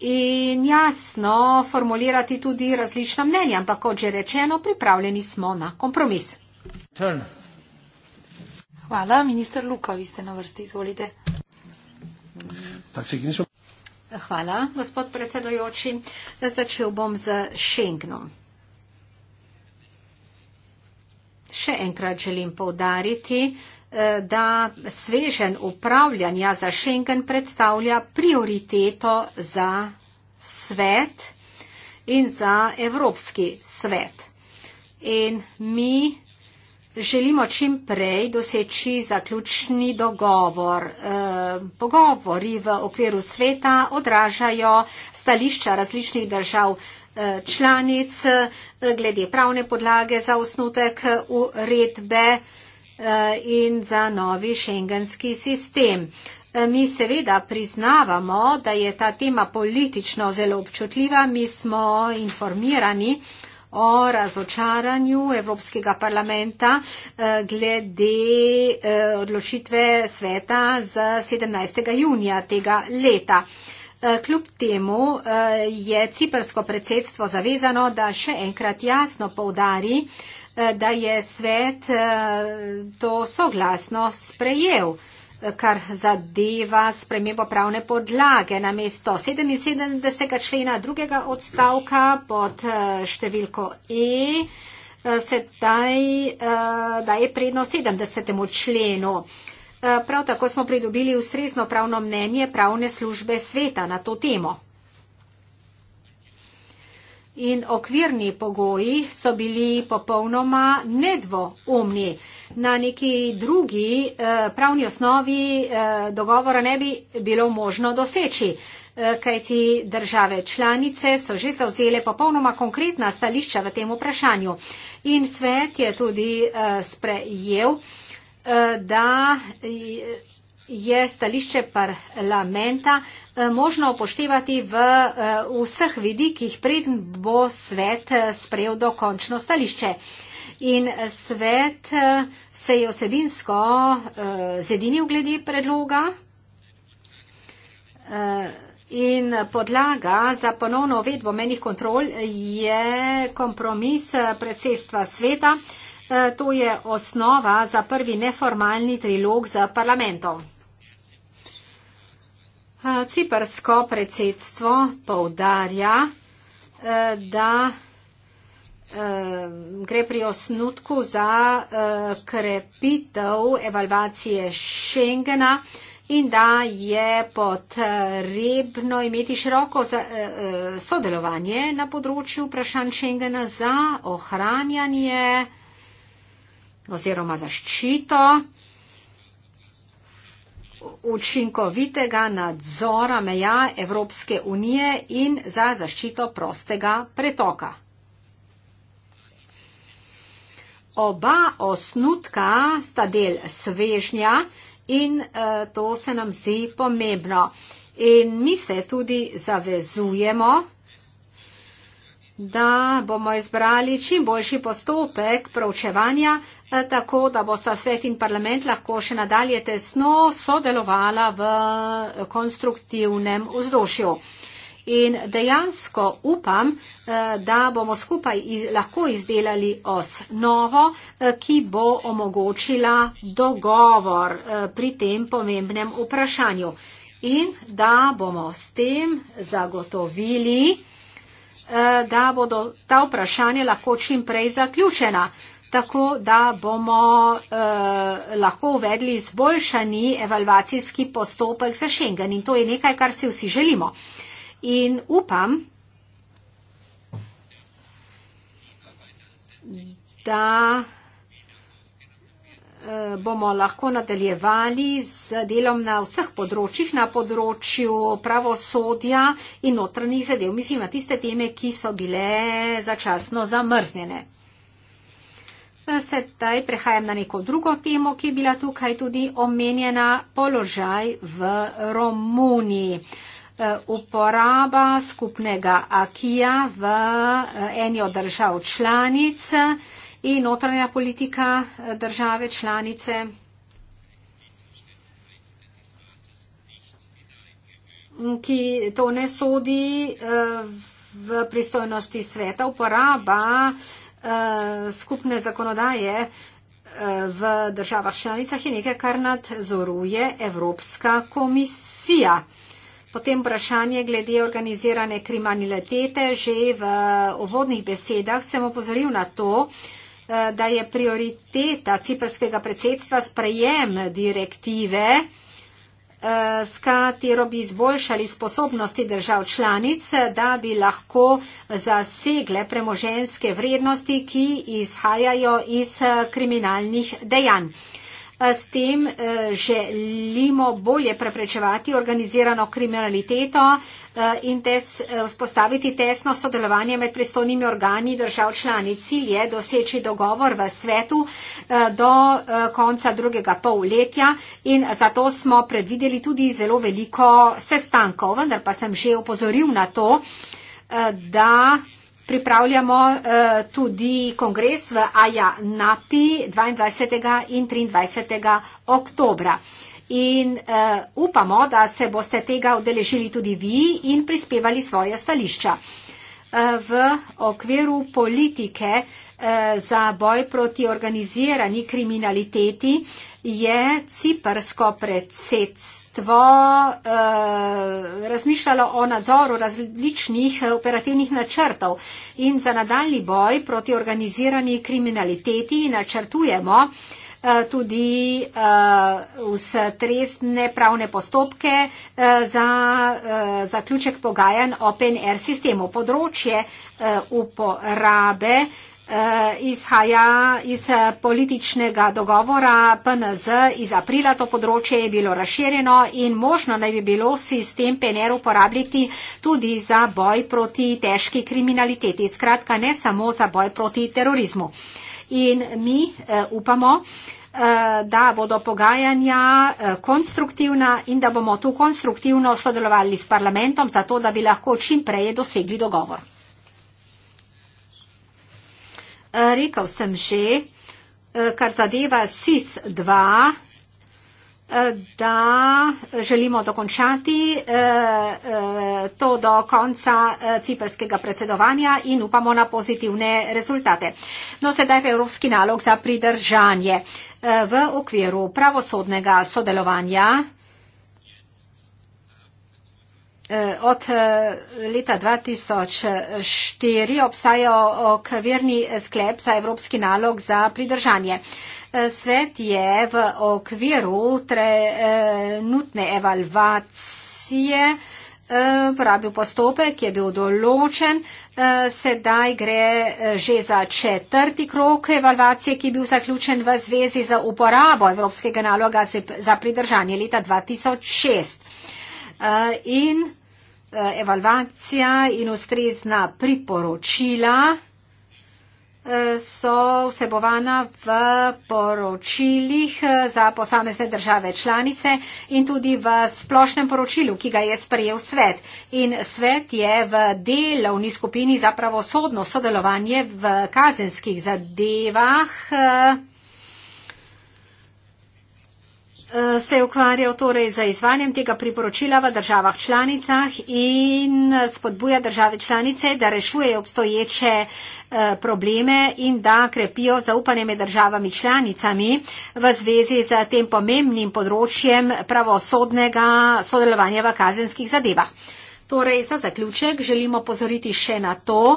in jasno formulirati tudi različna mnenja, ampak kot že rečeno, pripravljeni smo na kompromis. Turn. Hvala, minister Luka, vi ste na vrsti, izvolite. Tak, Hvala, gospod predsedojoči. Začel bom z Schengnom. Še enkrat želim povdariti, eh, da svežen upravljanja za Schengen predstavlja prioriteto za svet in za Evropski svet. In mi želimo čim prej doseči zaključni dogovor. E, pogovori v okviru sveta odražajo stališča različnih držav e, članic e, glede pravne podlage za osnutek uredbe in za novi šengenski sistem. Mi seveda priznavamo, da je ta tema politično zelo občutljiva, mi smo informirani, o razočaranju Evropskega parlamenta eh, glede eh, odločitve sveta z 17. junija tega leta. Eh, kljub temu je ciprsko predsedstvo zavezano, da še enkrat jasno povdari, da je svet to soglasno sprejel kar zadeva spremembo pravne podlage. Na mesto 77. člena drugega odstavka pod eh, številko E eh, se taj, eh, daje prednost 70. členu. Prav tako smo pridobili ustrezno pravno mnenje pravne službe sveta na to temo in okvirni pogoji so bili popolnoma nedvoumni. Na neki drugi eh, pravni osnovi eh, dogovora ne bi bilo možno doseči, eh, kajti države članice so že zauzele popolnoma konkretna stališča v tem vprašanju. In svet je tudi sprejel, da je stališče parlamenta eh, možno upoštevati v eh, vseh vidikih, preden bo svet eh, sprejel dokončno stališče. In svet se je osebinsko zedinil glede predloga in podlaga za ponovno uvedbo menih kontrol je kompromis predsedstva sveta. To je osnova za prvi neformalni trilog z parlamentom. Eh, ciprsko predsedstvo poudarja, eh, da eh, gre pri osnutku za krepitev evalvacije Schengena in da je potrebno imeti široko sodelovanje na področju vprašanj Schengena za ohranjanje oziroma zaščito učinkovitega nadzora meja Evropske unije in za zaščito prostega pretoka. Oba osnutka sta del svežnja in eh, to se nam zdi pomembno. In mi se tudi zavezujemo, da bomo izbrali čim boljši postopek pravčevanja, eh, tako da bosta svet in parlament lahko še nadalje tesno sodelovala v konstruktivnem vzdušju. In dejansko upam, eh, da bomo skupaj lahko izdelali osnovo, eh, ki bo omogočila dogovor pri tem pomembnem vprašanju. In da bomo s tem zagotovili, Eh, da bodo ta vprašanja lahko čim prej zaključena, tako da bomo eh, lahko uvedli izboljšani evalvacijski postopek za Schengen. In to je nekaj, kar si vsi želimo. In upam, da. Eh, bomo lahko nadaljevali z delom na vseh področjih, na področju pravosodja in notranjih zadev, mislim na tiste teme, ki so bile začasno zamrznjene. Eh, sedaj prehajam na neko drugo temo, ki je bila tukaj tudi omenjena položaj v Romuniji. Eh, uporaba skupnega akija v eni od držav članice in notranja politika eh, države članice. Mm, ki to ne sodi eh, v pristojnosti sveta, uporaba eh, skupne zakonodaje v državah članicah je nekaj, kar nadzoruje Evropska komisija. Potem vprašanje glede organizirane kriminalitete. Že v uvodnih besedah sem opozoril na to, Eh, da je prioriteta ciperskega predsedstva sprejem direktive, eh, s katero bi izboljšali sposobnosti držav članic, da bi lahko zasegle premoženske vrednosti, ki izhajajo iz eh, kriminalnih dejanj. S tem eh, želimo bolje preprečevati organizirano kriminaliteto eh, in tes, spostaviti eh, tesno sodelovanje med pristojnimi organi držav člani. Cilj je doseči dogovor v svetu do konca drugega polletja in zato smo predvideli tudi zelo veliko sestankov, vendar pa sem že upozoril na to, da pripravljamo uh, tudi kongres v Ajanapi 22. in 23. oktobra. In uh, upamo, da se boste tega odeležili tudi vi in prispevali svoje stališča. Eh, v okviru politike za boj proti organizirani kriminaliteti je ciprsko predsedstvo društvo eh, razmišljalo o nadzoru različnih eh, operativnih načrtov in za nadaljni boj proti organizirani kriminaliteti načrtujemo eh, tudi ustrezne pravne postopke za zaključek pogajanj o PNR sistemu. Področje uporabe Eh, izhaja iz eh, političnega dogovora PNZ iz aprila. To področje je bilo razširjeno in možno naj bi bilo sistem PNR uporabljati tudi za boj proti težki kriminaliteti. Skratka, ne samo za boj proti terorizmu. In mi eh, upamo, eh, da bodo pogajanja eh, konstruktivna in da bomo tu konstruktivno sodelovali s parlamentom, zato da bi lahko čim prej dosegli dogovor rekel sem že, eh, kar zadeva SIS-2, eh, da želimo dokončati eh, to do konca ciperskega predsedovanja in upamo na pozitivne rezultate. No, sedaj je evropski nalog za pridržanje v okviru pravosodnega sodelovanja. Od eh, leta 2004 obstaja okvirni sklep za evropski nalog za pridržanje. Eh, svet je v okviru trenutne evalvacije eh, porabil postopek, ki je bil določen. Sedaj gre že za četrti krok evalvacije, ki je bil zaključen v zvezi z uporabo evropskega naloga za pridržanje leta 2006. In Eh, evalvacija in ustrezna priporočila eh, so vsebovana v poročilih eh, za posamezne države članice in tudi v splošnem poročilu, ki ga je sprejel svet. In svet je v delovni skupini za pravosodno sodelovanje v kazenskih zadevah. Eh, se je ukvarjal torej za izvanjem tega priporočila v državah članicah in eh, spodbuja države članice, da rešujejo obstoječe eh, probleme in da krepijo zaupanje med državami članicami v zvezi z tem pomembnim področjem pravosodnega sodelovanja v kazenskih zadevah. Torej, za zaključek želimo pozoriti še na to,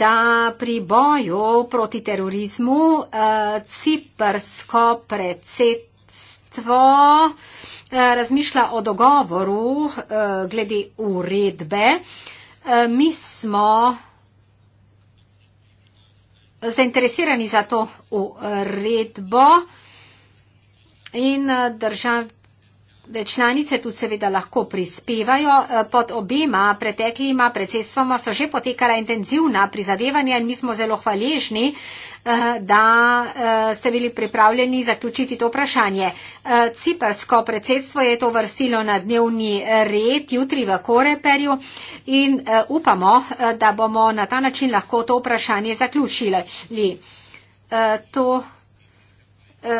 da pri boju proti terorizmu ciprsko predsedstvo ministrstvo eh, razmišlja o dogovoru eh, glede uredbe. Eh, mi smo zainteresirani za to uredbo in državi članice tu seveda lahko prispevajo. Eh, pod obema preteklima predsedstvoma so že potekala intenzivna prizadevanja in mi smo zelo hvaležni, eh, da eh, ste bili pripravljeni zaključiti to vprašanje. Cipersko predsedstvo je to vrstilo na dnevni red jutri v Koreperju in upamo, da bomo na ta način lahko to vprašanje zaključili. To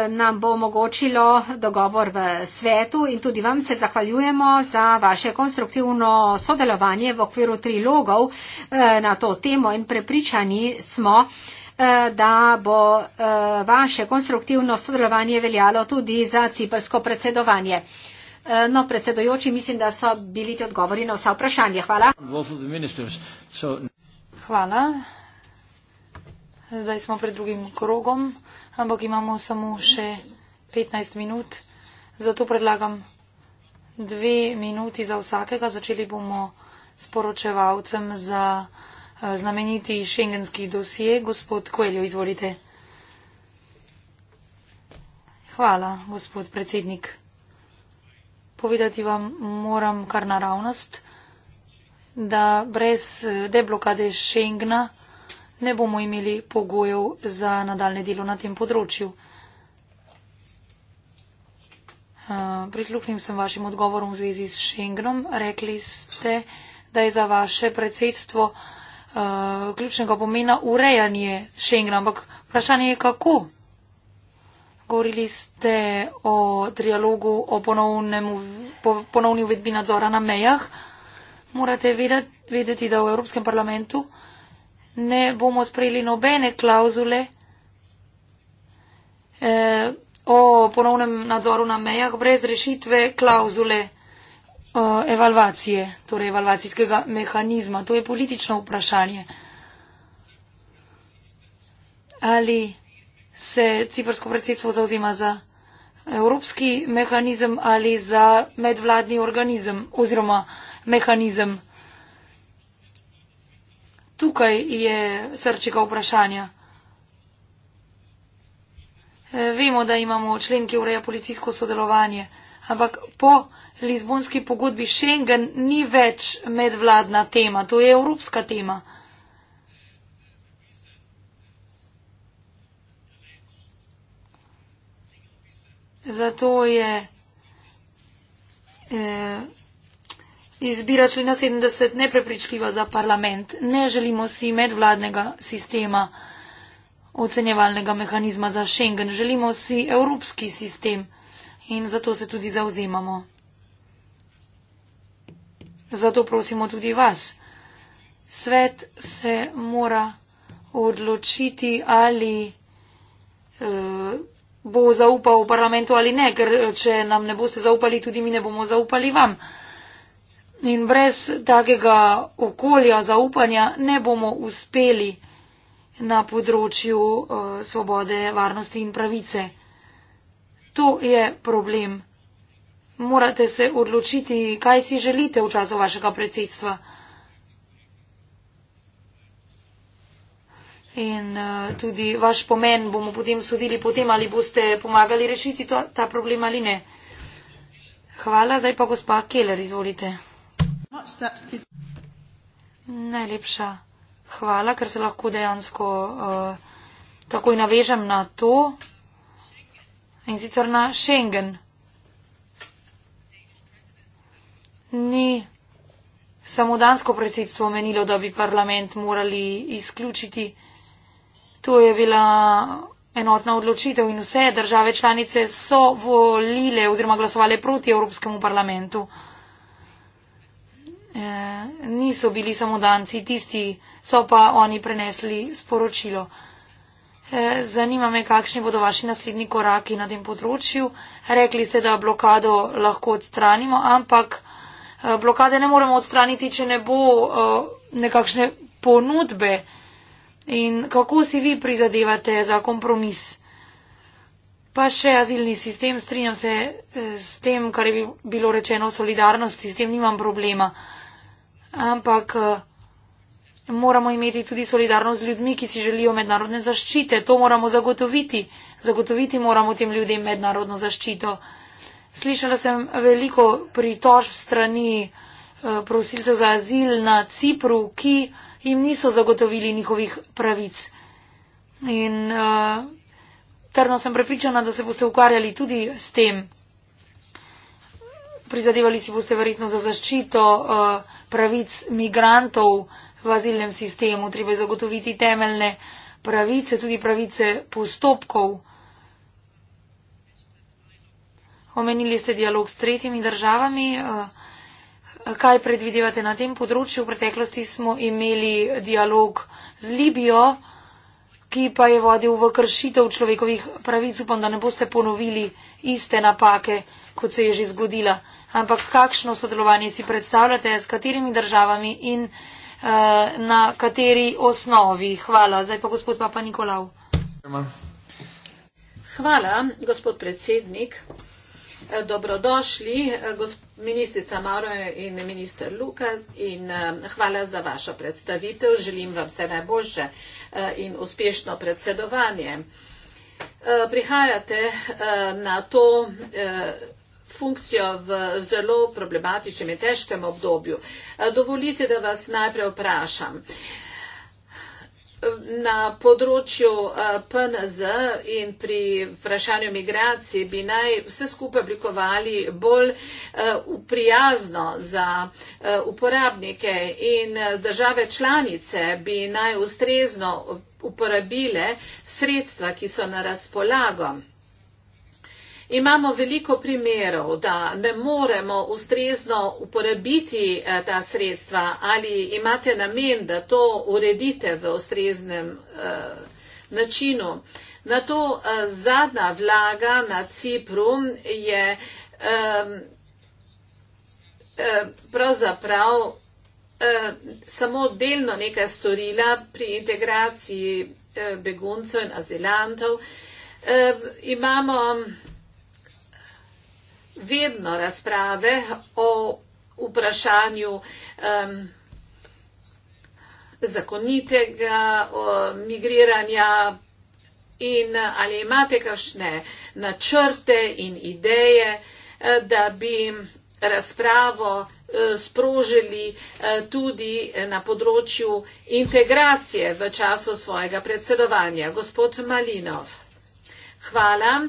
nam bo omogočilo dogovor v svetu in tudi vam se zahvaljujemo za vaše konstruktivno sodelovanje v okviru trilogov eh, na to temo in prepričani smo, eh, da bo eh, vaše konstruktivno sodelovanje veljalo tudi za ciprsko predsedovanje. No, predsedojoči, mislim, da so bili ti odgovori na vsa vprašanja. Hvala. Hvala. Zdaj smo pred drugim krogom ampak imamo samo še 15 minut. Zato predlagam dve minuti za vsakega. Začeli bomo s poročevalcem za eh, znameniti šengenski dosje. Gospod Koeljo, izvolite. Hvala, gospod predsednik. Povedati vam moram kar naravnost, da brez eh, deblokade šengna ne bomo imeli pogojev za nadaljne delo na tem področju. Eh, prisluhnil sem vašim odgovorom v zvezi s Schengenom. Rekli ste, da je za vaše predsedstvo uh, ključnega pomena urejanje Schengena, ampak vprašanje je kako. Govorili ste o trialogu o ponovni uvedbi nadzora na mejah. Morate vedeti, da v Evropskem parlamentu ne bomo sprejeli nobene klauzule eh, o ponovnem nadzoru na mejah brez rešitve klauzule eh, evalvacije, torej evalvacijskega mehanizma. To je politično vprašanje. Ali se ciprsko predsedstvo zauzima za evropski mehanizem ali za medvladni organizem oziroma mehanizem tukaj je srčika vprašanja. E, vemo, da imamo člen, ki ureja policijsko sodelovanje, ampak po Lizbonski pogodbi Schengen ni več medvladna tema, to je evropska tema. Zato je. Eh, Izbira člena 70 neprepričljiva za parlament. Ne želimo si medvladnega sistema ocenjevalnega mehanizma za Schengen. Želimo si evropski sistem in zato se tudi zauzemamo. Zato prosimo tudi vas. Svet se mora odločiti, ali eh, bo zaupal v parlamentu ali ne, ker eh, če nam ne boste zaupali, tudi mi ne bomo zaupali vam. In brez takega okolja zaupanja ne bomo uspeli na področju uh, svobode, varnosti in pravice. To je problem. Morate se odločiti, kaj si želite v času vašega predsedstva. In uh, tudi vaš pomen bomo potem sodili potem, ali boste pomagali rešiti to, ta problem ali ne. Hvala, zdaj pa gospa Keller, izvolite. Najlepša hvala, ker se lahko dejansko uh, takoj navežem na to. In sicer na Schengen. Ni samo dansko predsedstvo menilo, da bi parlament morali izključiti. To je bila enotna odločitev in vse države članice so volile oziroma glasovale proti Evropskemu parlamentu. Uh, Eh, niso bili samo danci, tisti so pa oni prenesli sporočilo. Eh, zanima me, kakšni bodo vaši naslednji koraki na tem področju. Rekli ste, da blokado lahko odstranimo, ampak eh, blokade ne moremo odstraniti, če ne bo eh, nekakšne ponudbe. In kako si vi prizadevate za kompromis? Pa še azilni sistem, strinjam se eh, s tem, kar je bilo rečeno, solidarnosti, s tem nimam problema ampak eh, moramo imeti tudi solidarnost z ljudmi, ki si želijo mednarodne zaščite. To moramo zagotoviti. Zagotoviti moramo tem ljudem mednarodno zaščito. Slišala sem veliko pritožb strani eh, prosilcev za azil na Cipru, ki jim niso zagotovili njihovih pravic. In uh, trdno sem prepričana, da se boste ukvarjali tudi s tem. Prizadevali si boste verjetno za zaščito. Uh, pravic migrantov v azilnem sistemu, treba je zagotoviti temeljne pravice, tudi pravice postopkov. Omenili ste dialog s tretjimi državami. Eh, kaj predvidevate na tem področju? V preteklosti smo imeli dialog z Libijo, ki pa je vodil v kršitev človekovih pravic. Upam, da ne boste ponovili iste napake, kot se je že zgodila ampak kakšno sodelovanje si predstavljate, s katerimi državami in uh, na kateri osnovi? Hvala. Zdaj pa gospod Papa Nikolav. Hvala, gospod predsednik. Eh, dobrodošli, eh, ministrica Maro in minister Lukas in hvala za vašo predstavitev. Želim vam vse najboljše in uspešno predsedovanje. Prihajate na to funkcijo v zelo problematičnem in težkem obdobju. E, dovolite, da vas najprej vprašam. Na področju e, PNZ in pri vprašanju migracij bi naj vse skupaj oblikovali bolj e, prijazno za uporabnike in države članice bi naj ustrezno uporabile sredstva, ki so na razpolago. Imamo veliko primerov, da ne moremo ustrezno uporabiti eh, ta sredstva ali imate namen, da to uredite v ustreznem uh, načinu. Na to uh, zadnja vlaga na Cipru je um, pravzaprav eh, samo delno nekaj storila pri integraciji eh, beguncev in azilantov. Eh, imamo vedno razprave o vprašanju um, zakonitega um, migriranja in ali imate kakšne načrte in ideje, eh, da bi razpravo eh, sprožili eh, tudi na področju integracije v času svojega predsedovanja. Gospod Malinov, hvala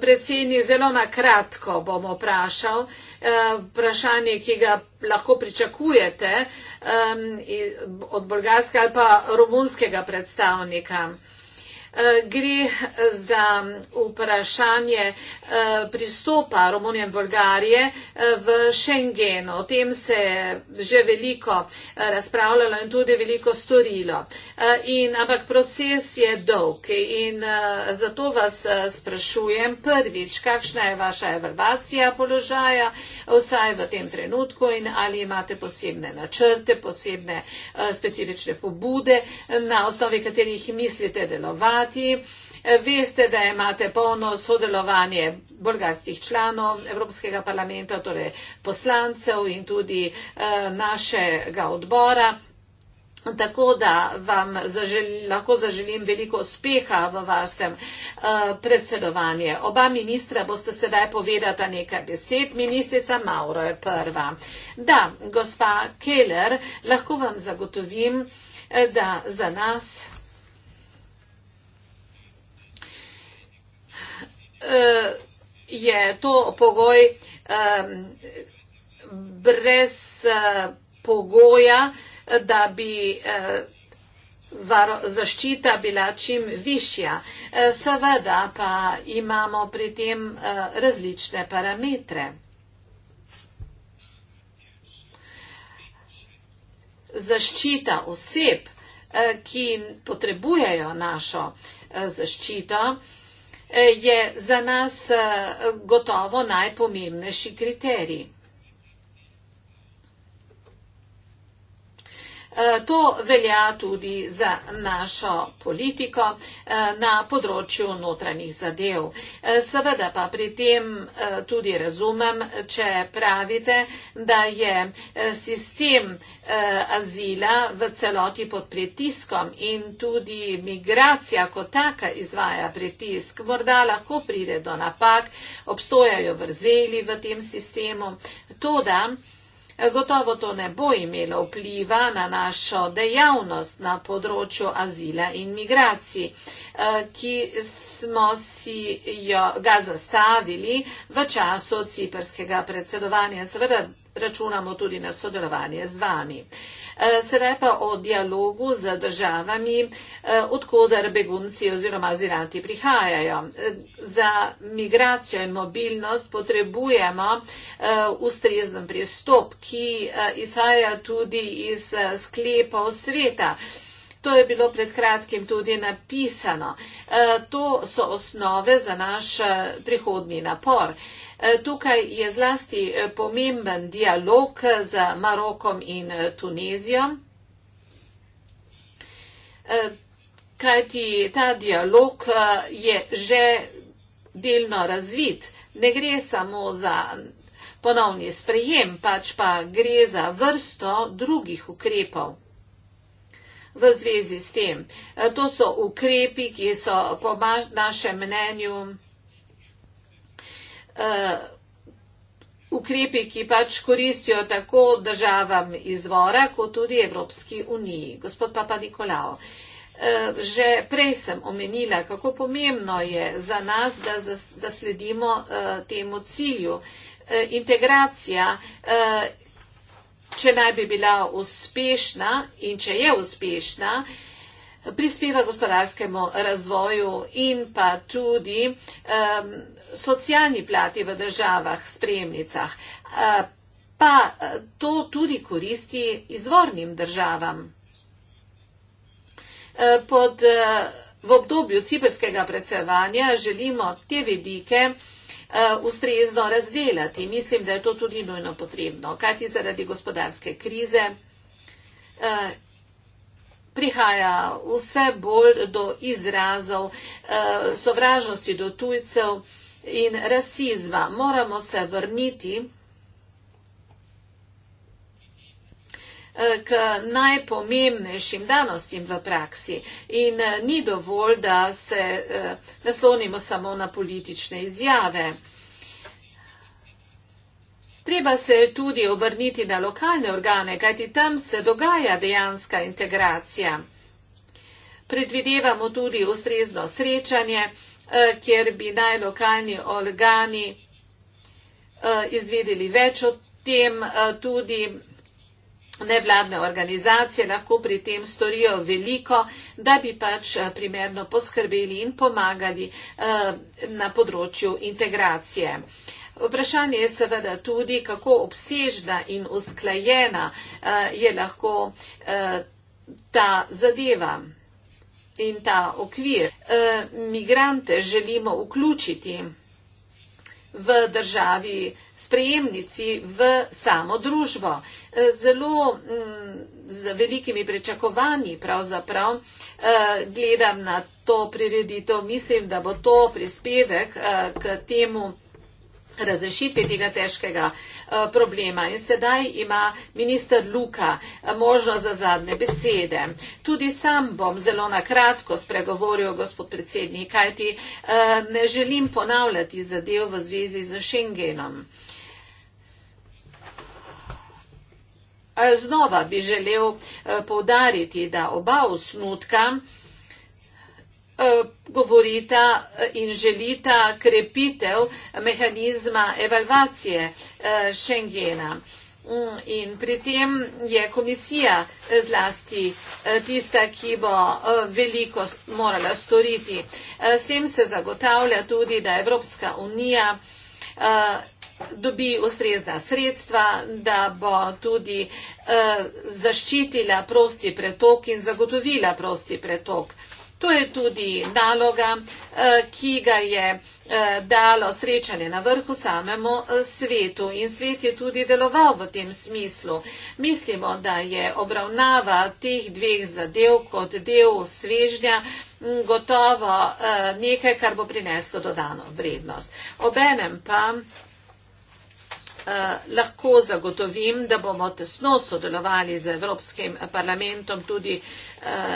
predsednik zelo na kratko bom vprašal. Eh, vprašanje, ki ga lahko pričakujete eh, od bolgarskega ali pa romunskega predstavnika. Eh, gre za vprašanje eh, pristopa Romunije in Bolgarije eh, v Schengen. O tem se je že veliko razpravljalo in tudi veliko storilo. In, ampak proces je dolg in zato vas sprašujem prvič, kakšna je vaša evalvacija položaja vsaj v tem trenutku in ali imate posebne načrte, posebne specifične pobude, na osnovi katerih mislite delovati pričakovati. Veste, da imate polno sodelovanje bolgarskih članov Evropskega parlamenta, torej poslancev in tudi eh, našega odbora. Tako da vam zaželi, lahko zaželim veliko uspeha v vašem uh, predsedovanju. Oba ministra boste sedaj povedala nekaj besed. Ministrica Mauro je prva. Da, gospa Keller, lahko vam zagotovim, eh, da za nas uh, je to pogoj um, brez uh, pogoja, da bi uh, varo, zaščita bila čim višja. Uh, seveda pa imamo pri tem uh, različne parametre. Zaščita oseb, ki potrebujejo našo zaščito, je za nas eh, gotovo najpomembnejši kriterij. Eh, to velja tudi za našo politiko eh, na področju notranjih zadev. Eh, seveda pa pri tem tudi razumem, če pravite, da je sistem azila v celoti pod pritiskom in tudi migracija kot taka izvaja pritisk. Morda lahko pride do napak, obstojajo vrzeli v tem sistemu. Toda, Gotovo to ne bo imelo vpliva na našo dejavnost na področju azila in migracij, eh, ki smo si jo, ga zastavili v času ciperskega predsedovanja. Seveda računamo tudi na sodelovanje z vami. E, sedaj pa o dialogu z državami, e, odkudar begunci oziroma aziranti prihajajo. E, za migracijo in mobilnost potrebujemo ustrezen pristop, ki izhaja tudi iz sklepov sveta. To je bilo pred kratkim tudi napisano. E, to so osnove za naš e, prihodni napor. E, tukaj je zlasti pomemben dialog z Marokom in Tunezijo. Kajti ta dialog je že delno razvit. Ne gre samo za ponovni sprejem, pač pa gre za vrsto drugih ukrepov v zvezi s tem. E, to so ukrepi, ki so po našem mnenju e, ukrepi, ki pač koristijo tako državam izvora, kot tudi Evropski uniji. Gospod Papa Nikolao, e, že prej sem omenila, kako pomembno je za nas, da, da sledimo temu cilju. Integracija če naj bi bila uspešna in če je uspešna, prispeva gospodarskemu razvoju in pa tudi um, socialni plati v državah, spremnicah. Uh, e, pa e, to tudi koristi izvornim državam. Uh, pod, uh, v obdobju ciperskega predsevanja želimo te vidike uh, Eh, ustrezno razdelati. Mislim, da je to tudi nujno potrebno, kajti zaradi gospodarske krize eh, prihaja vse bolj do izrazov eh, sovražnosti do tujcev in rasizma. Moramo se vrniti Eh, k najpomembnejšim danostim v praksi. In eh, ni dovolj, da se eh, naslonimo samo na politične izjave. Treba se tudi obrniti na lokalne organe, kajti tam se dogaja dejanska integracija. Predvidevamo tudi ustrezno srečanje, kjer bi naj lokalni organi izvedeli več o tem, tudi Nevladne organizacije lahko pri tem storijo veliko, da bi pač eh, primerno poskrbeli in pomagali eh, na področju integracije. Vprašanje je seveda tudi, kako obsežna in usklajena eh, je lahko ta zadeva in ta okvir. Migrante želimo vključiti v državi sprejemnici, v samo družbo. Eh, zelo mm, z velikimi pričakovanji pravzaprav eh, gledam na to prireditev. Mislim, da bo to prispevek eh, k temu, razrešitvi tega težkega eh, problema. In sedaj ima minister Luka eh, možnost za zadnje besede. Tudi sam bom zelo na kratko spregovoril, gospod predsednik, kajti eh, ne želim ponavljati zadev v zvezi z Schengenom. Znova bi želel povdariti, da oba osnutka Eh, govorita eh, in želita krepitev mehanizma evalvacije eh, Schengena. Mm, in pri tem je komisija zlasti tista, ki bo veliko morala storiti. S tem se zagotavlja tudi, da Evropska unija dobi ustrezna sredstva, da bo tudi zaščitila prosti pretok in zagotovila prosti pretok. To je tudi naloga, eh, ki ga je eh, dalo srečanje na vrhu samemu eh, svetu in svet je tudi deloval v tem smislu. Mislimo, da je obravnava teh dveh zadev kot del svežnja gotovo nekaj, kar bo prineslo dodano vrednost. Obenem pa. Uh, lahko zagotovim, da bomo tesno sodelovali z Evropskim parlamentom tudi uh,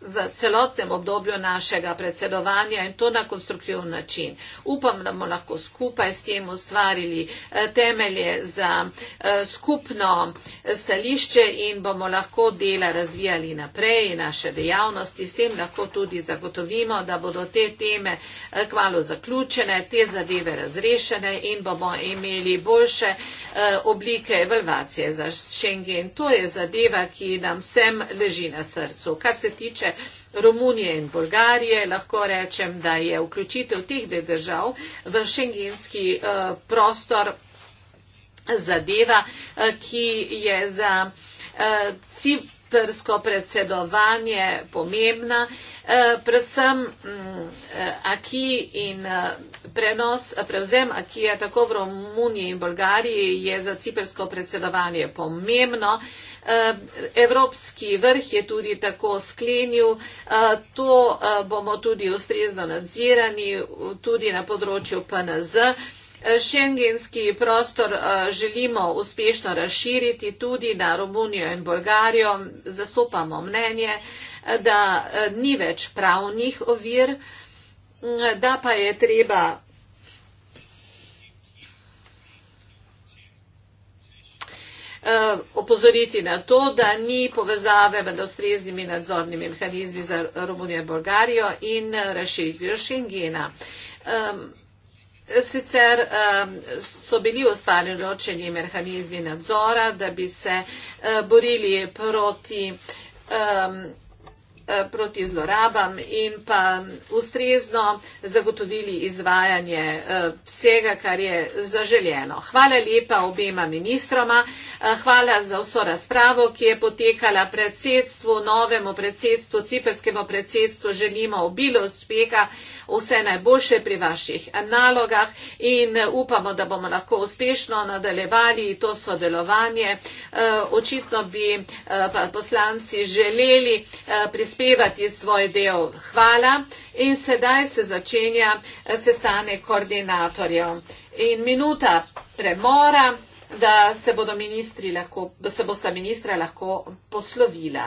v celotnem obdobju našega predsedovanja in to na konstruktiven način. Upam, da bomo lahko skupaj s tem ustvarili eh, temelje za eh, skupno eh, stališče in bomo lahko dela razvijali naprej in naše dejavnosti. S tem lahko tudi zagotovimo, da bodo te teme kmalo zaključene, te zadeve razrešene in bomo imeli boljše oblike evalvacije za Schengen. To je zadeva, ki nam vsem leži na srcu. Kar se tiče Romunije in Bolgarije, lahko rečem, da je vključitev teh dveh držav v šengenski eh, prostor zadeva, eh, ki je za cilj eh, Trsko predsedovanje pomembna, eh, predvsem mm, eh, Aki in eh, prenos, prevzem Akija tako v Romuniji in Bolgariji je za cipersko predsedovanje pomembno. Evropski vrh je tudi tako sklenil, to bomo tudi ustrezno nadzirani tudi na področju PNZ. Šengenski prostor eh, želimo uspešno razširiti tudi na Romunijo in Bolgarijo. Zastopamo mnenje, eh, da eh, ni več pravnih ovir, mm, da pa je treba. opozoriti na to, da ni povezave med ustreznimi nadzornimi mehanizmi za Romunijo in Bolgarijo in razširitvijo Schengena sicer um, so bili ostali ločeni mehanizmi nadzora, da bi se uh, borili proti um, Eh, proti zlorabam in pa ustrezno zagotovili izvajanje eh, vsega, kar je zaželjeno. Hvala lepa obema ministroma, eh, hvala za vso razpravo, ki je potekala predsedstvu, novemu predsedstvu, ciperskemu predsedstvu. Želimo obilo uspeha, vse najboljše pri vaših nalogah in upamo, da bomo lahko uspešno nadaljevali to sodelovanje. Očitno bi poslanci želeli prispevati prispevati svoj del. Hvala in sedaj se začenja eh, sestane koordinatorjev. In minuta premora, da se, bodo ministri lahko, se bosta ministra lahko poslovila.